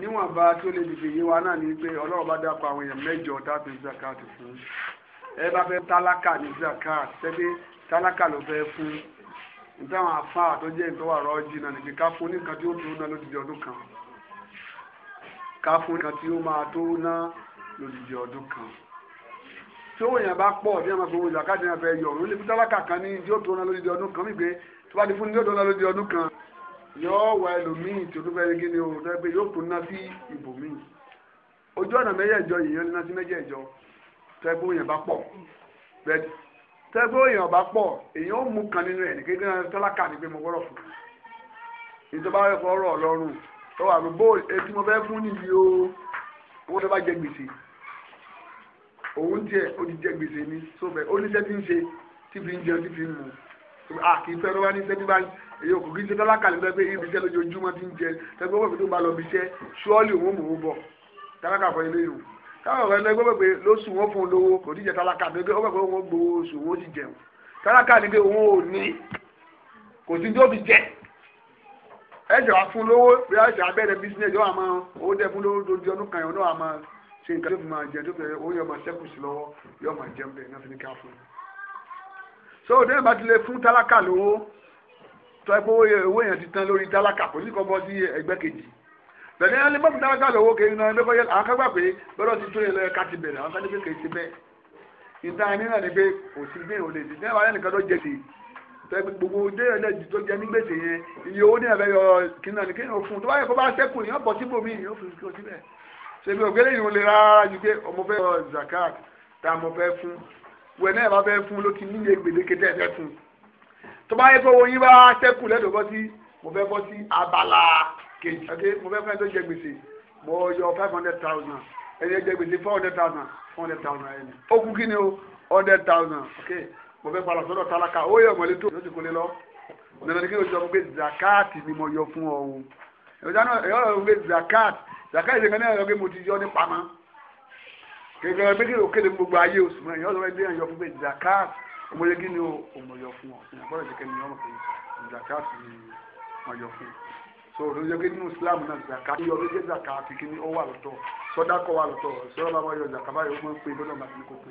níwọ̀nba tó lè dìde yé wa náà ni pé ọlọ́run bá dápọ̀ àwọn èèyàn mẹ́jọ tá a fi zakat fún ẹ bá fẹ́ tálákà ní zakat ṣebí tálákà ló fẹ́ fún nítawọn afáà tó jẹ́ ìtọ́wà rọ́ọ̀jì náà nìkan ká fún nìkan tí ó tó ná lódìdí ọdún kan ká fún nìkan tí ó máa tó ná lódìdí ọdún kan tí owó yẹn bá pọ̀ bí ẹ̀ma gbogbo ìjàkadì yẹn fẹ́ yọ òun lè fi kan ní tí ó tó kan wípé tó bá ti fún ní tí ó tó kan ẹlòmíì tí olúfẹ́ ní o yóò tún ná sí ibòmíì ojú ọ̀nà tẹ́gbẹ́ èèyàn bá pọ̀ èèyàn ó mú kan nínú ẹ̀ ní kékeré náà tọ́lákà ní pé mo gbọ́dọ̀ fún un ìjọba ẹ̀kọ́ ọ̀rọ̀ ọlọ́run tó wà lóbó etí mo fẹ́ fún nìyí o owó tó bá jẹ gbèsè òun tiẹ̀ ó ti jẹ gbèsè ní sóbẹ̀ ó ní sẹ́tí ń ṣe tí fi ń jẹun tí fi ń mu a kì í fẹ́ ló bá ní sẹ́tí bá èyí òkú kì í ṣe tọ́lákà ní pé ibi iṣẹ́ lójoojúmọ́ ti ń jẹ tẹ́gbẹ́ owó tó bá lọ bí iṣẹ́ ṣọ́ọ́lì òun mò ń bọ̀ tọ́lákà fọ ilé ìrù káwọn ọ̀rẹ́ ẹgbẹ́ gbẹ̀gbẹ̀ lóṣù wọn fún un lówó kò díje tálákà ní pé ó gbẹ̀gbẹ̀ wọn gbowó oṣù wọn ti jẹun tálákà ní pé wọn ò ní kò sí tó fi jẹ ẹ̀jẹ̀ wá fún lówó bí ẹ̀jẹ̀ abẹ́rẹ́ bísíǹnẹ̀sì yóò àmọ́ owó dẹ́ fún lówó tó di ọdún kan yẹn náà àmọ́ ṣe nǹkan tó fi máa jẹ tó fi owó yóò máa ṣẹ́kù sí lọ́wọ́ yóò máa jẹun bẹ́ẹ̀ náà fi ní ká fún un. so òde ìbá ti lè fún tálákà lówó tọ́ ẹ pé owó yẹn ti tán lórí tálákà kò sí kọ́ bọ́ sí ẹgbẹ́ kejì tẹ̀lé ẹni mọ́tò náà gbàgbé owó kéwìn náà ẹgbẹ́ yẹn àwọn kágbà pé lọ́dọ̀ ti tóye lọ́yẹ káti bẹ̀rẹ̀ àwọn káni pé kèé ti bẹ́ẹ̀ ìta ẹni náà ni pé kò sí bí òde ti sẹ́wà ẹni kan tó jẹ ti gbogbo dé ẹ̀dẹ̀ ju tó jẹ ní gbèsè yẹn iye owó ní ẹ̀fẹ́ yọ kíni náà ni kéèyàn fún tó bá yẹ kó bá sẹ́kù yẹn bọ̀ síbò mí yóò fi kó síbẹ̀ ṣèbí ògbélé yìí ò lè rárá ju pé ọmọ fẹ́ yọ zakat tá a mọ̀ fẹ́ fún wẹ̀ náà bá fẹ́ fún ló ti níye gbèdéke tẹ́ fẹ́ fún tó bá yẹ kó owó yín bá sẹ́kù lẹ́dọ̀ọ́ bọ́ sí mo fẹ́ bọ́ sí abala kejì ọ̀kẹ́ mo fẹ́ fẹ́ tó jẹ gbèsè mo yọ five hundred thousand ẹni jẹ gbèsè four hundred thousand four hundred thousand ẹni ó kú kí ni o hundred thousand ọ̀kẹ́ mo fẹ́ padà sọ́dọ̀ tálákà ó yẹ ọ̀mọ̀lẹ́ tó lóṣù kọ́lé lọ nana ni kí o sọ fún pé zakat ni mo yọ fún ọ o ìyọ́nà ìyọ́nà fún pé zakat zakat ìṣèkan náà yọ pé mo ti yọ ní pamọ́ kékeré pé kí o kéde gbogbo ayé oṣù mọ́ ìyọ́nà fún pé yọ fún pé zakat ọmọdé kí ni o mo yọ fún ọ ìyàgbọ́dọ̀ ìṣèkan ni ọmọ pé zakat ni mo yọ fún ọ so ló yẹ kí nínú islam náà zaka yọ ló jẹ zaka àti kí ni ó wà lọ́tọ̀ sọdá kọ wà lọ́tọ̀ sọdá bá wọn yọ zaka báyìí ó máa ń pè lọ́dọ̀ màtí ní kò pè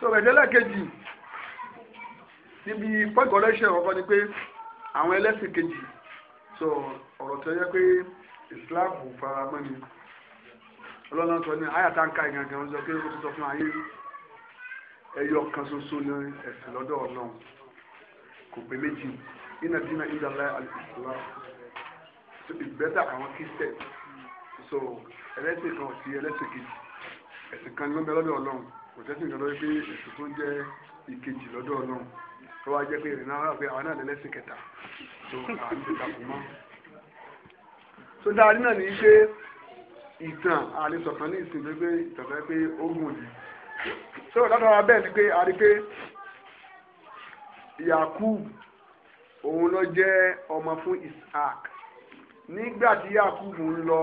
so ẹ̀dẹ́lẹ̀ kejì níbi pẹ́ẹ́kọ̀ lẹ́sẹ̀ ọ̀kọ́ ni pé àwọn ẹlẹ́sìn kejì so ọ̀rọ̀ tó yẹ pé islam kò fara mọ́ ni ọlọ́run sọ ní àyàtà ń ka ìgbàgbọ́ ń sọ pé ó ti sọ fún ayé ẹyọ kan ṣoṣo ní ẹ̀sìn lọ́dọ̀ ọlọ́run kò pé méjì iná dínà ìdánlá àlùfáà so it's better àwọn christian so ẹlẹ́sìn kan sí ẹlẹ́sìn kejì ẹ̀sìn kan ló ń bẹ lọ́dọ̀ ọlọ́run kò tẹ́sìn kan lọ́dọ̀ pé ẹ̀sìn tó ń jẹ́ ìkejì lọ́dọ̀ ọlọ́run tó wá jẹ́ pé ìrìn náà pé àwọn náà lẹ́lẹ́sìn kẹta so àwọn ti takò mọ́. so dáadé náà ní í pé ìtàn àlesọ̀kan ní ìsìn pé ìtàn fẹ́ pé ó gùn yìí so látara bẹ́ẹ̀ ni pé a rí pé Yakub òun ló jẹ́ ọmọ fún Isaac nígbà tí Yakubu ń lọ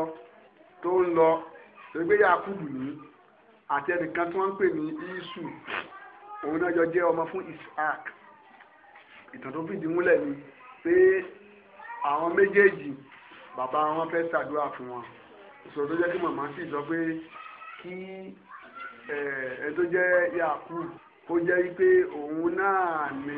tó ń lọ gbẹgbẹ Yakubu ní àti ẹnìkan tí wọ́n ń pè ní Isu òun náà jọ jẹ́ ọmọ fún Isaac ìtàn tó fìdí múlẹ̀ ni pé àwọn méjèèjì bàbá wọn fẹ́ ṣàdúrà fún wọn ìṣòro tó jẹ́ kí màmá sì sọ pé kí eh, ẹ tó jẹ́ Yakubu kó jẹ́ pé òun náà ni.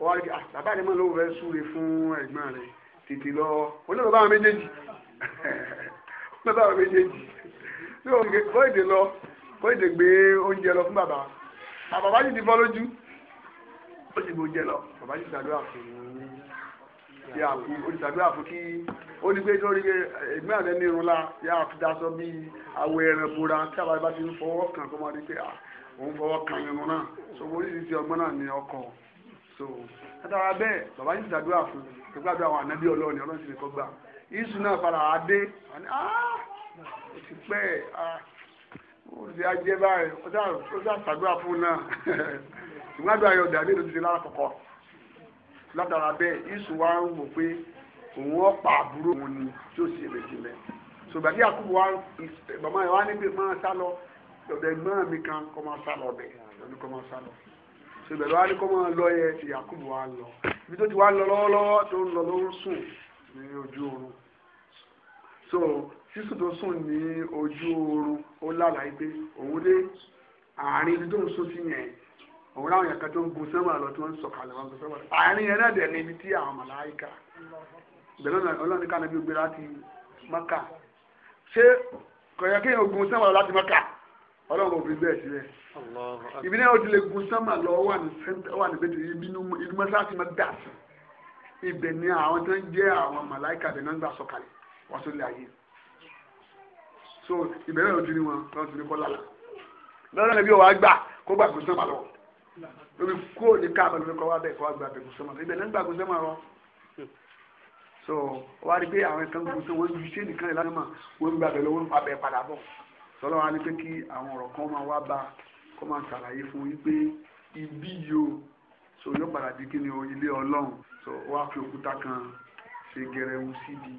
wọ́n rí ah, bàbá rẹ̀ mọ́ ló fẹ́ súre fún ẹ̀gbọ́n rẹ̀ tètè lọ olóòrò bá wọn méjèèjì olóòrò bá wọn méjèèjì tí o gbé kó èdè lọ kó èdè gbé oúnjẹ lọ fún bàbá bàbá bá sì ti bọ́ lójú ó sì gbé oúnjẹ lọ bàbá sì ṣàdúrà fún yà kú ó ti ṣàdúrà fún kí ó ní pé lórí ẹ̀gbọ́n rẹ̀ ní irun la yà fi daṣọ bí awọ ẹran bora tí àbáyé bá ti ń fọwọ́ kàn kó máa rí pé ah, òun fọwọ́ kàn irun náà so oríṣiríṣi ọgbọ́n náà ní ọkọ̀ so látara bẹ́ẹ̀ bàbá yìí ti dàdúrà fún mi gbàgbé àwọn ànábì ọlọ́ọ̀ni ọlọ́ọ̀ni ti kọ́ gbà yíṣu náà padà wá dé ó ti pẹ́ ó ti ajẹ́ báyìí ó sá sàdúrà fún náà ìgbàgbọ́ ayọ̀ dàdé ló ti di lára kọ̀kọ́ látara bẹ́ẹ̀ yíṣu wá ń wò pé òun ọ̀pá àbúrò òun ni tí ó sì rèé sílẹ̀ sọgbà tí àkùbọ̀ wa bàbá yẹn wá níbi máa sá lọ ọ̀dọ̀ ẹ̀gbọ́n mi kan kọ́ máa sá lọ ọ̀bẹ̀ ọ̀dọ̀ kọ́ máa sá lọ ṣùgbọ́n wá ní kọ́ máa lọ yẹ ti Yakubu wa lọ ibi tó ti wá lọ lọ́wọ́lọ́wọ́ tó ń lọ ló ń sùn ní ojú oorun so sísùn tó sùn ní ojú oorun ó lálàá pé òun dé àárín ibi tó ń sùn sí yẹn òun láwọn yàtọ̀ tó ń gun sẹ́wọ̀n lọ tó ń sọ̀kalẹ̀ wọn gun sẹ́wọ̀n àárín yẹn náà dẹ̀ ní ibi tí àwọn màláìka bẹ̀rẹ̀ ọlọ́run ní kánà bí gbé láti Mákà ṣé kọ̀yọ̀kẹ́yìn ogun sẹ́wọ̀n láti Mákà ọlọ́run òfin bẹ́ẹ̀ sílẹ̀ ibi náà ó ti lè gun sánmà lọ wà ní sẹ́ńtà wà ní bẹ́tẹ̀ ibi inú mọ́sáàsì máa dà ibẹ̀ ni àwọn tó ń jẹ́ àwọn màláìka bẹ̀ náà ń gbà sọ̀kalẹ̀ wá sórí ayé so ibẹ̀ náà ló ti ní wọn lọ́wọ́ ti ní kọ́ lálá lọ́wọ́ náà bí wàá gbà kó gbà gun sánmà lọ lórí kúrò ní káàbà lórí kọ́ wá bẹ́ẹ̀ kó wá gbà gun sánmà lọ ibẹ̀ náà ń rí pé àwọn kan gun sánmà wọn ju iṣẹ́ nìkan ìlànà wọn gbà bẹ̀ lọ wọn pa bẹ̀ padà bọ̀ sọlọ́ wa ni pé kí àwọn ọ̀rọ̀ kan máa wá bá kó máa ṣàlàyé fún yín pé ibi yìí o so yóò padà di kí ni o ilé ọlọ́run so wá fi òkúta kan ṣe gẹrẹwu síbi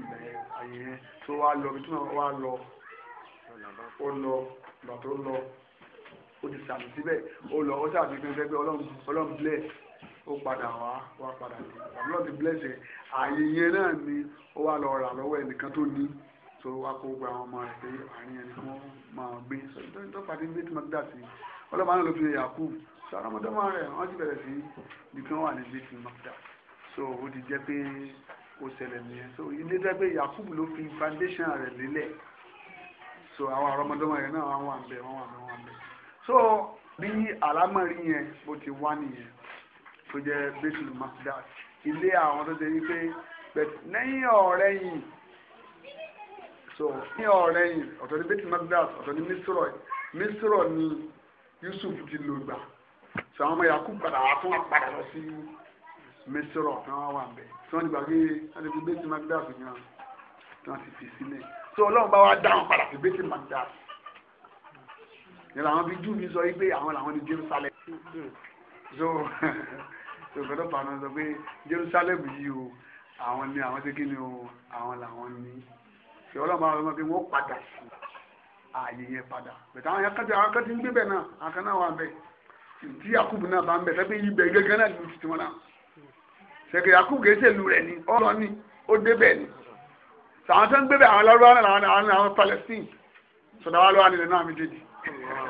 ilẹ̀ ayé yẹn so wá lọ bí tí wọ́n wá lọ ó lọ ìgbà tó lọ ó ti sàmì síbẹ̀ ó lọ ó sàmì pé pé ọlọ́run bless ó padà wá wá padà dé ọlọ́run ti bless ẹ̀ ààyè yẹn náà ni ó wá lọ rà lọ́wọ́ ẹnìkan tó ní so wá kó gba àwọn ọmọ rẹ̀ pé àárín ẹni tí wọ́n máa gbé sọ́dọ̀ tó pàdé bí tìmọ̀ gbà sí ọlọ́pàá náà ló fi yàkú sọ́dọ̀ ọmọdọ́mọ rẹ̀ wọ́n ti bẹ̀rẹ̀ sí ibi wà ní bí tìmọ̀ so ó ti jẹ́ pé ó ṣẹlẹ̀ nìyẹn so ilé jẹ́ pé yàkú ló fi foundation rẹ̀ lélẹ̀ so àwọn ọmọdọ́mọ rẹ̀ náà wọ́n wà ń bẹ̀ wọ́n wà ń bẹ̀ wọ́n wà ń bẹ̀ so bí àlámọ̀rí yẹn bó ti wá nìyẹn tó jẹ́ bẹ́tùlù masdaq ilé àwọn tó ṣe wípé lẹ́yìn ọ̀rẹ́ yìí so ní ọ̀rẹ́ yìí ọ̀tọ̀ ní bẹ́tì magdas ọ̀tọ̀ ní mísírọ̀ mísírọ̀ ni Yusuf ti lò gbà so àwọn ọmọ Yakub padà wà fún apàdà lọ sí mísírọ̀ tí wọ́n wà bẹ́ẹ̀ tí wọ́n ti gbàgbé láti fi bẹ́tì magdas yẹn tí wọ́n ti fi sílẹ̀ so ọlọ́run bá wa dáhùn padà sí bẹ́tì magdas yẹn làwọn bí júù mi sọ yìí pé àwọn làwọn ní Jerusalem so ìgbọ́dọ̀ pàánù sọ pé Jerusalem yìí o àwọn ni àwọn ti kí ni o àwọn làwọn ní. sí ọlọ́mọ àwọn ọmọdé wọn padà sí ààyè yẹn padà bẹ̀tẹ̀ àwọn akẹ́tì àwọn akẹ́tì ń gbé bẹ̀ náà àkànná wà bẹ̀ tí Yakubu náà bá ń bẹ̀ sẹ́pẹ́ ibẹ̀ gẹ́gẹ́ náà lù tiwọn náà sẹ́kẹ̀ Yakubu gẹ́sẹ̀ lù rẹ̀ ni ọ̀rọ̀ ni ó dé bẹ̀ ni sàwọn tó ń gbé bẹ̀ àwọn lọ́rọ́ àwọn àwọn wà lọ́wọ́ nílẹ̀ náà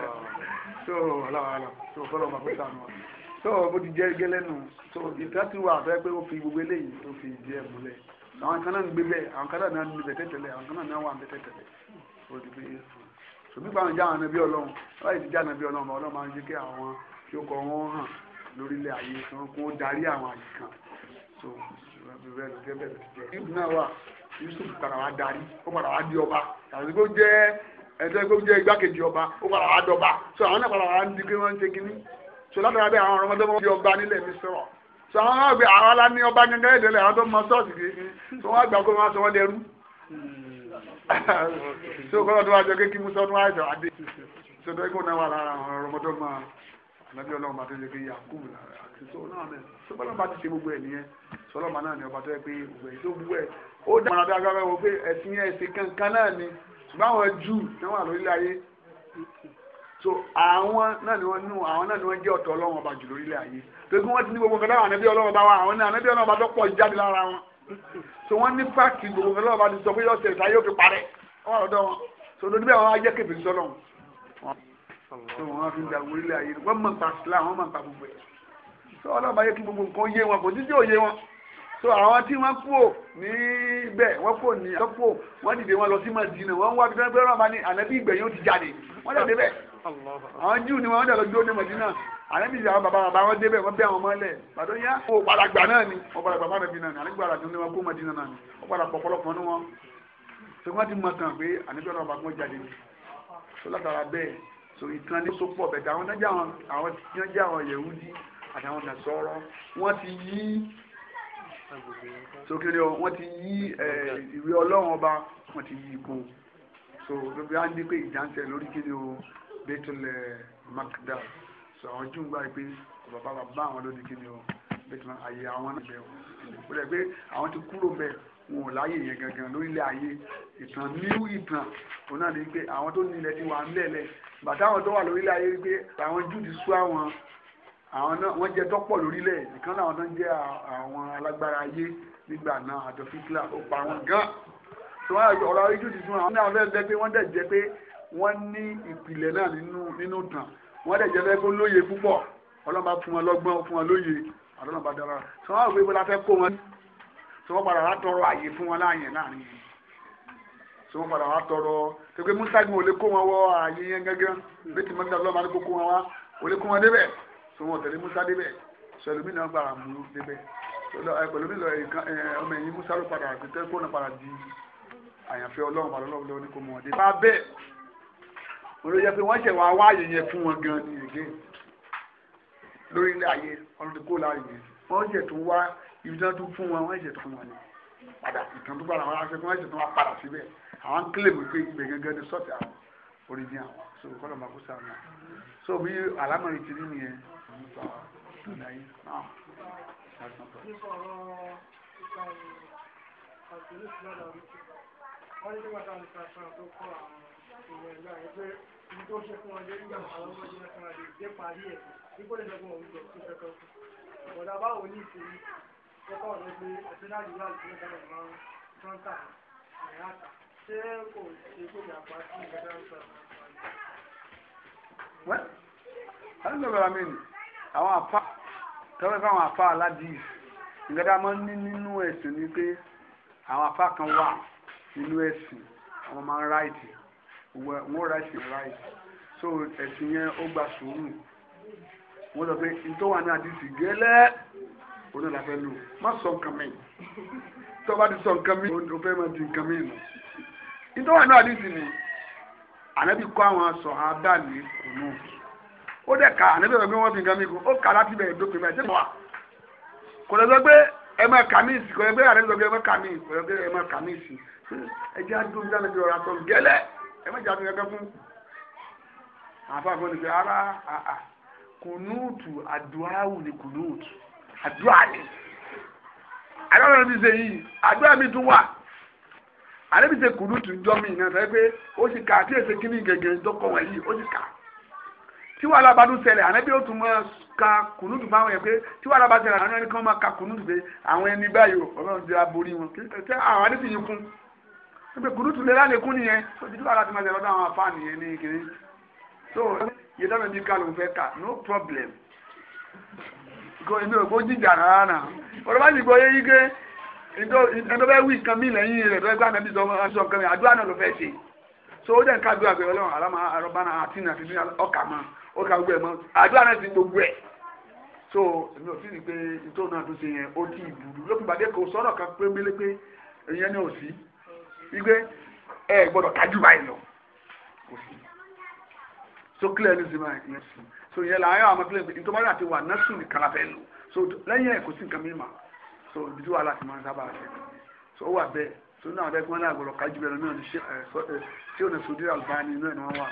so ọlọ́wọ́ so fọlọ́ ọmọ àwọn kan náà ń gbé bẹ́ẹ̀ àwọn kan náà ń bẹ tẹ́tẹ̀lẹ̀ àwọn kan náà wà ń bẹ tẹ́tẹ̀lẹ̀ ṣùgbọ́n àwọn jẹ́ àwọn ẹbí ọlọ́run láì ti jẹ́ àwọn ẹbí ọlọ́run ọlọ́run máa ń jẹ́ kí àwọn tí ó kọ wọ́n hàn lórílẹ̀ ayé kí wọ́n kún ó darí àwọn àyè kan so bẹ́ẹ̀ ló jẹ́ bẹ́ẹ̀ ló jẹ́ ibùdó náà wà Yusuf padà wá darí ó padà wá di ọba àti kó jẹ́ ẹ̀sẹ̀ kó jẹ́ igbákejì ọba ó padà wá dọba so àwọn náà padà wá ń di pé wọ́n ń ṣe kinní so látara bẹ́ẹ̀ àwọn ọmọdé wọn di ọba nílẹ̀ mi sọ̀rọ̀ sọ àwọn náà gbé àwọn alá ní ọba gẹ́gẹ́ èdè lẹ̀ àwọn tó mọ sọ́ọ̀sì kìí tó wọ́n gbà kó máa sọ wọ́n dẹrú hmm. so kọ́lọ̀ tó wá jọ kékeré mú sọ́dún àìsàn àdé so tó kó náà wà lára àwọn ọmọdé ọmọ ànábì ọlọ́run bá tó yẹ pé yakub àti so náà mẹ so bọ́lá bá ti ṣe gbogbo ẹ̀ nìyẹn so ọlọ́run náà ni ọba tó yẹ pé òwe tó wú ẹ̀ ó dáná bí agbára wọ pé ẹ̀sìn ẹ̀sìn kankan náà ni ṣùgbọ́n àwọn Júù so àwọn náà ni wọ́n nù àwọn náà ni wọ́n jẹ́ ọ̀tọ̀ ọlọ́run ọba jù lórílẹ̀ ayé tó kí wọ́n ti ní gbogbo nǹkan láwọn ànábí ọlọ́run ọba wa àwọn náà ànábí ọlọ́run ọba tó pọ̀ jáde lára wọn so wọ́n ní páàkì gbogbo nǹkan láwọn ọba ti sọ pé yọ̀ọ̀sẹ̀ ìtayé òfin parẹ́ wọ́n lọ́dọ̀ wọn so lórí bẹ́ẹ̀ wọ́n á jẹ́ kébì sọ́lọ́run so wọ́n fi ń da orílẹ̀ ayé wọ́n mọ̀ nípa sílá wọ́n mọ̀ nípa gbogbo ẹ̀ so ọlọ́run bá yẹ kí gbogbo nǹkan yé wọn kò sí tí ò yé wọn so àwọn tí wọ́n kú ò níbẹ̀ wọ́n kú ò ní àkókò wọ́n dìde wọn lọ sí Mádínà wọ́n wá bí wọ́n gbẹ́rọ̀ máa ní ànábì ìgbẹ̀yìn ó ti jáde wọ́n jáde bẹ́ẹ̀ àwọn Júù ni wọ́n dẹ̀ lọ dúró ní Mọ̀dínà àrẹ́bí ìyá bàbá bàbá wọn débẹ̀ wọ́n bẹ́ àwọn ọmọ ẹlẹ̀ bàdó yá o padà gbà náà ni o padà gbà má rẹ̀bi náà ni àrẹ́bí gbàdà tó ní wọn kó Mọ̀dínà náà ni o padà pọ̀ pọ̀lọpọ̀ ní wọn tó wọ́n ti mọ̀ tàn pé àníbí ọ̀rọ̀ bàbá wọn jáde ni tó látara bẹ́ẹ̀ so ìtàn ní so pọ̀ bẹ̀tẹ̀ àwọn nájà àwọn nájà àwọn Yẹ̀húdí àtàwọn nàṣọ́rọ́ wọ́n ti yí sókèrè wọ́n ti yí ìwé Ọlọ́run ọba wọ́n ti yí ipò so gbogbo á pé ìdáǹtẹ̀ lórí kí ni o bẹ́tùlẹ̀ eh, makda so àwọn jù ń gbà pé bàbá bàbá àwọn ló di kí ni o bẹ́tùlẹ̀ ayé àwọn náà bẹ̀ o rẹ̀ pé àwọn ti kúrò bẹ̀ wọn ò láyè yẹn gangan lórílẹ̀ ayé ìtàn níwú ìtàn òun náà ni pé àwọn tó nílẹ̀ ti wà ńlẹ̀lẹ̀ bàtà àwọn tó wà lórílẹ̀ ayé pé àwọn jù ti sú àwọn àwọn náà wọ́n jẹ tọ́pọ̀ lórílẹ̀ ìkan náà wọ́n jẹ́ àwọn alágbára ayé nígbà náà àjọ fíkìlà ó pa wọn gan so wọn ọ̀rọ̀ ojú ti sún àwọn náà fẹ́ẹ́ bẹ́ pé wọ́n dẹ̀ jẹ́ pé wọ́n ní ìpìlẹ̀ náà nínú nínú tàn wọ́n lè jẹ́ fẹ́ kó lóye púpọ̀ ọlọ́mọba fún wọn lọ́gbọ́n fún wọn lóye àdọ́nàbà dára sọ wọn àwọn ìbọn afẹ́ kó wọn sọ wọn padà wá tọrọ àyè fún wọn láàyè láàrin yìí sọ wọn padà wá tọrọ tó pé musa gbọ́n ò lè kó wọn wọ àyè yẹn gángan bẹ́ẹ̀ tí mọ́tò lọ́mọ àdúgbò kó wọn wá ò kó wọn débẹ̀ sọ wọn tẹ̀lé musa débẹ̀ sọ ẹlòmínà náà padà olóyè pé wọ́n ṣẹ̀ wá wáyé yẹn fún wọn gan ni èké lórí ilé ayé ọ̀run ti kó láàyè yẹn wọ́n ṣẹ̀ tó wá ibi tí wọ́n tún fún wọn wọ́n ṣẹ̀ tó fún wọn ni padà ìtàn tó padà wọn aṣọ kí wọ́n ṣẹ̀ tó wá padà síbẹ̀ àwọn ń kílèmù pé ibẹ̀ gangan ni sọ́ọ̀tì àwọn oríjì àwọn so kọ́lọ̀ máa kó sáà náà so bí alámọ̀rin ti rí nìyẹn nípa ìlànà yìí náà. nípa ọ̀rọ̀ ìgbà ìgbà ìgbà ìgbà ìgbà ìgbà ìgbà ìgbà ìgbà ìgbà ìgbà ìgbà ibi tó ṣe fún wọn lórí ìgbà àwọn ọmọdé náà kan lè dé parí ẹ̀ nígbó lè lọ́gbọ̀n òun jọ tó kẹ́kọ̀ọ́ ọ̀dà báwo ní ìṣèlú kọ́kọ́ ọ̀dọ́ pé ẹ̀sìn náà yóò láti ní dáhùn máa ń fọ́ńtà àyàtà ṣé kò ṣe kó yà pa sí ìgbà dáhùn sọ̀rọ̀ wẹ́ alẹ́bẹ̀rẹ̀ mi àwọn àfa tọ́wọ́ fún àwọn àfa aládìí nǹkan tá a máa ń ní nínú ẹ̀sìn ni pé àwọn àfa kan wà nínú ẹ̀sìn àwọn máa ń ráìtì wọ́n ráìsì ráìsì so ẹ̀sìn yẹn ó gba sùúrù wọ́n sọ pé ntọ́ wà ní àdìsí gẹ́lẹ́ oní la fẹ́ lò má sọ nǹkan mi tó bá ti sọ nǹkan mi o fẹ́ máa di nǹkan mi nù ntọ́ wà ní àdìsí ni ànábì kọ́ àwọn sọ̀hábà ní kùnú ó dẹ̀ ka ànábì rẹ̀ pé wọ́n fi nǹkan mi kù ó kà láti bẹ̀rẹ̀ dópin báyìí sẹ́mi wà kò lọ sọ pé ẹ máa kà mí ìsì kò lọ pé ànábì sọ pé ẹ máa kà mí ìsì kò lọ pé ẹ máa kà mí ìsì ẹ jẹ́ àdúgbò ní ànábì ọ̀rọ̀ àtọ̀ gẹ́lẹ́ ẹ má jàdùn kankan fún àfa ni pé ara àà kùnúùtù àdúràwù ni kùnúùtù àdúrà ni àdúrà mi ṣe yìí àdúrà mi tún wà àdúrà mi ṣe kùnúùtù ń jọ mi ìná sọ pé ó sì kà àti èsè kínní gẹ́gẹ́ dọkọ wọn yìí ó sì kà tí wàhálà bá dún ṣẹlẹ̀ ànábì ó tún máa ka kùnúùtù fáwọn yẹn pé tí wàhálà bá ṣẹlẹ̀ àwọn ẹni kan máa ka kùnúùtù pé àwọn ẹni báyìí ọlọ́run ti ra borí wọn kí àwọn adé sì yín kún pé kùdùtù lè lálẹ́kún nìyẹn tó ti dúró aláti máa lọ́dọ̀ àwọn afá nìyẹn ní kiri so yìí dábẹ́ bí kálù fẹ́ kà no problem kò èmi ò kó jíjà rárá nà ọ̀rọ̀ bá ti gbọ́ yé yíké ẹ̀dọ́ bẹ́ẹ̀ wí kan mí lẹ́yìn rẹ̀ tó ẹgbẹ́ àmì sọ nǹkan mi àdúrà náà ló fẹ́ ṣe so ó dẹ̀ ń kájú àgbẹ̀ ọlọ́run àlámà àrọ́bánà àti nàfi ní ọkà mọ́ ọkà gbogbo ẹ̀ mọ́ àdúrà náà ti gbogbo ẹ̀ so èmi ò fi rí pé nítorí náà tó igbe ẹ gbọ́dọ̀ tajú báyìí lọ kò sí so clear ní zima yẹn sí so yẹn la ayọ àwọn pílẹ̀ nítorí wọn àti wà nẹ́sù nìkan la fẹ́ lò so lẹ́yìn ẹ̀ kò sí nǹkan mímà so ibi tí wàhálà ti máa ń sábà fẹ́ so ó wà bẹ́ẹ̀ so nínú àbẹ́ kí wọ́n ní àgbọ̀dọ̀ kájú bẹ́ẹ̀ náà ní ṣé ọ̀nà sódì Albani náà ni wọ́n wà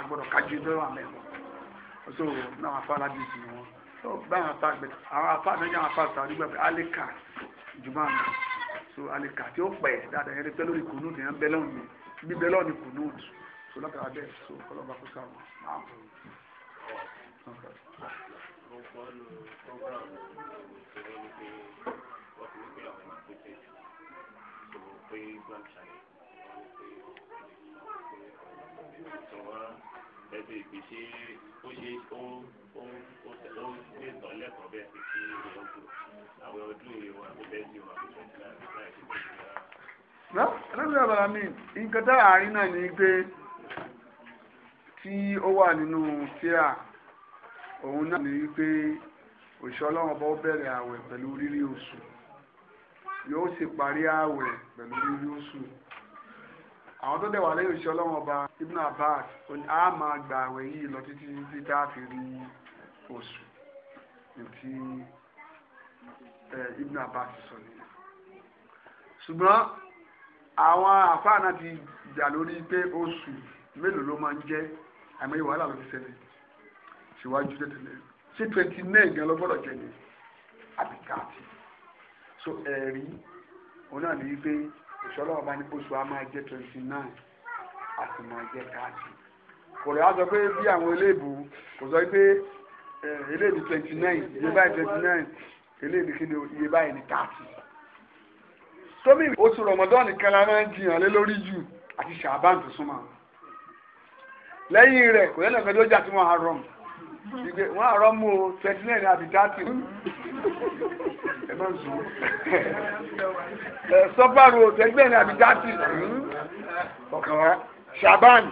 àgbọ̀dọ̀ kájú bẹ́ẹ̀ wà mẹ́rin so náà afá aládìí sí wọn so báyìí àwọn afá àgbẹ̀ àwọn afá àgbẹ̀ so alika tí ó pẹ̀ dáadáa yẹn pẹ́ lórí kùnú tẹ̀yàn bẹ́ẹ̀ lọ́wọ́ mi bí bẹ́ẹ̀ lọ́wọ́ ni kùnú tù so látara bẹ́ẹ̀ so kọ́lọ́ba kó sáà wọn. Thank you òun ní ìtọ́lẹ́kọ̀ọ́ bẹ́ẹ̀ ti kí ìyẹn kù àwọn ọdún ìwà àbẹ̀bẹ́sì wà lọ́sọ̀rọ̀ àbàrà mi nǹkan tá àárín náà ni pé tí ó wà nínú tíà òun náà ni pé òṣìṣẹ́ ọlọ́run ọba ó bẹ̀rẹ̀ ààwẹ̀ pẹ̀lú rírí oṣù yóò sì parí ààwẹ̀ pẹ̀lú rírí oṣù àwọn tó dẹ̀ lẹ́yìn òṣìṣẹ́ ọlọ́run ọba Ibn Abbas a máa gba ààwẹ̀ yìí lọ títí títí tá a fi rí i oṣù tí Ibn Abbas sọ nìyẹn ṣùgbọ́n àwọn àfáà náà ti jà lórí pé oṣù mélòó ló máa ń jẹ́ àìmọye wàhálà ló ti ṣẹlẹ̀ síwájú tẹ̀tẹ̀lẹ̀ ṣé twenty nine gan ló gbọ́dọ̀ jẹ́ ni àbí thirty so ẹ̀rí òun náà ní wípé ìṣọ́lá ọba ní oṣù a máa jẹ́ twenty nine àti máa jẹ́ thirty kò lè wá sọ pé bí àwọn eléèbù kò sọ pé Eh, eléyìí twenty nine iye báyìí twenty nine eléyìí kí ni iye báyìí ní thirty. tómi oṣù rọmọdán nìkan la máa ń jiyàn lé lórí jù àti ṣàbán tó súnmọ́ lẹ́yìn rẹ̀ kò lẹ́nu ọ̀gá ló jà tí wọ́n á rọ̀ mu ìgbé wọ́n á rọ̀ o twenty nine àbí thirty ẹ máa ń sùn ẹ eh, o twenty nine àbí thirty ọ̀kan wa ṣàbán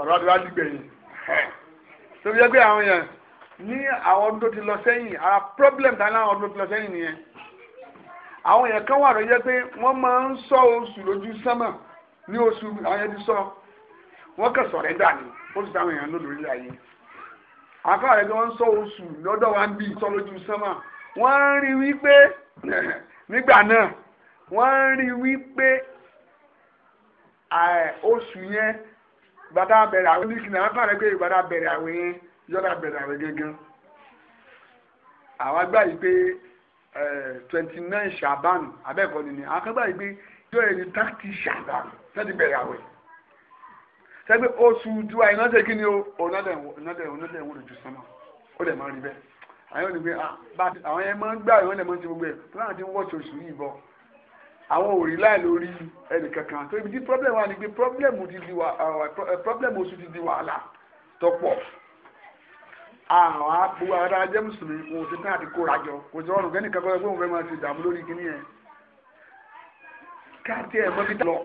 ọ̀rọ̀ àdúrà dìgbẹ̀yìn tóbi jẹ́ pé àwọn èèyàn ní àwọn ọdún tó ti lọ sẹ́yìn ara problem ta láwọn ọdún tó ti lọ sẹ́yìn nìyẹn àwọn èèyàn kan wà tó jẹ́ pé wọ́n máa ń sọ oṣù lójú sánmà ní oṣù àwọn yẹn ti sọ wọ́n kàn sọ̀rẹ́ dà ní oṣù táwọn èèyàn lò lórí ayé àkàrà rẹ̀ pé wọ́n ń sọ oṣù lọ́dọ̀ wa ń bí sọ lójú sánmà wọ́n ń rí wípé nígbà náà wọ́n ń rí wípé oṣù yẹn gbàdá bẹ̀rẹ̀ àwọn oníkìnnà wọn fàrẹ́ pé gbàdá bẹ̀rẹ̀ àwọn yẹn yọ̀dá bẹ̀rẹ̀ àwọn gẹ́gẹ́ àwọn agbá yìí pé twenty nine ṣàbán abẹ́ẹ̀kọ́ nìyẹn àwọn agbá yìí pé yóò yẹ ní thirty ṣàbán thirty bẹ̀rẹ̀ àwọn yẹn sẹ́gbẹ́ oṣù ju àìnáṣẹ́ kí ni o ọ̀nàdẹ̀ ọ̀nàdẹ̀ wò lójú sánmà ó dẹ̀ máa rí bẹ́ẹ̀ àwọn yẹn ah, máa ń gbà àwọn yẹn máa ń ti gbogbo ẹ̀ fúlàní ti ń wọ́ọ̀ṣì oṣù yìí bọ̀ àwọn ò rí láì lórí ẹnì kankan tó ibi tí problem wà ní pé problem ti di uh, problem oṣù ti di wàhálà tọpọ àwọn àpòwò ara jẹ́ mùsùlùmí kò sí káàdì kó rajọ kò sí ọrùn kẹ́nìkan kọ́ ẹ pé òun fẹ́ máa ti dààmú lórí kíní yẹn káàtì ẹ̀ mọ́ bí dá lọ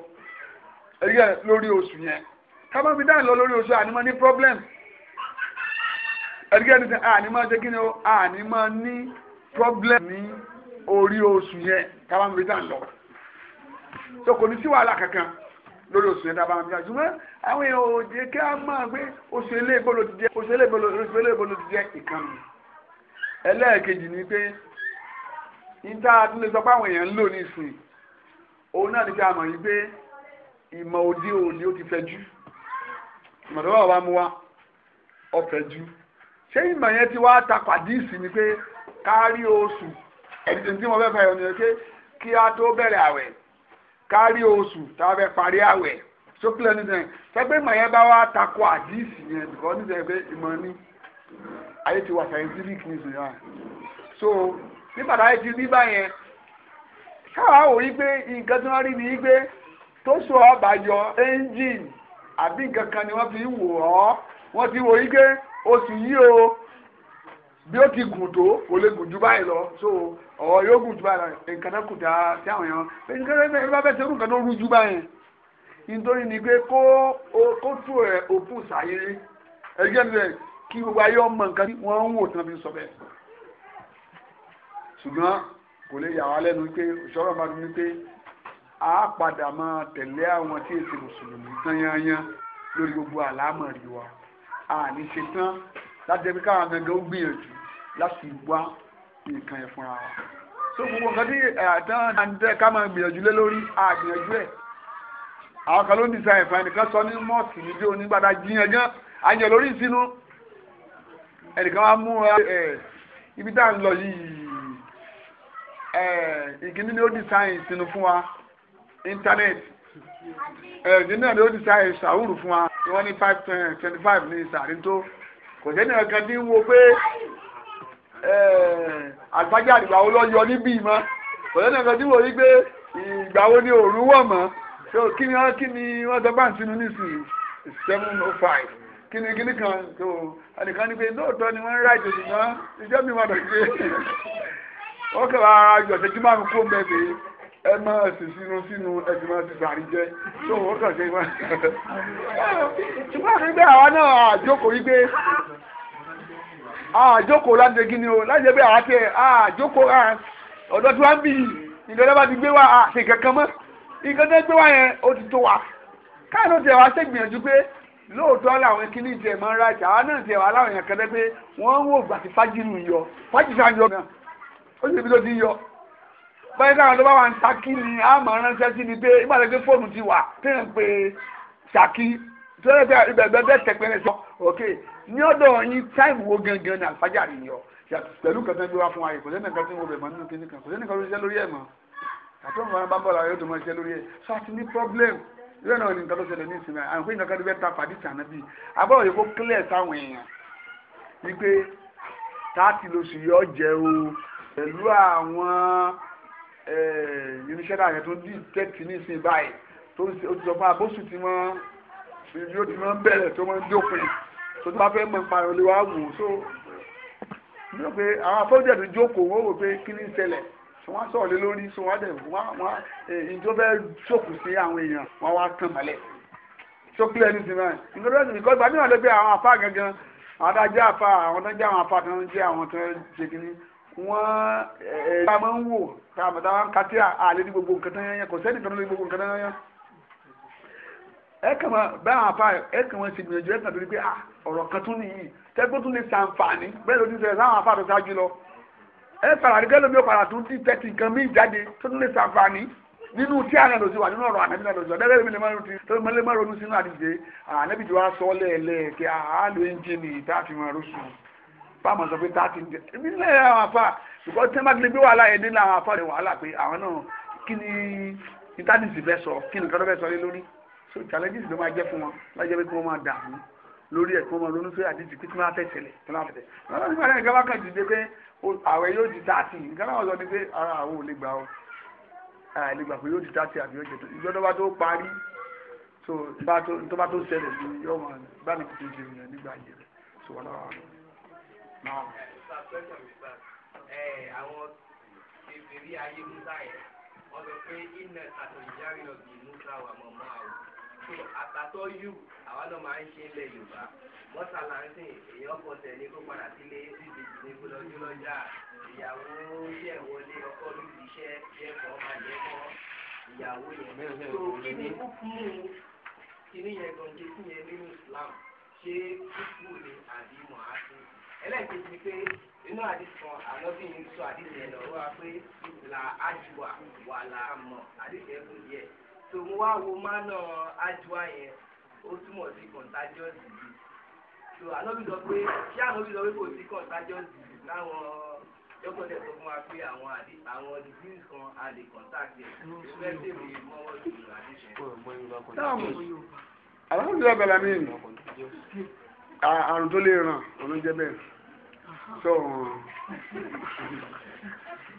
ẹ̀yẹ lórí oṣù yẹn ká mọ́ bí dá lọ lórí oṣù ànímọ́ ní problem ẹ̀yẹ ní sẹ́ ànímọ́ ṣe kíni o ànímọ́ ní problem ní orí oṣù yẹn ká mọ́ bí dá lọ so kò ní sí wàhálà kankan lórí oṣù yẹn dábàá nígbà ṣùgbọ́n àwọn èèyàn ò jẹ́ kí a máa gbé oṣù ilé ìgbọ́lò ti jẹ́ oṣù ilé ìgbọ́lò oṣù ilé ìgbọ́lò ti jẹ́ ìkànnì ẹlẹ́ẹ̀kejì ni pé níta àtúndé sọ pé àwọn èèyàn ń lò ní ìsìn òun náà ní kí a mọ̀ yí pé ìmọ̀ òde òde ó ti fẹ́ jù ìmọ̀ bá mú wa ó fẹ́ jù ṣé ìmọ̀ yẹn ti wá takò àdíìsì ni pé kárí oṣù ẹ̀díntín wọn fẹ́ fẹ́ yọ ni pé kí a tó bẹ̀rẹ̀ àwẹ̀ kárí oṣù tàbí parí àwẹ̀ sókè lẹ́nu sẹ́yìn sẹ́gbẹ́ ìmọ̀ yẹn bá wá takò àdìsí yẹn bìkọ́ níṣẹ́ pé ìmọ̀ ní ayé ti wà scientific ní ìsìn so nígbà táyé ti rí báyẹn káwá wò yí pé nǹkan tí wọ́n rí ni yí pé tó sọ ọba yọ engine àbí nǹkan kan ni wọ́n fi wò ọ́ wọ́n ti wò yí pé oṣù yìí o bí ó ti gùn tó kò lè gùn ju báyìí lọ so ọ̀rọ̀ yóò gùn ju báyìí lọ nǹkan náà kù dáa sí àwọn èèyàn bẹ́ẹ̀ ní kẹ́kẹ́ bẹ́ẹ̀ bá bẹ́ẹ̀ ṣerú nǹkan tó rú ju báyìí nítorí ni pé kó kó tú ẹ̀ òfin sàyè ẹgbẹ́ mi rẹ̀ kí gbogbo ayé ọmọ nǹkan tí wọ́n ń wò tí wọ́n fi sọ bẹ́ẹ̀ ṣùgbọ́n kò lè yà wá lẹ́nu pé òṣọ́rọ̀ máa ní pé a padà máa tẹ̀lé àwọn tí èsì mùsùlùmí tán yányán lórí gbogbo àlámọ̀rí wa à ní ṣe tán láti ẹbí káwọn gangan ó gbìyànjú láti wá nǹkan ẹ̀ fúnra wa so gbogbo nǹkan tí àtàn àǹtẹ ká máa gbìyànjú lé lórí àgbìyànjú ẹ̀ àwọn kan ló ní sáyẹn fún ẹnìkan sọ ní mọ́ọ̀sì níbi onígbàdá jiyàn gan àyàn lórí ìsinú ẹnìkan wá mú ẹ ibi tá à ń lọ yìí ẹ ìkíní ni ó ní sáyẹn ìsinú fún wa íńtánẹ́ẹ̀tì ẹ̀ẹ́dínlẹ́ẹ̀ni ó ní sáyẹn ìṣàwùrù fún wa wọ́n ní five twenty five ní ìsàrí tó. kò sẹ́ni kankan tí ń wo pé àgbájá ìgbà lọ yọ níbí mọ́ kò sẹ́ni ni wọ̀ mọ́ so kí ni kí ni wọ́n sọ bá ń sinú nísìnyí seven oh five kí ni ni kan so àdìkan ni pé lóòótọ́ ni wọ́n ń ráìtì ṣùgbọ́n mi wà lọ́ọ́ ṣe kó ẹ máa sì sínú sínú ẹ̀sìn máa ti sàrí jẹ́ tó wọ́n kàn ṣe máa. ṣùgbọ́n àti pé àwa náà àjókòó yí pé àjókòó láti ṣe gíní o láti ṣe pé àwa tẹ àjókòó ọ̀dọ́ tí wọ́n ń bì í ìdọ́lẹ́ bá ti gbé wá àti kankan mọ́ nǹkan tó gbé wá yẹn ó ti tó wa káàdó tẹ̀ wá ṣègbìyànjú pé lóòótọ́ làwọn kìíní tiẹ̀ máa ń ra ìjà àwọn náà tiẹ̀ wà láwọn yẹn kẹ́lẹ́ pé wọ́n ń wò gbà tí yọ fájìrì yọ ó sì ibi tó ti yọ báyìí káwọn tó bá wà ń Ṣakí ni a máa ránṣẹ́ sí ni pé ìgbà tó gbé fóònù ti wà téèyàn pé Ṣakí tẹ́lẹ̀ tẹ́ ìbẹ̀gbẹ́ bẹ́ẹ̀ tẹ̀pẹ́rẹ́ sọ ok ní ọ̀dọ̀ yín táìmù wo gangan ni àlùfájàrí yọ pẹ̀lú kẹsàn-án gbé wá fún wa yìí kò lẹ́nu nǹkan tí mo bẹ̀ mọ́ nínú kíní kan kò lẹ́nu nǹkan tó ṣiṣẹ́ lórí ẹ̀ mọ́ àti wọn fọwọ́n bá bọ̀ ni nǹkan tó ṣẹlẹ̀ ní ìsinmi àwọn ìpín nǹkan tó clear sáwọn èèyàn wípé táàtì lóṣù yọ jẹ́ o pẹ̀lú Eh, irinṣẹ́ náà yẹn tó dì tẹ́tì ní ìsìn báyìí tó ti sọ fún abóṣù tí wọ́n ibi ó ti máa ń bẹ̀rẹ̀ tó máa ń dópin tó ti máa fẹ́ mọ ipa ìrọ̀lẹ́ wa wò so mi ò pé àwọn afọ́jẹ́ tó jókòó wọ́n wò pé kí ni ìṣẹ̀lẹ̀ tí wọ́n sọ̀rọ̀ lé lórí so wọ́n dẹ̀ wọ́n èyí eh, tó fẹ́ ṣòkù sí àwọn èèyàn wọ́n wá kàn mọ́lẹ̀ tó kílẹ̀ ní ti náà nígbà tó ń gbàgbọ́ níwọ̀n lé pé àwọn afá gangan àwọn adájọ́ afá àwọn tó ń jẹ́ àwọn afá kan ń jẹ́ àwọn tó ń jẹ́ kínní wọ́n ẹ̀ tá a máa ń wò tá a máa ń ka tí a lè ní gbogbo nǹkan tán yẹn kò sẹ́ni kan ló lè gbogbo nǹkan tán yẹn. ẹ kàn máa bẹ́ẹ̀ máa fa ẹ kàn máa ṣe gbìyànjú ẹ kàn tó ní pé ah, ọ̀rọ̀ kan tún nìyí tẹ́gbẹ́ tún lè ṣàǹfààní bẹ́ẹ̀ ló ti sọ̀rọ̀ sáwọn afá tó ṣáájú lọ. ẹ fara rí kẹ́lómi ó fara tún tí tẹ́tì nǹkan míì jáde tó tún lè ṣàǹfààní nínú tí àná lòsí wà nínú ọ̀rọ̀ ànábì náà lòsí ọ̀dẹ́rẹ́ mi lè má ronú tó lè má ronú sínú àdìsẹ́ ànábì tí wàá sọ ọ́ lẹ́ẹ̀lẹ́ẹ̀kẹ́ àálò ah, ẹ́ńjìnì tá a fi máa rọ́ṣùn fáwọn sọ pé thirty ní ẹbí nílẹ̀ àwọn afa ṣùgbọ́n tí wọ́n bá ti lè gbé wàhálà yẹn nílẹ̀ àwọn afa rẹ̀ wàhálà pé àwọn náà kí ni intanẹti bẹ sọ kí ni kọ́dọ̀ bẹ sọ lé lórí so challenges ló máa jẹ́ fún wọn lájẹ́ pé kí wọ́n máa dààmú lórí ẹ̀ kí wọ́n máa ronú sórí àdìsí pé kí wọ́n á fẹ́ ṣẹlẹ̀ kí wọ́n á fẹ́ tẹ̀. lọ́dọ̀ nípa ẹ̀rọ ìgbàlá kan dìde pé ààrẹ yóò di tààtì nǹkan náà sọ ni pé ara àwọn ò lè gbà ọ́ ara ẹ̀ lè gbà pé yóò di tààtì àbí yóò jẹ tó ìjọba bá tó parí so tó bá tó ṣẹlẹ̀ yóò máa bá mi kùtù jẹun nígbà yẹn so wọ́n náà àwọn ìbéèrè ayé musa yẹn wọ́n sọ pé iná àtọ̀ ìyáre lọ bí musa wà mọ́ mọ́ àwọn so àtàtọ̀ yù àwa náà máa ń ṣe ilẹ̀ yorùbá mọ́sálà ń sìn èèyàn kọ tẹ̀lé kó padà sílé bíbí ní kúlọ́jú lọ́jà ìyàwó yẹ̀ wọlé ọkọ lójú iṣẹ́ yẹ kọ́ máa yẹ mọ́ ìyàwó yẹn so kí ni kúkú kí ni yẹn gan-an kí ni yẹn nínú Islam ṣé kúkú ni àbí mọ̀ á sí ẹlẹ́ẹ̀kejì ni pé inú àdìsàn àlọ́bí yìí sọ àdìsàn yẹn lọ́wọ́ wa pé là ájúwa wà là á mọ̀ àdìsàn ẹ̀kún díẹ̀ tó mo wá wo má náà ájúwa yẹn ó túmọ̀ sí contagious disease tó àlọ́bí sọ pé ṣé àlọ́bí sọ pé kò sí contagious disease láwọn dókítà sọ fún wa pé àwọn àdí àwọn disease kan a lè contact ẹ̀ ìfẹ́ tèmi mọ́wọ́ ju àdìsàn. àlọ́bí sọ bẹ̀rẹ̀ mi àrùn tó lè ràn ọ̀nà jẹ́ bẹ́ẹ̀ so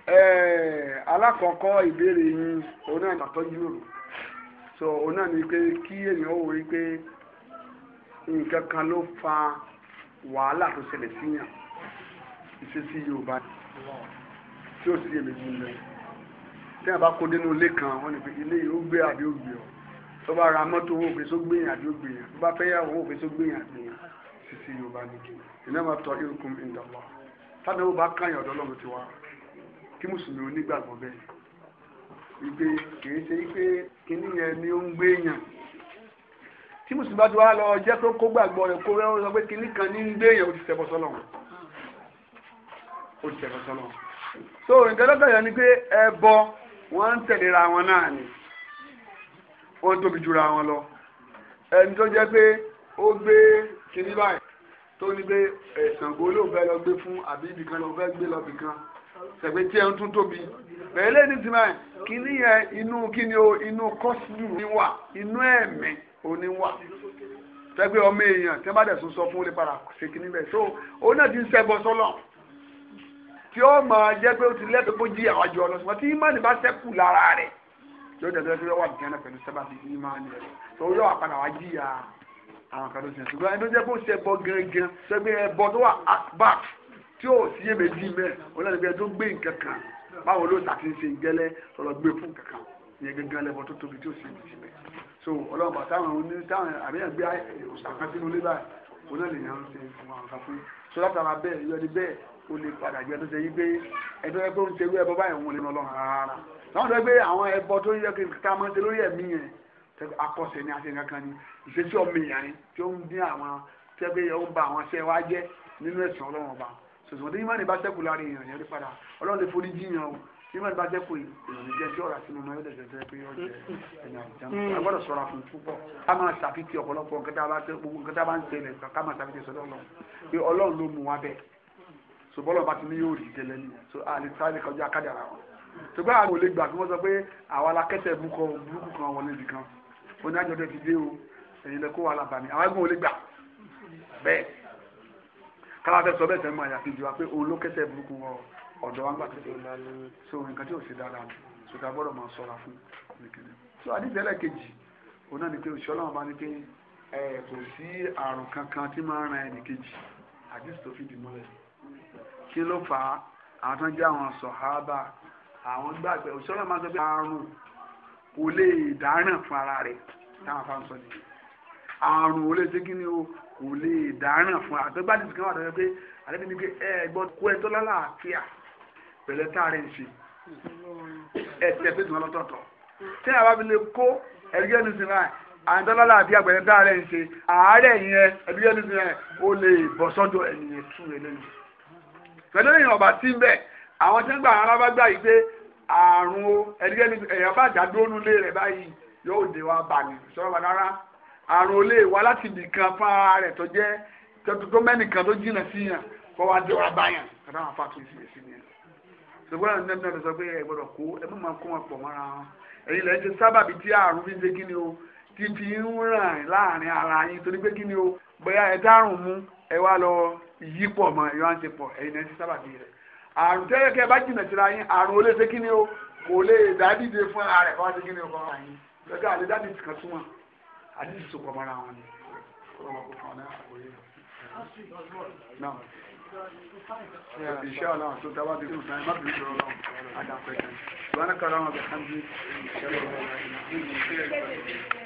eh, alákọ̀ọ́kọ́ ìbéèrè yín òun náà tàtọ́ yúrò so òun náà ni pé kí èèyàn ó wòye pé nǹkan kan ló fa wàhálà tó ṣẹlẹ̀ síyàn ìṣesí yorùbá tí ó sì èméjì ń lẹ tí a bá kó dénú ilé kan wọn ni pé ilé yìí ó gbé àbí ó gbé ọ tó bá ra mọ́tò owó òfin e só àbí ó gbéyàn tó bá fẹ́ yàwó òfin e só àbí ó gbéyàn sisi yorùbá ni innama ta'irukum inda Allah tàbí ó bá káyàn ọ̀dọ́ lọ́run ti wá kí mùsùlùmí onígbàgbọ́ bẹ́ẹ̀ ìgbé kìí ṣe pé kíní yẹn ni ó ń gbé yàn tí mùsùlùmí bá ti wá lọ jẹ́ pé kó gbàgbọ́ rẹ̀ kó rẹ́ ó sọ pé kíní kan ní ń gbé yàn ó ti ṣẹbọ sọ́lọ́run ó ti ṣẹbọ sọ́lọ́run so nǹkan lọ́kàn yẹn ni pé ẹbọ wọ́n ń tẹ̀léra wọn náà ni wọ́n tóbi jura wọn lọ ẹni tó jẹ́ pé ó gbé kíní báyìí tó ní pé Ṣàngó ló fẹ́ lọ gbé fún àbí ibìkan ló fẹ́ gbé lọ bìkan sẹ̀gbẹ́ tí ẹ̀ ń tún tóbi bẹ́ẹ̀ lẹ́ni tí báyìí kíní yẹn inú kíní o inú kọ́sìlù ní wà inú ẹ̀mí ò ní wà sẹ́gbẹ́ ọmọ èèyàn tí wọ́n bá dẹ̀ sọ fún ó lè padà ṣe kíní bẹ́ẹ̀ so òun náà ti ń sẹ́gbọ́ sọ́lọ̀ tí ó máa jẹ́ pé ó ti lẹ́tọ̀ọ́ bó jí àwọn àjọ lọ ṣùgbọ́n tí ìmánì bá sẹ́kù lára rẹ̀ tí ó dẹ̀ àwọn kan ló ṣe ṣùgbọ́n ẹni tó jẹ́ bó ṣe bọ gangan sẹ́gbẹ́ ẹbọ tó wà back tí ò sí èméjì mẹ́ olóògbé tó gbé nǹkan kan báwo ló tàbí ṣe gẹ́lẹ́ sọ̀rọ̀ gbé fún kankan ìyẹn gangan lẹ́bọ tó tóbi tí ò sí èméjì mẹ́ so ọlọ́mọ táwọn oní táwọn àríyàn gbé òṣàkan sínú ilé báyìí olóòlèyàn ń ṣe fún àwọn kan fún so látara bẹ́ẹ̀ ìyọ́ ni bẹ́ẹ̀ o lè padà jẹ́ tó ṣe yí pé ẹgbẹ́ ẹgbẹ́ ń ṣerú ẹbọ báyìí wọn lè lọ rárá láwọn tó gbé àwọn ẹbọ tó yẹ kí n ká mọ́ ṣe lórí ẹ̀mí yẹn akọ́ṣẹ́ ni àṣẹ kankan ni ìṣesí ọmọ èèyàn yẹn tí ó ń dín àwọn tẹ́gbẹ́ yẹn ó ń ba àwọn aṣẹ́ wa jẹ́ nínú ẹ̀sìn ọlọ́run ọba sọ̀tún ní ìmọ̀ nípa sẹ́kù láàrin èèyàn yẹn padà ọlọ́run lè forí jiyàn o ìmọ̀ nípa sẹ́kù èèyàn jẹ́ sí ọ̀rọ̀ àtinú máa yọ dẹ̀sẹ̀ tẹ́ pé yọ̀ọ́ jẹ́ ẹ̀yìn àjẹmọ́ hmm. agbọ́dọ̀ sọ̀rọ̀ ni púpọ̀ ká máa ṣàfitì ọ̀pọ̀lọpọ̀ nǹkan tá a bá ń tẹ̀lé ká máa wa bẹ́ẹ̀ so bọ́lọ̀ bá ti ní yóò rí tẹ́lẹ̀ nìyẹn so a lè sáré kọjá kádàrà wọn ṣùgbọ́n àwọn olè gbà kí wọ́n sọ pé àwa la kẹ́sẹ̀ burúkú kan wọlé nìkan oníyàjọ́ tẹ ti dé o ẹ̀yin lẹ kó wa la bàmí àwọn agbóhùn lè gbà bẹ́ẹ̀ káwá fẹ́ sọ bẹ́ẹ̀ sẹ́yìn mọ́ àyàfi ìjọba pé olókẹ́sẹ̀ burúkú wọ ọ̀dọ̀ wa ń gbà tó so nǹkan tí ò sí dáadáa ni sọta gbọ́dọ̀ máa ṣọ́ra fún nìkejì so àdìsẹ́ ẹlẹ́kejì òun náà ni pé òṣìṣẹ́ ọlọ́run bá ní pé kò sí àrùn kankan tí máa ń ran ẹnìkejì àdìsẹ́ tó fìdí mọ́lẹ̀ kí ló fà á àwọn tó ń jẹ́ àwọn sọ̀hábà àwọn gbàgbẹ́ òṣìṣẹ́ ọlọ́run máa sọ pé àrùn kò lè dáràn fún ara rẹ̀ táwọn afáǹsọ nìyẹn àrùn olè ṣe kí ni o kò lè dáràn fún àtọ́gbà dìbò kan wà tọ́jú pé àdébí ni pé ẹ gbọ́ kó ẹ tó lálàáfíà pẹ̀lẹ́ tá a rẹ̀ ń ṣe ẹ tẹ̀ pé tìmọ̀ lọ́tọ̀ọ̀tọ̀ tí àwa fi lè kó ẹ̀rígẹ́ ní sinmi láì àǹtọ́ lálàáfíà pẹ̀lẹ́ tá a rẹ̀ ń ṣe àárẹ̀ yẹn ẹ̀rígẹ́ ní sinmi láì ó lè bọ̀ sọ́dọ̀ ẹ̀nìyẹn tú eléyìí pẹ̀lú èèyàn ọ̀bà tí ń bẹ̀ àwọn tí ń gbà ara bá gbà yìí pé àrùn ẹ̀rígẹ́ ní ẹ̀yàn bàjá dónú lé rẹ̀ báyìí yóò dé wa bà ní sọ́wọ́ àrùn olè wá láti nìkan fára rẹ̀ tó jẹ́ tó mẹ́nìkan tó jìnnà sí yàn kọ́ wá dé wá báyàn kàtà wọn fà tó yìí sí ni yẹn. ṣùgbọ́n àwọn ẹni náà sọ pé ẹ gbọ́dọ̀ kó ẹ má máa kó wọn pọ̀ mọ́ra wọn ẹ̀yin lẹ́yìn ti sábàbí tí àrùn fi ń ṣe kí o ti fi ń ràn láàrin ara yín torí pé kí ni o bóyá ẹ dárùn mú ẹ wá lọ yí pọ̀ mọ́ ẹ wá ń ṣe pọ̀ ẹ̀yin lẹ́yìn sábàbí rẹ̀ àrùn tẹ́lẹ̀ kẹ́ bá jìnnà síra yín àrùn olè ṣe kí ni o kò lè dá dìde fún ara rẹ̀ kọ́ wá ṣe kí ni o kọ́ wá yín lọ́jọ́ àlè dá dìde kan súnmọ́ àdìsí tó pamọ́ ara wọn ni ọlọ́mọ kò fún ọ náà àgbóyè náà. إن شاء الله تتواضع بنا ما بنقول لهم أنا كويس وأنا كلامي بحمدي إن شاء الله